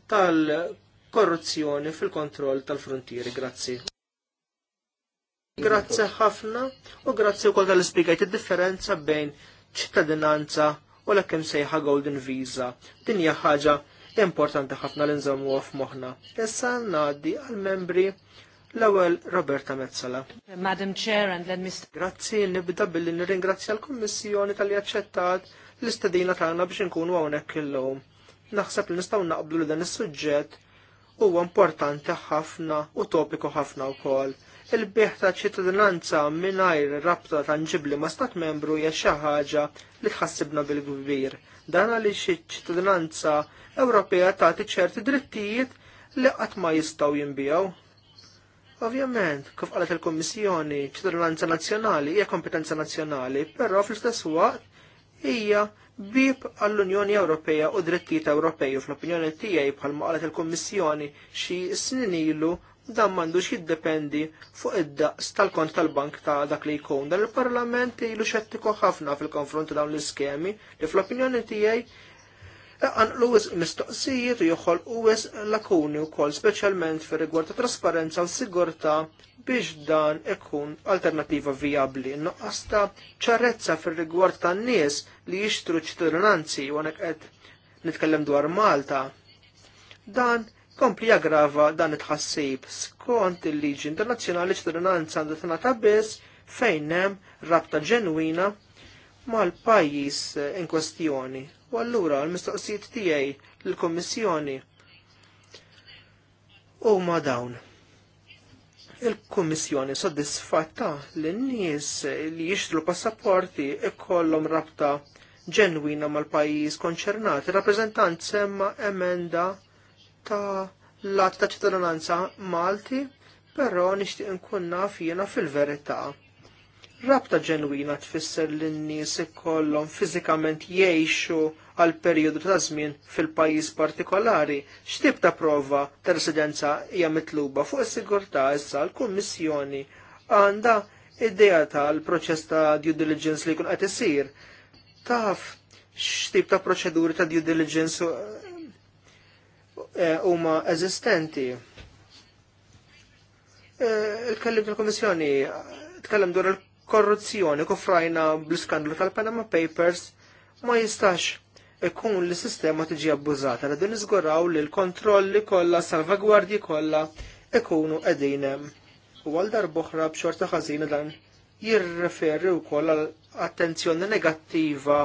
tal-korruzzjoni fil-kontroll tal-frontieri. Grazzi. Grazzi ħafna u grazzi wkoll tal-ispjegajt id-differenza bejn ċittadinanza u l-ekkem sejħa Golden Visa. Dinja ħaġa importanti ħafna li għaf f'moħħna. Issa ngħaddi għal-membri l-ewwel Roberta Mezzola. Madam Chair and let me Grazzi nibda billi nirringrazzja l-Kummissjoni tal-li l-istedina tagħna biex inkunu hawnhekk illum. Naħseb li nistgħu naqblu li dan is-suġġett huwa importanti ħafna u topiku ħafna wkoll il-bieħ ta' ċittadinanza mingħajr rabta tanġibli ma' stat membru hija xi ħaġa li tħassibna bil-kbir. Dan għaliex iċ-ċittadinanza Ewropea tagħti ċerti drittijiet li qatt ma jistgħu jinbijaw. Ovvjament, kif qalet il-Kommissjoni ċittadinanza nazzjonali hija kompetenza nazzjonali, però fl-istess waqt hija bib għall-Unjoni Ewropea u drittijiet Ewropej u fl-opinjoni tiegħi bħalma qalet il-Kommissjoni xi snin ilu dan m'għandux jiddependi fuq id-daqs tal-kont tal-bank ta' dak li jkun. Dan il-Parlament ilu xettiko ħafna fil-konfront dawn l-iskemi li fl-opinjoni tiegħi għan l-uwis mistoqsijiet u joħol uwis lakuni u kol specialment fil rigward ta' trasparenza u sigurta biex dan ikun alternativa viabli. Noqqas ċarezza fil rigward ta' nies li jixtru ċittadinanzi u għanek qed nitkellem dwar Malta. Dan tkompli jaggrava dan it-ħassib skont il-liġi internazzjonali ċittadinanza għandha tingħata biss fejn hemm rabta ġenwina mal-pajjiż in kwestjoni. U allura l-mistoqsijiet tiegħi l-Kommissjoni kummissjoni ma dawn. Il-Kummissjoni soddisfatta l nies li jixtru passaporti ikollhom rabta ġenwina mal-pajjiż konċernat. Il-rappreżentant semma emenda ta' lat ta' ċittadinanza Malti, però nixtieq nkun naf jiena fil-verità. Rabta ġenwina tfisser l nies ikollhom fiżikament jgħixu għal perjodu ta' żmien fil-pajjiż partikolari, x'tib ta' prova ta' residenza hija mitluba fuq is-sigurtà issa l-Kummissjoni għandha id-dejja tal-proċess ta' due diligence li jkun qed isir. Taf x'tip ta' proċeduri ta' due diligence Eh, huma eżistenti. Tkellim eh, il-Komissjoni, tkellem dwar il-korruzzjoni, kufrajna bl-skandlu tal-Panama Papers, ma jistax ikun li sistema tiġi abbużata, li din iżguraw li l-kontrolli kollha, salvagwardji kollha ikunu qegħdin hemm. U għal darbohra b'xorta ħażina dan jirreferi wkoll għall attenzjoni negattiva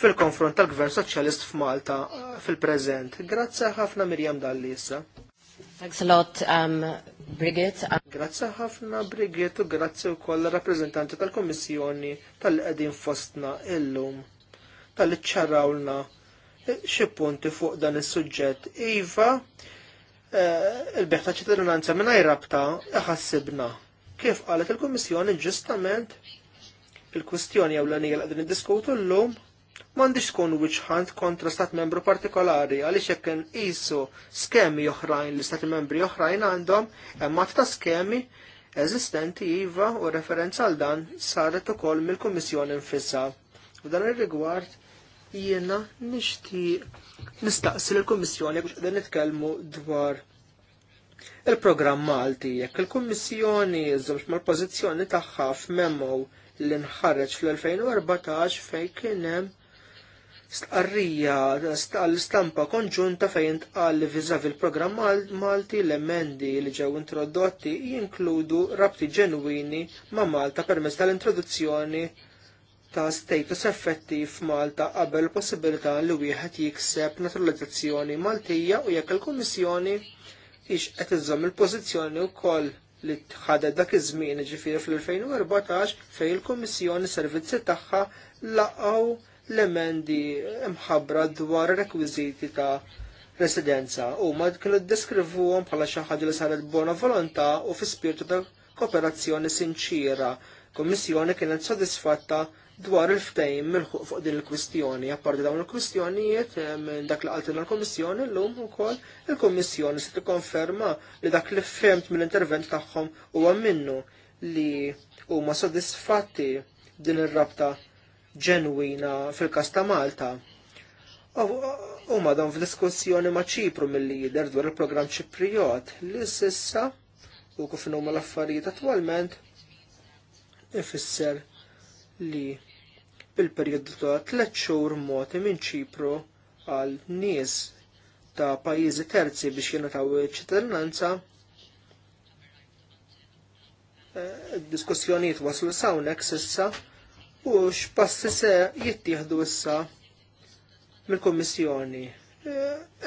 fil-konfront tal-Gvern Soċjalist f'Malta eh, fil-preżent. Grazzi ħafna Mirjam Dalli issa. Thanks a lot, um, Brigitte. Grazzi ħafna Brigitte u grazzi u koll rappresentanti tal-Kommissjoni tal-qegħdin fostna illum tal ċarawna eh, xi punti fuq dan is-suġġett. Iva, eh, il-beħ ċittadinanza minna rabta iħassibna. Kif qalet il-Kummissjoni ġustament il-kwistjoni għal-għadni diskutu l llum M'għandix tkun wiċħant kontra stat membru partikolari għaliex hekk isu skemi oħrajn li stat membri oħrajn għandhom hemm ta' skemi eżistenti iva u referenza għal dan saret ukoll mill-Kummissjoni nfissa. U dan ir-rigward jiena nixtieq nistaqsi lill-Kummissjoni jekk qegħdin nitkelmu dwar il-programm Malti jekk il-Kummissjoni żomx mal-pożizzjoni tagħha f'memo li nħarreġ fl-2014 fejn kien hemm stqarrija għall-stampa konġunta fejn tqal li viżavi l-programm Malti l-emendi li ġew introdotti jinkludu rabti ġenwini ma' Malta permezz tal-introduzzjoni ta' status effettiv Malta qabel possibilità li wieħed jikseb naturalizzazzjoni Maltija u jekk il-Kummissjoni ix qed iżomm il-pożizzjoni wkoll li tħadet dak iż-żmien ġifier fl-2014 fejn il-Kummissjoni servizzi tagħha laqgħu l-emendi mħabra dwar rekwiżiti ta' residenza u ma kienu għom bħala xi ħaġa li saret bona volontà u fi spirtu ta' kooperazzjoni sinċira. Kommissjoni kienet sodisfatta dwar il-ftejn minn fuq din il-kwistjoni. Apparti dawn il-kwistjonijiet eh, minn dak li qaltilna l l-lum llum ukoll il-Kommissjoni se tikkonferma li dak li fehmt mill-intervent tagħhom huwa minnu li huma sodisfatti din ir-rabta ġenwina fil kasta ta' Malta. U madam f'diskussjoni ma' ċipru mill-lider dwar il-programm ċipriot li sissa u kif huma l-affarijiet attwalment ifisser li bil-perjodu ta' tliet xhur moti minn ċipru għal nies ta' pajjiżi terzi biex jingħataw ċittadinanza eh, diskussjonijiet waslu sawnek sissa u x'passi se jittieħdu issa mill-Kummissjoni. E,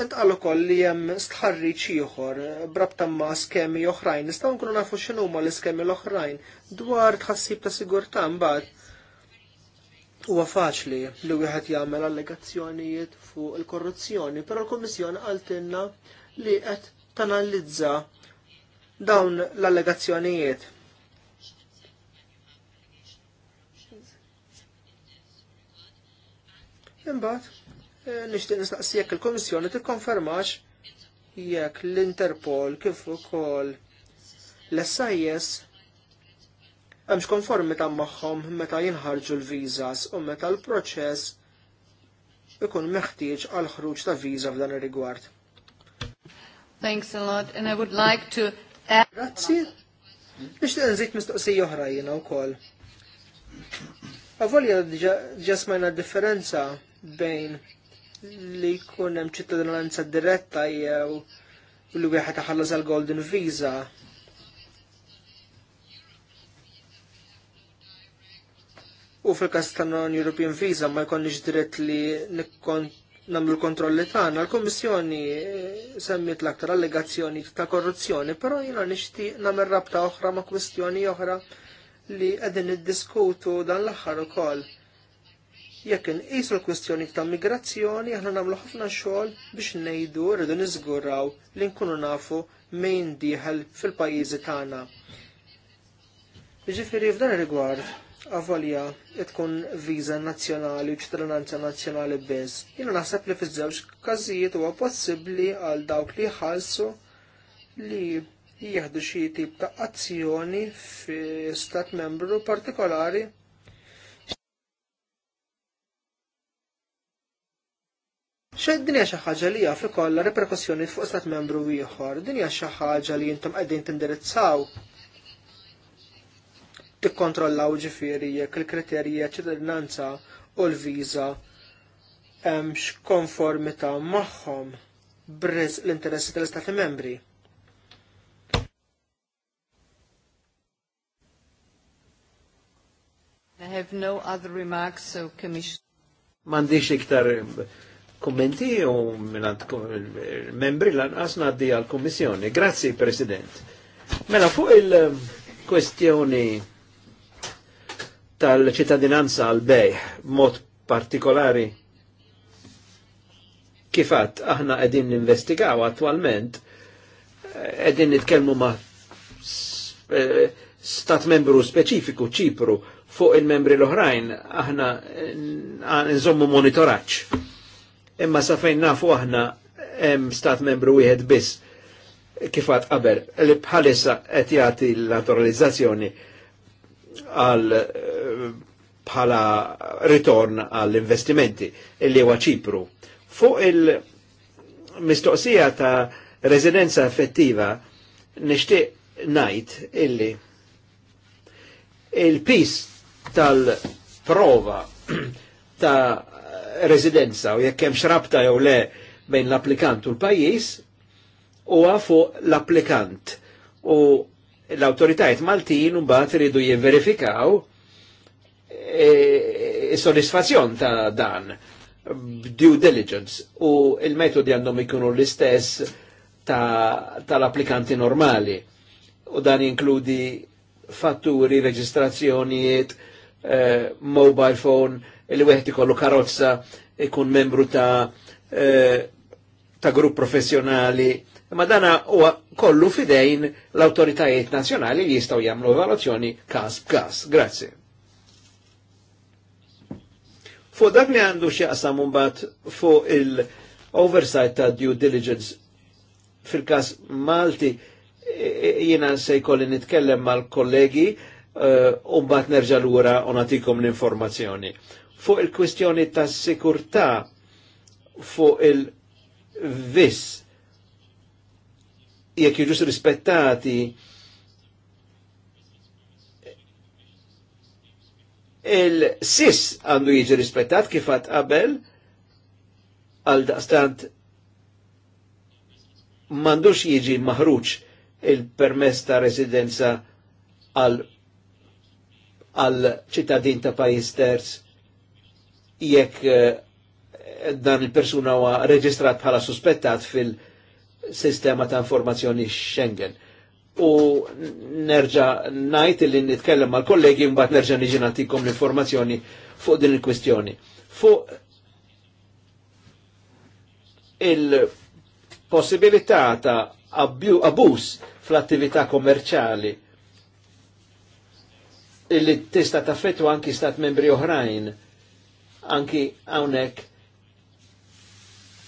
intqal ukoll li hemm stħarriġ ieħor brabta ma' skemi oħrajn. Nistgħu nkunu nafu x'inhuma l-iskemi l-oħrajn dwar tħassib ta' sigurtà mbagħad Huwa faċli li wieħed jagħmel allegazzjonijiet fuq il-korruzzjoni, però l-Kummissjoni għaltinna li qed tanalizza dawn l-allegazzjonijiet. Imbagħad eh, nixtieq nistaqsi jekk il-Kummissjoni tikkonfermax jekk l-Interpol kif ukoll l-SIS hemmx konformità magħhom meta jinħarġu l-viżas u meta l-proċess ikun meħtieġ għal ħruġ ta' viża f'dan ir-rigward. Thanks a lot, and I would like to add... Grazzi. Nixtieq nżid mistoqsija oħra jiena wkoll. Avolja ġasmajna differenza bejn li jkun hemm ċittadinanza diretta jew li wieħed iħallas għal Golden Visa. U fil-każ ta' non-European Visa ma jkollniex dritt li nagħmlu namlu l-kontrolli tagħna, l-Kummissjoni eh, semmiet l-aktar allegazzjoni ta' korruzzjoni, però jiena nixtieq nagħmel rabta oħra ma' kwistjoni oħra li qegħdin niddiskutu dan l-aħħar ukoll jekk inqisu l-kwistjoni ta' migrazzjoni aħna nagħmlu ħafna xogħol biex ngħidu rridu niżguraw li nkunu nafu min dieħel fil-pajjiżi tagħna. Jiġifieri f'dan ir-rigward avolja tkun viża nazzjonali u ċittadinanza nazzjonali biss. Jiena naħseb li fiż-żewġ każijiet huwa possibbli għal dawk li jħallsu li jieħdu xi tip ta' azzjoni fi stat membru partikolari ċe dinja xi ħaġa li jaf kolla reperkussjoni fuq stat membru ieħor, dinja xi ħaġa li intom qegħdin tindirizzaw tikkontrollaw ġifiri jekk il-kriterji ċittadinanza u l-viża hemmx konformità magħhom b'riz l-interessi tal-Istati membri. I have no other remarks, so Commissioner. Mandiċi iktar kummenti u minnant membri lanqas naddi għal-Kommissjoni. Grazzi, President. Mela, fuq il-kwestjoni tal-ċittadinanza għal-bej, mod partikolari, kifat aħna edin investigaw attualment, edin nitkelmu ma stat membru speċifiku ċipru fuq il-membri l-oħrajn, aħna eh, nżommu monitoraċ imma sa fejn nafu aħna hemm stat membru wieħed biss kif għad qabel li bħalissa qed jagħti l-naturalizzazzjoni għal eh, bħala ritorn għall-investimenti illi huwa Ċipru. Fuq il-mistoqsija ta' residenza effettiva nixtieq ngħid illi il-pis tal-prova *clears throat* ta' residenza u jekk hemm xrabta jew le bejn l-applikant u l-pajjiż huwa fuq l-applikant u l awtoritajiet Maltin mbagħad iridu jivverifikaw is-sodisfazzjon e, e, ta' dan due diligence u il-metodi għandhom ikunu l-istess tal-applikanti ta normali u dan inkludi fatturi, reġistrazzjonijiet, eh, mobile phone, li wieħed ikollu karozza ikun membru ta' e, ta' grupp professjonali ma dana huwa kollu fidejn l-autoritajiet nazjonali li jistaw jagħmlu evaluazzjoni każ b'każ. Grazzi. Fu dak li għandu qasam bat fuq il-oversight ta' due diligence fil-każ Malti e, e, jiena se jkolli nitkellem mal-kollegi u bat mbagħad nerġa' lura u nagħtikom l-informazzjoni fuq il-kwistjoni ta' sikurtà fuq il-vis jekk jiġux rispettati il-sis għandu jiġi rispettat kif qabel għal daqstant mandux jiġi maħruċ il-permess ta' residenza għal għal ċittadin ta' pajis terz jekk eh, dan il-persuna huwa reġistrat bħala suspettat fil-sistema ta' informazzjoni Schengen. U nerġa najt li nitkellem mal kollegi mbagħad nerġa' niġi nagħtikom l-informazzjoni fuq din il-kwistjoni. Fuq il-possibilità ta' abbuż fl-attività kommerċali Li tista' taffettu anki stat membri oħrajn anki hawnhekk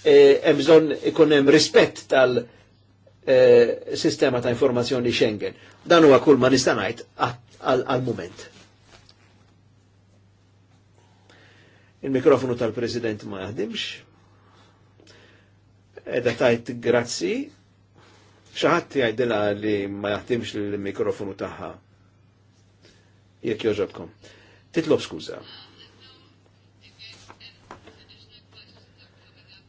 eh, hemm bżonn ikun hemm rispett tal-sistema eh, ta' informazzjoni Schengen. Dan huwa kull ma nista' ngħid għal-mument. Il-mikrofonu tal-President ma jaħdimx. Edha tajt grazzi. Xaħat għajdila li ma jaħdimx l-mikrofonu taħħa. Jek joġobkom. Titlob skuza.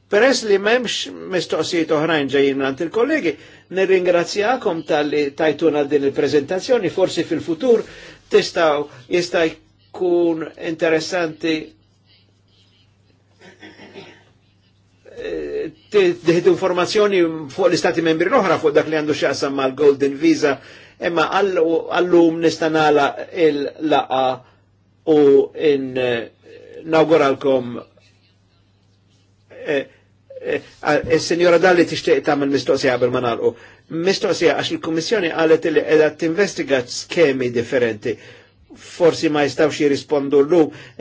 Peress li memx mistoqsijiet oħrajn ġejjin għand il-kollegi, nirringrazzjakom tal-li tajtuna din il-prezentazzjoni, forsi fil-futur tistaw jista' jkun interessanti eh, tiħdu informazzjoni fuq l-istati membri l-oħra fuq dak li għandu xaqsam mal Golden Visa, imma għallum nistanala il-laqa u in eh, nawguralkom eh, il eh, eh, senjora Dalli tixtieq tagħmel mistoqsija għabil ma nagħlqu. Mistoqsija għax il-Kummissjoni qalet li t tinvestiga skemi differenti. Forsi ma jistawx jirrispondu lu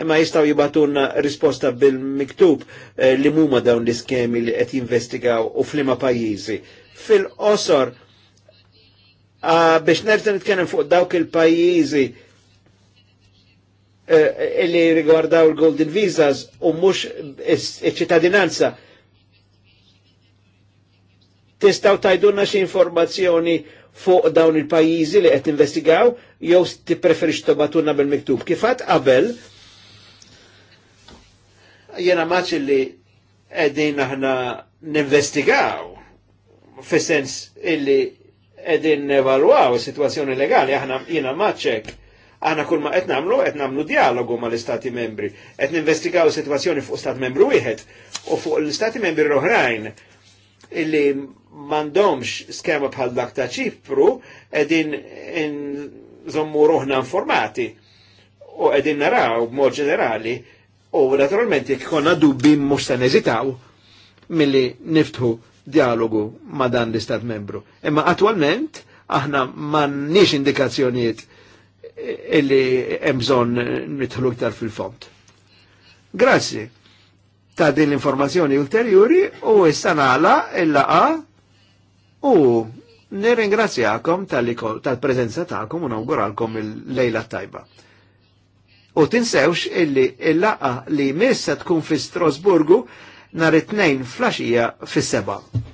ma jistgħu jibatun risposta bil-miktub eh, li huma dawn l-iskemi li qed jinvestigaw u flima pajjiżi. fil osor biex nerta nitkellem fuq dawk il-pajjiżi illi rigwardaw il-Golden Visas u mux il-ċittadinanza Tistaw tajdunna xi informazzjoni fuq dawn il-pajjiżi li qed investigaw jew tippreferix tobatunna bil-miktub. Kifat qabel jena maċ li qegħdin aħna ninvestigaw fis-sens illi qegħdin nevalwaw is-sitwazzjoni legali aħna jiena maċek, Aħna kull ma qed nagħmlu qed nagħmlu dialogu mal-istati membri, qed ninvestigaw is-sitwazzjoni fuq stat membru wieħed u fuq l-istati membri l-oħrajn illi mandomx skema bħal dak ta' ċipru edin in zommu ruħna informati u edin naraw b'mod ġenerali u naturalment jek konna dubbi mux ta' neżitaw milli niftħu dialogu ma' dan l-istat membru. Imma attualment aħna mannix indikazzjonijiet illi emżon nitħlu iktar fil-font. Grazzi ta' din l-informazzjoni ulterjuri u s-sanala il-laqa U nirringrazzjakom tal-prezenza ta'kom u nawguralkom il-lejla tajba. U tinsewx illi il-laqa li missa tkun fi Strasburgu nar it-tnejn flaxija fis-seba'.